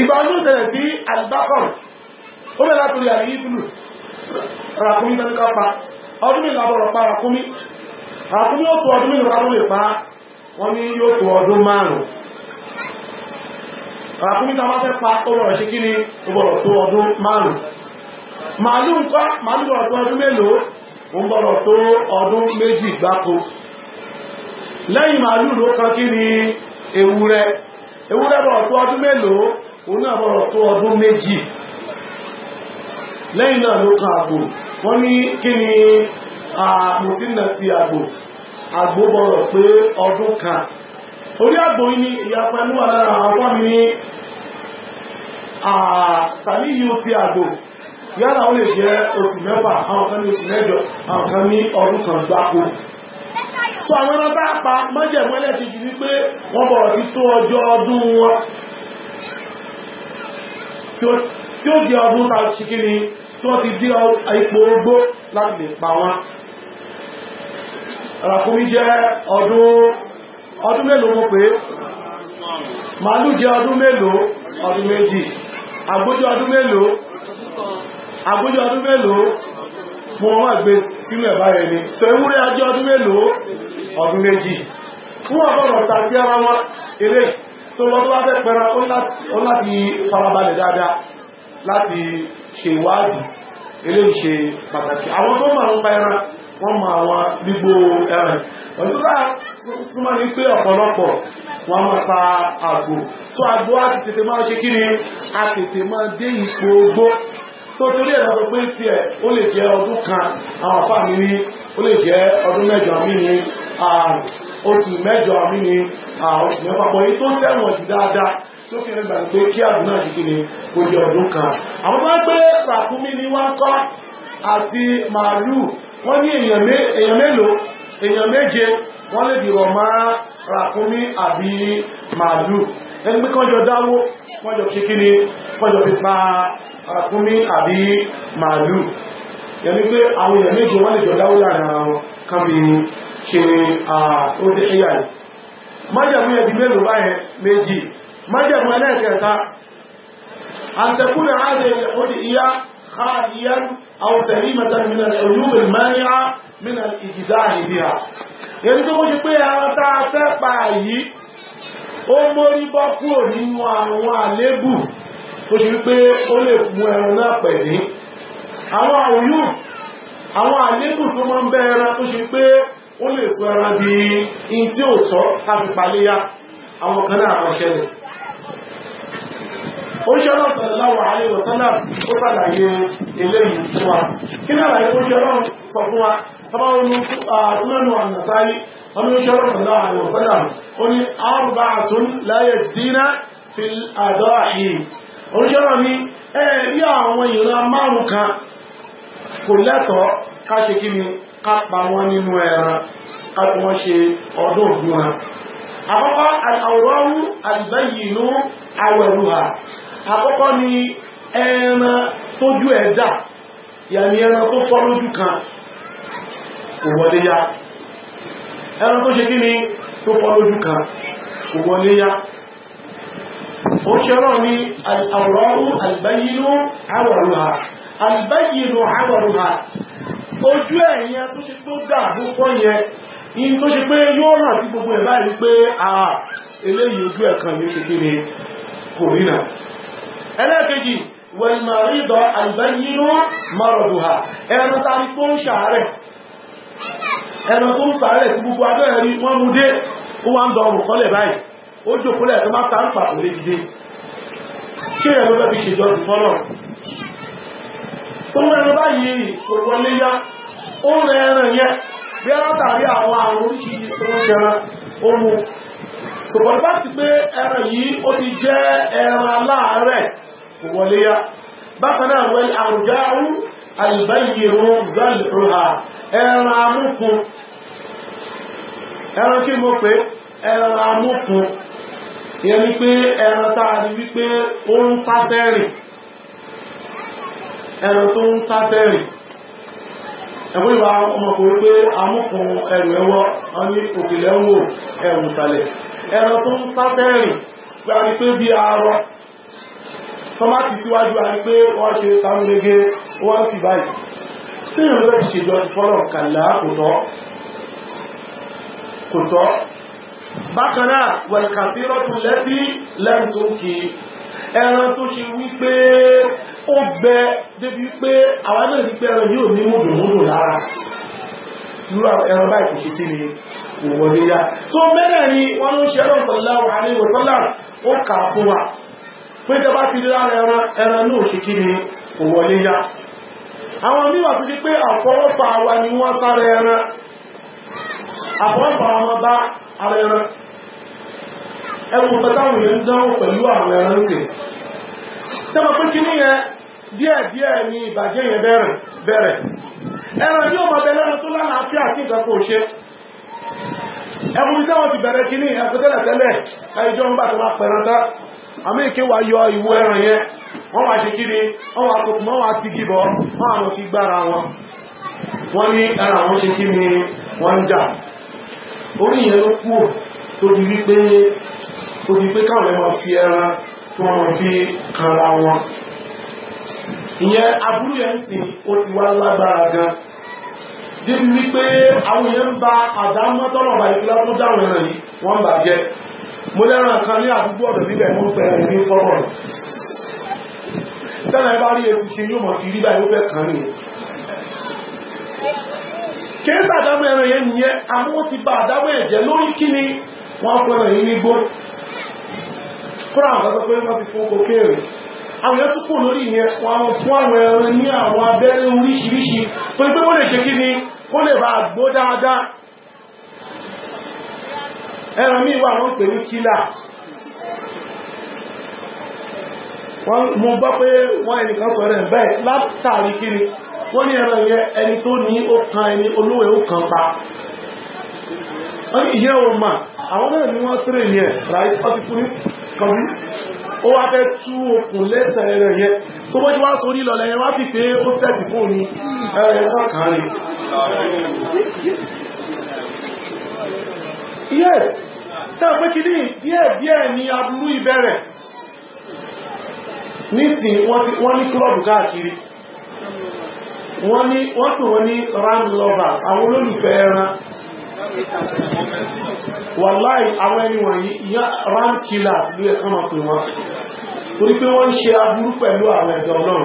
ìgbà ọdún ìṣẹ̀lẹ̀ sí àdìbákọ̀rù ó bẹ̀rẹ̀ látòrí àrí ìbùlù ràkúnmí tẹ́lẹ́ká pa ọdún mìíràn àbọ̀rọ̀ pa ràkúnmí ràkúnmí ó tó ọdún mìíràn ká ló lè pa wọ́n ní yóò tó ọdún márùn-ún ràkúnmí tá fẹ́ pa ó bọ̀rọ̀ kí ni ó bọ̀rọ̀ tó ọdún márùn màálù ń kọ́ màálù bọ̀rọ̀ tó ọdún mélòó ó ń bọ̀rọ̀ tó ọdún méjì gbáko lẹ́yìn màálù ló kan kí ni ewúrẹ́ ewúrẹ́ bọ̀rọ̀ tó ọdún mélòó òun náà bọ̀rọ̀ tó ọdún méjì lẹ́yìn náà ló kan àgbò wọ́n ní kí ni àmùtínà ti àgbò àgbò bọ̀rọ̀ pé ọdún kan orí àgbò ní ìyapa inú àdára àwọn fámi ní àtàlí yíò ti àgbò yálà ó lè jẹ́ oṣù mẹ́fà àwọn kan ní oṣù mẹ́jọ àwọn kan ní ọdún kan gbáko so àwọn ọmọ bá pa mọ́jẹ̀mọ́lẹ̀ ti jù wípé wọ́n bọ̀rọ̀ ti tó ọjọ́ ọdún wọn tí ó jẹ́ ọdún tàbí ṣíkíní tí wọ́n ti dí ipò ogbó láti lè pa wọn ràkúnmí jẹ́ ọdún ọdún mélòó mo pé màálù jẹ́ ọdún mélòó ọdún méjì àgbójú ọdún mélòó àgbójú ọdún mélòó mo wọ́n gbé sínú ẹ̀bá rẹ̀ ni sọ ewúrẹ́ ajé ọdún mélòó ọdún méjì fún ọgọ́rọ̀ tàbí ara wọn eré tó lọ tó bá fẹ́ pẹran ó láti ṣe ìwádìí eré ìṣe pàtàkì àwọn tó mọ̀ ń pa ẹran wọ́n mọ àwọn gbígbó ẹran ọdún bá túmọ̀ ní pé ọ̀pọ̀lọpọ̀ wọ́n mọ̀ pa àgbò tó àgbò á ti tètè máa ṣe kí ni a tètè máa dé ipò ogbó tó torí ẹ̀rọ sọ pé tiẹ̀ ó lè jẹ́ ọdún kan àwọn àfáà mi ní ó lè jẹ́ ọdún mẹ́jọ mi ní oṣù mẹ́jọ mi ní oṣù mẹ́fà pọ̀ èyí tó tẹ̀wọ̀n jù dáadáa tó fi rẹ̀ gbà pé kí àdúrà yìí kí ni kò jẹ́ ọdún kan àwọn bá gbé ràkúnmí ni wọ́n kọ́ àti màálù wọ́n ní èèyàn mélòó èèyàn méje wọ́n lè dìrọ̀ máa ràkúnmí àbí màálù ẹni pé kọjọ dáwó kọjọ kíkí ni kọjọ fi pa ràkúnmí àbí màálù yẹni pé àwọn èèyàn méje wọ́n lè jọ dáwó láàrin ara wọn kan bí ṣe خاليا أو سليمة من العيوب المانعة من الإجزاء بها yẹn tó kọjú pé àwọn tá a fẹ́ pa yìí ó mórí bọ́ kúrò nínú àwọn àlébù tó ṣe wípé ó lè mú ẹran náà pẹ̀lú àwọn àwòyù àwọn àlébù tó máa ń bẹ ẹran tó ṣe pé ó lè sọ ẹran di in tí ò tọ́ ká àwọn kan náà kàn oríṣi ọlọ́run sallallahu alaihi wa sallam ó sàlàyé eléyìí fún wa kí ní àlàyé oríṣi ọlọ́run sọ fún wa tọ́bá wọn ní àtúnmẹ́nu ànàsáyé wọn ní oríṣi ọlọ́run sallallahu alaihi wa sallam ó ní arba'atun la yajdina fil adahi oríṣi ọlọ́run ní ẹ̀rí àwọn ìran márùn kan kò lẹ́tọ̀ọ́ ká ṣe kí àkọ́kọ́ ni ẹran tójú ẹ̀dà yàmì ẹran tó fọ́ lójú kan kò wọlé yá ẹran tó ṣe kí ni tó fọ́ kan yá ó ṣe ní ojú tó ṣe tó dà gbogbo ẹ̀ báyìí pé a ah, eléyìí ojú ẹ̀kan ní kò ẹlẹ́ẹ̀kejì wẹ̀lìmọ̀rídọ̀ àìbẹ́yìnú mọ́rọ̀dùhà ẹran tàbí tó ń ṣàárẹ̀ ẹran tó ń ṣàárẹ̀ tí gbogbo adọ́ ẹ̀rí wọ́n mú dé ó wá ń dọrùn kọ́lẹ̀ báyìí ó jòkólẹ̀ tó má ta ń pàtó lé dìde kí ẹ̀rọ bẹ́ fi ṣèjọ ìfọ́nà tó mẹ́rin báyìí kò wọlé yá ó rẹ ẹran yẹn ṣùgbọ́n bá ti pé ẹran yìí ó ti jẹ́ ẹran aláàárẹ̀ kò wọlé yá bákan náà wẹ́l àrùjáhù àlùbáyìrò zálùrùhà ẹran amúkun ẹran kí mo pé ẹran amúkun ìyẹn ni pé ẹran táa ni wípé ó ń tátẹ́rìn ẹran tó ń tátẹ́rìn ẹ̀wọ́n ìwà ọmọkùnrin pé amúkun ẹrù ẹwọ́ wọn ní òkèlè ń ẹran tó ń tátẹ́rìn gbárí pé bí arọ tọ́má ti síwájú a ní pé wọ́n ṣe tamilege wọ́n ti báyìí tí ìrìn lọ́dí ṣèjọ fọ́lọ̀ kàlá kò tọ́ bákan náà wẹ̀lkàfírọ́ tún lẹ́bí lẹ́rù tó kí ẹran tó ṣe wípé ó gbẹ débi pé àwọn náà ti pé ẹran yóò ní mùdùmùdù lára lúra ẹran báyìí kò ṣe sí ni òwòléyà tó mẹ́rẹ̀ ni wọ́n ló ṣe ẹran tọ́lá wà ní ìwòtọ́lá ó kà fún wa péjọba ti rí lára ẹran ẹran náà ṣe kí ni kò àwọn mímọ̀ ti ṣe pé àfọwọ́fà wa ni wọ́n sára ẹran àfọwọ́fà wọn bá ara ẹran ẹwùn pẹ̀táwùn yẹn ń dánwò pẹ̀lú àwọn ẹran sí pé kí ní yẹn ni ìbàjẹ́ yẹn bẹ̀rẹ̀ ẹran lọ́nà tó kò ṣe ti bẹ̀rẹ̀ kí ní ẹjọ́ ń pẹ̀rẹ̀ àmẹ́kẹ́ wà yọ ìwọ ẹran yẹn wọ́n wà ti kíni wọ́n wà tó kùmọ́ wà ti gíbọ̀ wọ́n àwọn ti gbára wọn wọ́n ní ẹran wọn ṣe kíni wọ́n ń jà orí yẹn ló kú tó di wípé tó di pé káwọn ẹmọ fi ẹran tó wọn fi kanra wọn ìyẹn aburú yẹn sì ó ti wá lágbára gan débi wípé àwọn èèyàn ń ba àdámọ́tọ́lọ̀ mo lẹ́rọ nǹkan ní àdúgbò ọ̀dọ̀ níbẹ̀ mọ́ pẹ̀lú ní kọ́rọ̀ tẹ́lẹ̀ bá rí ewu kí yóò mọ̀ kí rí báyìí ó fẹ́ kàn ní kí ń sàdámù ẹran yẹn nìyẹn àmọ́ ti bá àdámù ẹ̀jẹ̀ lórí kí ni wọ́n fún ẹran yìí nígbó kúrò àwọn ọ̀dọ́ pé wọ́n ti fún kokéèrè àwọn yẹn tún kò lórí ìyẹn wọn fún àwọn ẹran ní àwọn abẹ́rẹ́ oríṣiríṣi tó ń pé ó lè ṣe kí ni ó lè bá àgbó dáadáa ẹran míì wà wọ́n pè ní kílà mo gbọ́ pé wọ́n ẹnìkan sọ rẹ̀ bẹ́ẹ̀ látàrí kíni wọ́n ní ẹran yẹ ẹni tó ní ó kan ẹni olówẹ̀ ó kan pa ìyẹ́ wọn mà àwọn náà ni wọ́n tẹ́rẹ̀ yẹn ráì ọtí fún kan ó wá fẹ́ tú okùn lẹ́sẹ̀ ẹran yẹn tó bọ́jú wá sórí lọ lẹ́yìn wá fi ó tẹ́sì fún ni ẹran yẹn sọ́kàn rẹ̀ tẹ́ pé kí ní díẹ̀díẹ̀ ní aburú ìbẹ̀rẹ̀ ní tí wọ́n ní klọ́bù káàkiri wọ́n ní wọ́n tó wọ́n ní round lover àwọn olólùfẹ́ ẹran wàláì àwọn ẹni wọ̀nyí ìyá round killer ló yẹ kọ́mà pè wọ́n torí pé wọ́n ń ṣe aburú pẹ̀lú àwọn ẹ̀dọ̀ ọlọ́run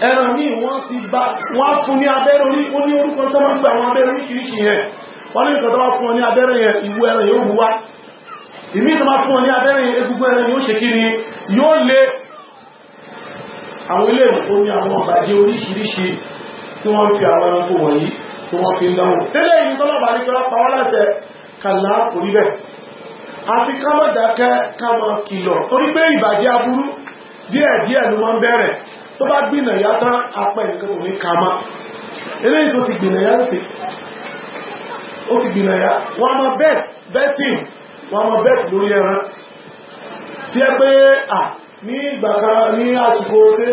ẹran ní wọ́n ti bá wọ́n fún ní abẹ́rẹ́ orí ó ní orúkọ tó máa ń gbà àwọn abẹ́rẹ́ oríṣiríṣi yẹn wọ́n ní nǹkan tó bá fún ọ ní abẹ́rẹ́ yẹn ìwú ẹran yóò wú wá ìmí tó máa fún ọ ní abẹ́rẹ́ yẹn egungun ẹran yóò ṣe kí ni yóò lé àwọn ilé ìfún ní àwọn ọ̀bàjẹ́ oríṣiríṣi tí wọ́n fi àwọn ẹranko wọ̀nyí tí wọ́n fi ń dánwò tẹ́lẹ̀ ìlú tọ́lọ̀bà ní kọ́lá pàwọ́ láti kàlá kò rí bẹ́ẹ̀ àfi ká má dákẹ́ ká má kìlọ̀ torí pé ìbàjẹ́ aburú díẹ̀díẹ̀ ló máa ń bẹ̀rẹ̀ tó bá gbìnà ya tán apá ẹnìkan kò ní ka má eléyìí tó ti gbìnà ya sí ó ti gbìnà ya wọn máa bẹ́ẹ̀ bẹ́ẹ̀tì wọn máa bẹ́ẹ̀ lórí ẹran tí ẹ pé à ní ìgbà kan ní àsìkò tẹ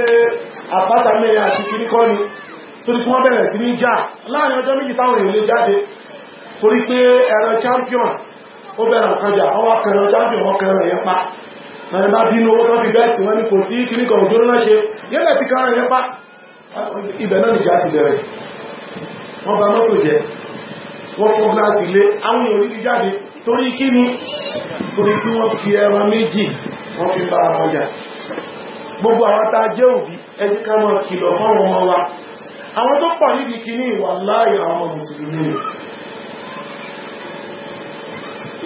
àpáta mẹ́rin àti kìnnìkọ́ ni torí kí wọ́n bẹ̀rẹ̀ sí ní jà láàrin ọjọ́ méjì táwọn èèyàn lè jáde torí pé ẹran champion ó bẹ̀rẹ̀ nǹkan jà wọ́n wá kẹran champion wọ́n kẹran ẹ̀yẹn pa ẹ̀yẹn bá bínú owó kan fi bẹ́ẹ̀ tí wọ́n ní kò tí kìnnìkan òjò náà ṣe yẹ́lẹ̀ fi kan yẹn bá ibẹ̀ náà nìjà ti bẹ̀rẹ̀ wọ́n bá mọ́tò jẹ wọ́n fún láti lé àwọn èèyàn orí jáde torí kí ni torí kí wọ́n fi ẹran méjì wọ́n fi bá wọn jà gbogbo àwọn tá a jẹ́ òbí ẹni ká mọ́ kìlọ̀ fọ́rọ̀ wọn wa àwọn tó pọ̀ níbi kìíní ìwà láàyè àwọn mùsùlùmí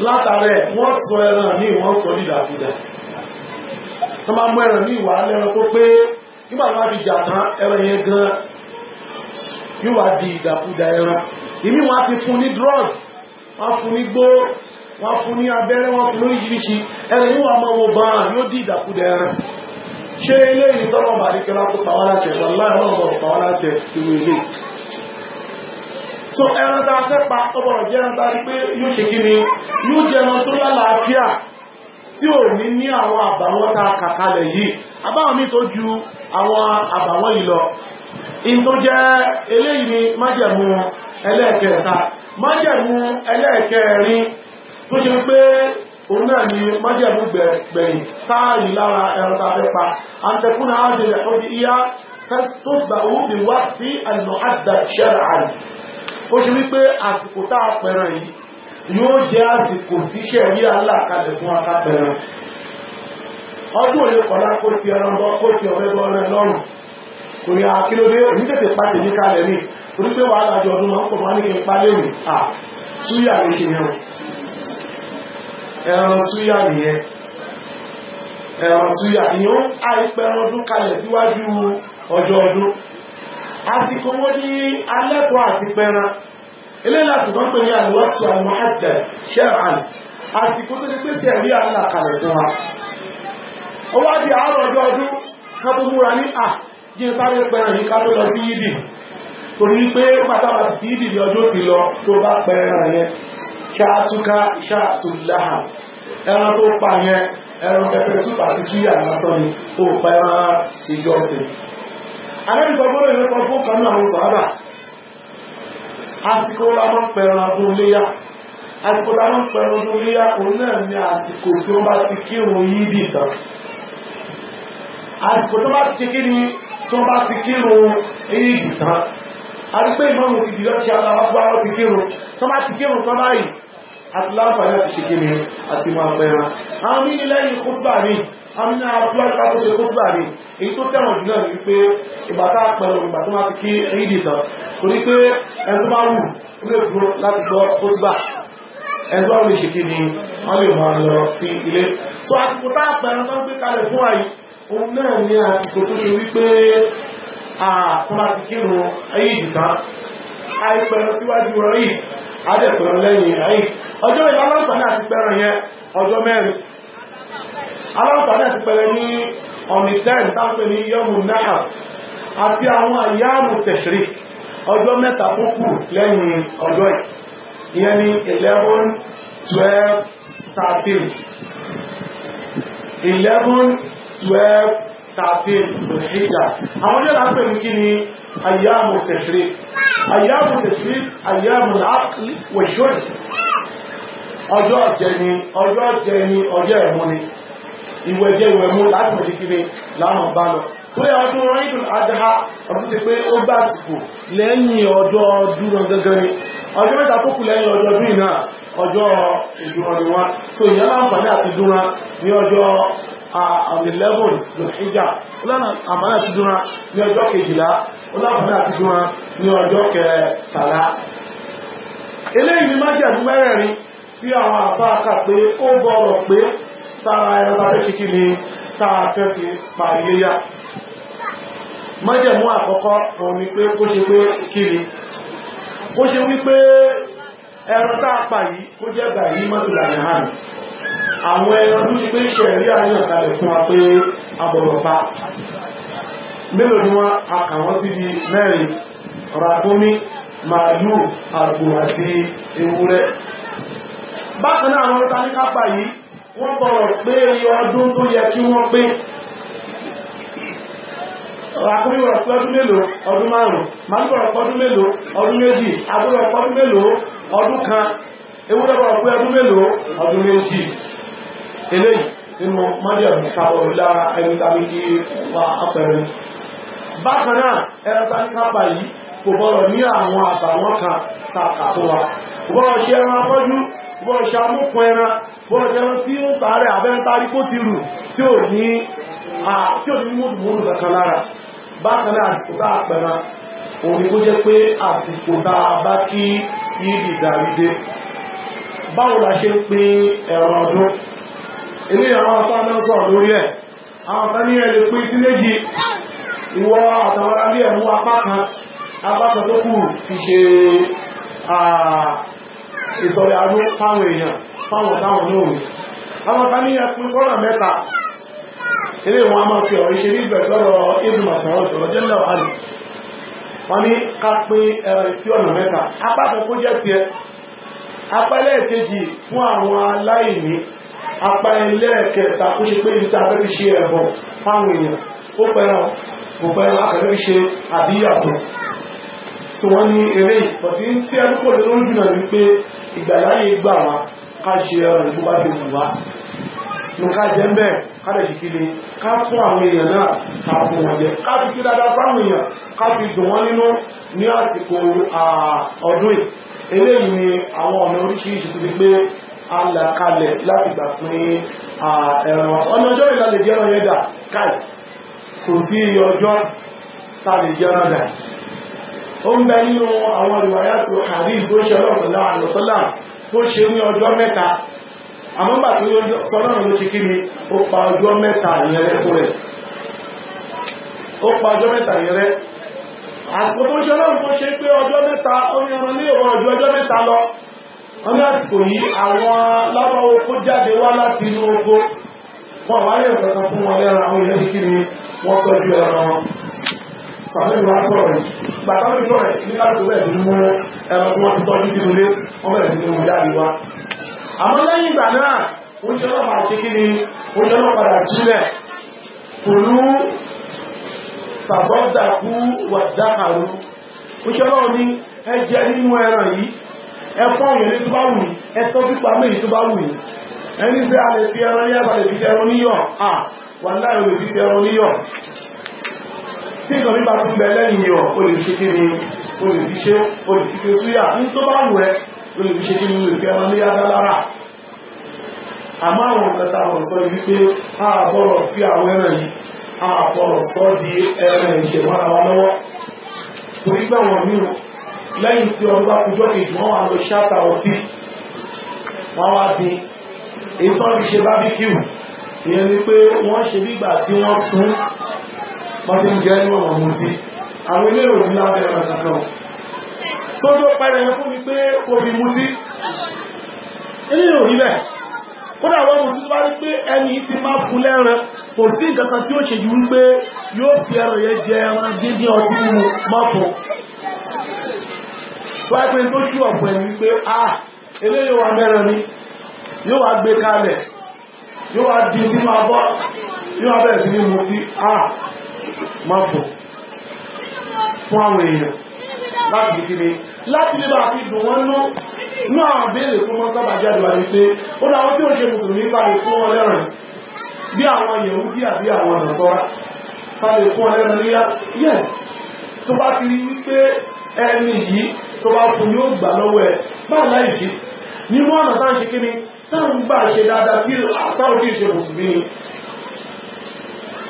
látàrẹ wọ́n sọ ẹran ní ìwọ̀n kọ́ nídàkúdà tó máa mú ẹran ní ìwà alẹ́ran tó pé nígbà tó bá fi jà tán ẹran yẹn gan yóò wá di ìdàkudà ẹran ìmí wọn ti fún ní drug wọn fún ní gbó wọn fún ní abẹ́rẹ́ wọn fún lóríṣiríṣi ẹran yóò wá mọ owó bọ́ọ̀ràn yóò di ìdàkudà ẹran ṣé eléyìí tọ́lọ́ bàríkẹ́lá tó pàwọ́ láti ẹ̀sán láàrín ọ̀rọ̀ pàwọ́ láti ìwé ilé so ẹran tá a fẹ́ pa ọgbọ̀rọ̀ jẹ́ ẹran tá a rí pé yóò ṣe kí ni yóò jẹ́ ẹran tó lálàáfíà tí ò ní ní àwọn àbàwọ́n ta kàkalẹ̀ yìí abáwọn ní tó ju àwọn àbàwọ́n yìí lọ in tó jẹ́ eléyìí ni májẹ̀mú ẹlẹ́ẹ̀kẹta májẹ̀mú ẹlẹ́ẹ̀kẹrin tó ṣe pé òun náà ni májẹ̀mú gbẹ̀yìn táàrí lára ẹran ta fẹ́ pa àtẹkùn náà iyá tó gbà ó ìwá sí àlùmọ́ àdàṣẹ́ràn ó ṣe wípé àsìkò tá a pẹ̀ràn yìí yóò jẹ́ àsìkò tí ṣẹ̀rí aláàkalẹ̀ fún akápẹ̀rẹ̀ ọdún òye kó ti ẹran bọ́ kó ti ọ̀rẹ́ bọ́ lọ́rùn kò ní àkílódé òní tètè pàtẹ ní kalẹ̀ ní torí pé wàhálà ọdún máa ń pọ̀ máa ní kí n palẹ̀ mi à súyà ní kí ẹran súyà nìyẹn ẹran súyà ìyẹn ó ẹran ọdún kalẹ̀ síwájú eléyìí láti tọ́ pé ní àlùwàtí àwọn àjẹ ṣẹ́ràn àsìkò tó ti pé tí ẹ̀rí àlà kalẹ̀ fún wa ó wá di àárọ̀ ọjọ́ ọdún ká tó múra ní à jí n sáré pẹ̀rẹ̀ yìí ká tó lọ sí yídì pé yídì ní ọjọ́ ti lọ tó bá pẹ̀rẹ̀ yẹn ṣáàtúláhà ẹran tó pa yẹn ẹran pẹpẹ ni ó alẹ́ àsìkò la máa ń pẹ̀rọ ọdún léyà àsìkò la máa ń pẹ̀rọ ọdún léyà òun náà ni àsìkò tí wọ́n bá ti kírun yí bì tán àsìkò tó bá ti kí ni tó bá ti kírun yí bì tán àdúgbò ìmọ̀mù ti dìlọ́ ti àwọn àwọn àwọn ti kírun tó bá ti kírun tán báyìí àti láǹfààní àti ṣe kí ni àti máa pẹ̀rọ àwọn mí amina abúlọ́ríkà tó ṣe kútùbà rí èyí tó tẹ̀wọ̀n jù náà ní wípé ìgbàtà pẹ̀lú ìgbà tó máa ti kí ìdì tán torí pé ẹni tó bá wù ilé dúró láti gbọ́ kútùbà ẹni tó bá wù lè ṣe kí ni wọ́n lè máa lọ sí ilé so àtìkò tá àpẹẹrẹ tó ń gbé kalẹ̀ fún àyè òun náà ni àtìkò tó ṣe wípé àtọ́lá ti kírun ayé ìdì tán aláǹfààní àti pẹ̀lẹ̀ ní ọ̀nìtẹ́n tápẹ́ ní yọ́mù náà àti àwọn àyáàmù tẹ̀ṣírí ọjọ́ mẹ́ta tó kù lẹ́yìn ọjọ́ ìyẹn ní 11 12 13 11 12 13 zulhijja àwọn ọjọ́ lápẹ́ ní kí ni àyáàmù tẹ̀ṣírí àyáàmù tẹ̀ṣírí àyáàmù ọjọ́ ọjọ́ ọjọ́ ẹ̀mú ni ìwẹ̀ jẹ́ ìwẹ̀ mú láti mọ̀ kékeré láwọn bá lọ torí àwọn tó rán ìdùn adáha ọdún ti pé ó gbà àsìkò lẹ́yìn ọjọ́ dúró gangan ni ọjọ́ mẹ́ta tó kù lẹ́yìn ọjọ́ dúró náà ọjọ́ ìdúró ni wọn so ìyẹn láǹfààní àti dúnra ní ọjọ́ àmì lẹ́bùn lòṣìjà ọlọ́nà àmàlà àti dúnra ní ọjọ́ kejìlá ọlọ́nà àti dúnra ní ọjọ́ kẹtàlá eléyìí ni májẹ̀mú mẹ́rẹ̀ẹ̀rin tí àwọn àfáà kà pé ó bọ̀rọ̀ pé sára ẹran tàbí kìkì ni táa fẹ́ fi parí léyà májẹ̀mú àkọ́kọ́ òun ni pé kó ṣe pé kiri kó ṣe wípé ẹran táa pa yìí kó jẹ́ gbà yìí mọ́tòlá ní hàn àwọn ẹran tó ṣe pé ṣẹ̀rí àyàn kalẹ̀ fún wa pé abọ̀rọ̀ pa mélòó ni wọ́n akàwọn sí di mẹ́rin ràkúnmí màálù àgbò àti ewúrẹ́ bákan náà àwọn ọ̀tá ní kápá yìí wọ́n bọ̀rọ̀ pé iye ọdún tó yẹ kí wọ́n pé àkúrírọ̀ ọdún mélòó ọdún márùn-ún màlúbọ̀rọ̀ ọdún mélòó ọdún méjì àbúrò ọdún mélòó ọdún kan ewúrẹ́bọ̀rọ̀ pé ọdún mélòó ọdún méjì eléyìí nínú mọ́díọ̀mù ìkàwọ̀ lára ẹni tàbí kí wà ápẹẹrẹ bákan náà ẹran tàbí kápá yìí kò bọ̀rọ̀ ní àwọn àbàwọ́n kan tàkà tó wa kò bọ̀rọ̀ ṣe ẹran afọ́jú bọ́ ṣe amúkun ẹran bọ́ ṣe ẹran tí ó tààrẹ àbẹ́ntarí kó ti rù tí ò ní múdùmúdù kankan lára bákanáà àsìkò tá a pẹ̀ran òní kó jẹ́ pé àsìkò tá a bá kí yíbi ìdàrídé báwo la ṣe ń pé ẹ̀rọ ọdún ilé àwọn afá náà sọ̀rọ̀ lórí ẹ̀ àwọn kan ní ẹ̀ lè pín sí méjì ìwọ àtàwọn arábí ẹ̀mú apá kan abáṣọ tó kù fi ṣe ìtọrẹ àánú fáwọn èèyàn fáwọn táwọn lóòrùn àwọn kan ní ẹkùn kọ́nà mẹ́ta ilé wọn a máa fi ọ̀rọ̀ ìṣe nígbẹ̀ sọ́rọ̀ ìdùnmọ̀ sọ̀rọ̀ ìṣòro jẹ́ lọ́wọ́ àlè wọ́n ní ká pín ẹran tí ọ̀nà mẹ́ta apá kan kó jẹ́ tiẹ̀ apá ẹlẹ́ẹ̀kejì fún àwọn aláìní apá ẹlẹ́ẹ̀kẹta tó ṣe pé ibi tí a fẹ́ fi wọ́n ní eré ìpọ̀tí tí ẹnu lórí jùlọ ní pé ìgbàláyé gbà wá ká ṣe ọ̀rọ̀ ìgbó bá ti wù wá ní ká jẹ́ mbẹ́ ká lè ṣìkiri ká fún àwọn èèyàn náà ká fún wọn jẹ ká fi kí dáadáa fáwọn èèyàn ká fi dùn wọn nínú ní àsìkò ọdún yìí eléyìí ni àwọn ọ̀nà oríṣiríṣi ti pé a là kalẹ̀ láti gbà pín ẹran wa ọ̀nà ọjọ́ ìlàlẹ̀ jẹ́ràn yẹn dà káì kò sí ọjọ́ tá a lè dà ó ń bẹ nínú àwọn ìwàyà tó hadith tó ṣe ọlọ́run ni ó pa ọjọ́ mẹ́ta ìyẹn rẹ̀ fún rẹ̀ ó pa ọjọ́ mẹ́ta ìyẹn rẹ̀ àsìkò tó ṣe ọlọ́run tó ṣe pé ọjọ́ mẹ́ta omi ọmọ ní ìwọ̀n ọjọ́ ọjọ́ mẹ́ta lọ wọ́n ní àsìkò yìí àwọn lábọ́ oko jáde wá láti inú oko wọn wá lè ọ̀sán fún wọn lẹ́ran àwọn ìyẹn kí ni wọ́n tọ́jú ẹran wọn sàmúlò wa sọ̀rọ̀ yìí bàbá mi sọ̀rọ̀ yìí nígbà tó bẹ̀rẹ̀ nínú ẹran tí wọ́n ti tọ́jú sínú ilé wọ́n bẹ̀rẹ̀ nínú jáde wa. àmọ́ lẹ́yìn ìgbà náà oúnjẹ náà máa ṣe kí ni oúnjẹ náà padà sílẹ̀ pẹ̀lú tàbọ́dàkú wà dáhàrú oúnjẹ náà ní ẹ jẹ nínú ẹran yìí ẹ fọ́ ìyẹn tó bá wù yìí ẹ tọ́jú pamẹ́ yìí tó bá wù yìí ẹni pé a lè fi ẹran yá a lè fi ẹran níyọ̀ à wà láì lè fi ẹran níyọ̀ tí ìtọ̀ nípa ti bẹ̀ lẹ́yìn yọ o lè fi kí ni o lè fi ṣe o lè fi ṣe súyà ní tó bá wù ẹ́ o lè fi ṣe kí ni o lè fi ẹran ní yára lára àmọ́ àwọn kẹta wọn sọ yìí pé a bọ̀rọ̀ fi àwọn ẹran yìí a bọ̀rọ̀ sọ di ẹran ìṣèwọ́n ara lọ́wọ́ torí pé wọn ní lẹ́yìn tí ọdún bá kújọ́ kejì wọ́n wà lọ ṣáta ọtí wọ́n wá dín èyí tó ń ṣe bábíkìú ìyẹn ni pé wọ́n ṣe bí ìgbà tí wọ́n sún mọ́tí ń jẹ́ níwọ̀n mú sí àwọn ilé òní lábẹ́ ẹ̀rọ kankan tó tó pẹ̀rẹ̀ fún mi pé omi mú sí ilé òní bẹ̀ kódà wọ́n mú sí tó bá rí pé ẹni ti máa fún lẹ́ran kò sí ìkankan tí ó ṣe jù wípé yóò fi ẹran yẹn jẹ ẹran dídí ọtí mímu mọ́fún tó wá pé tó ṣú ọ̀pọ̀ ẹni wípé a eléyìí wà mẹ́ran yóò wá bẹ̀rẹ̀ sí ní mu sí a máa fò fún àwọn èèyàn láti fi kíni láti lè bá fi dùn wọ́n nú ní àwọn àbẹ́lẹ̀ fún wọn sábà jáde wà ní pé ó dáwọn tí ó ṣe mùsùlùmí fàlè fún wọn lẹ́rìn bí àwọn èèyàn bí àbí àwọn ọ̀nàsọ́ra fàlè fún wọn lẹ́rìn níyà yẹ tó bá fi rí wípé ẹni yìí tó bá fún yóò gbà lọ́wọ́ ẹ̀ bá láì sí nínú ọ̀nà táwọn ṣe kíni táwọn gbà ṣe dáadáa bí àtàwọn kì í ṣe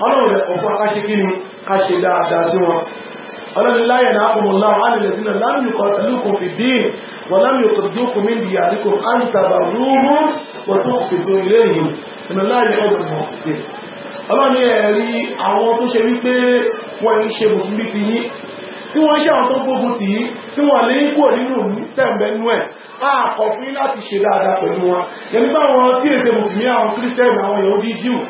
ọlọ́run rẹ̀ ọ̀pọ̀ káṣe kí ni káṣe dáadáa sí wọn ọlọ́run láyẹ̀ náà kò mọ̀ láwọn alẹ́lẹ́dínà láàmì ọ̀tẹ̀lúkùn fi dín wọ́n láàmì ọ̀tẹ̀lúkùn mi di àríkùn áńtàbà rúurú wọ́n tó fètò ilé yìí ìmọ̀ láyẹ̀ ọ̀dọ̀ mọ̀ sí ẹ̀rí àwọn tó ṣe wípé wọ́n ń ṣe mùsùlùmí ti yí tí wọ́n ṣe àwọn tó gbógun tì í tí wọ́n lè kú nínú tẹ̀m̀bẹ̀nú ẹ̀ àkọ̀fin láti ṣe dáadáa pẹ̀lú wọn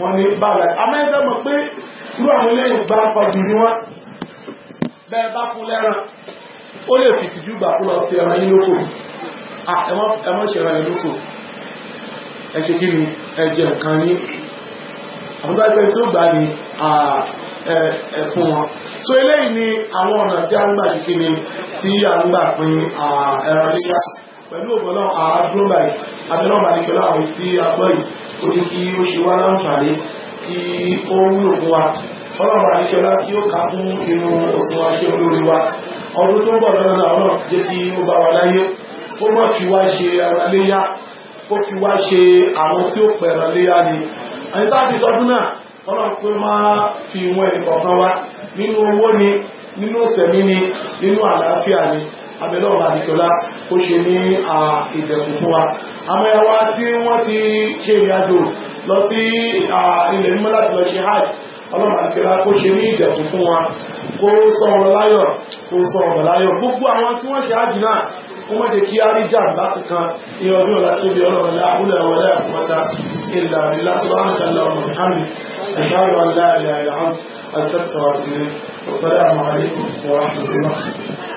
wọ́n ní bàlá amẹ́ta mọ̀ pé irú àwọn eléyìí gba ọdún ni wọ́n bẹ́ẹ̀ bá kú lẹ́ràn ó lè fìtì jù gbà kú lọ fi ẹran yín lóko ẹmọ ṣẹran yín lóko ẹ ṣe kí ni ẹ jẹ nǹkan ní àbúrò ẹgbẹ́ tó gbà ní ẹ̀fún wọn so eléyìí ni àwọn ọ̀nà tí a ń gbà ṣe kí ni tí a ń gbà pín ẹran yíyá pẹ̀lú ògbọ́nà àádúró báyìí abẹ́lọ́ bá ní pẹ̀lú àwọn tí a gbọ́ yìí ó ní kí ó ṣe wá láǹfààní tí ó wúlò fún wa ọlọ́run bá ní pẹ̀lú kí ó kà fún inú òfin wa ṣe olórí wa ọdún tó ń bọ̀ lọ́nà náà jẹ́ kí ó bá wa láyé ó mọ̀ fi wá ṣe ara léyá ó fi wá ṣe àwọn tí ó pẹ̀rọ léyá ni àti táàbí tọdún náà ọlọ́run pé máa fi ìwọ̀n ẹnì kọ̀ọ̀kan wa nínú owó ni nínú ìsẹ̀mí ni nínú àlàáfíà ni abẹ́lẹ́ ọ̀rọ̀ àdìsọ́lá ó ṣe ní ìdẹ̀kùn fún wa amẹ́yàwá tí wọ́n ti ṣe ìrìnàjò lọ sí ilẹ̀ mímọ́ láti lọ ṣe hajj ọlọ́run àdìsọ́lá kó ṣe ní ìdẹ̀kùn fún wa kó sọ wọn láyọ̀ kó sọ wọn láyọ̀ gbogbo àwọn tí wọ́n ṣe hajj náà kó wọ́n jẹ́ kí á láti kan ní ọdún ọ̀la tó bí ọlọ́run láàbúlẹ̀ wọn láàbúmọ́ta ìlà ìlàsọ́lá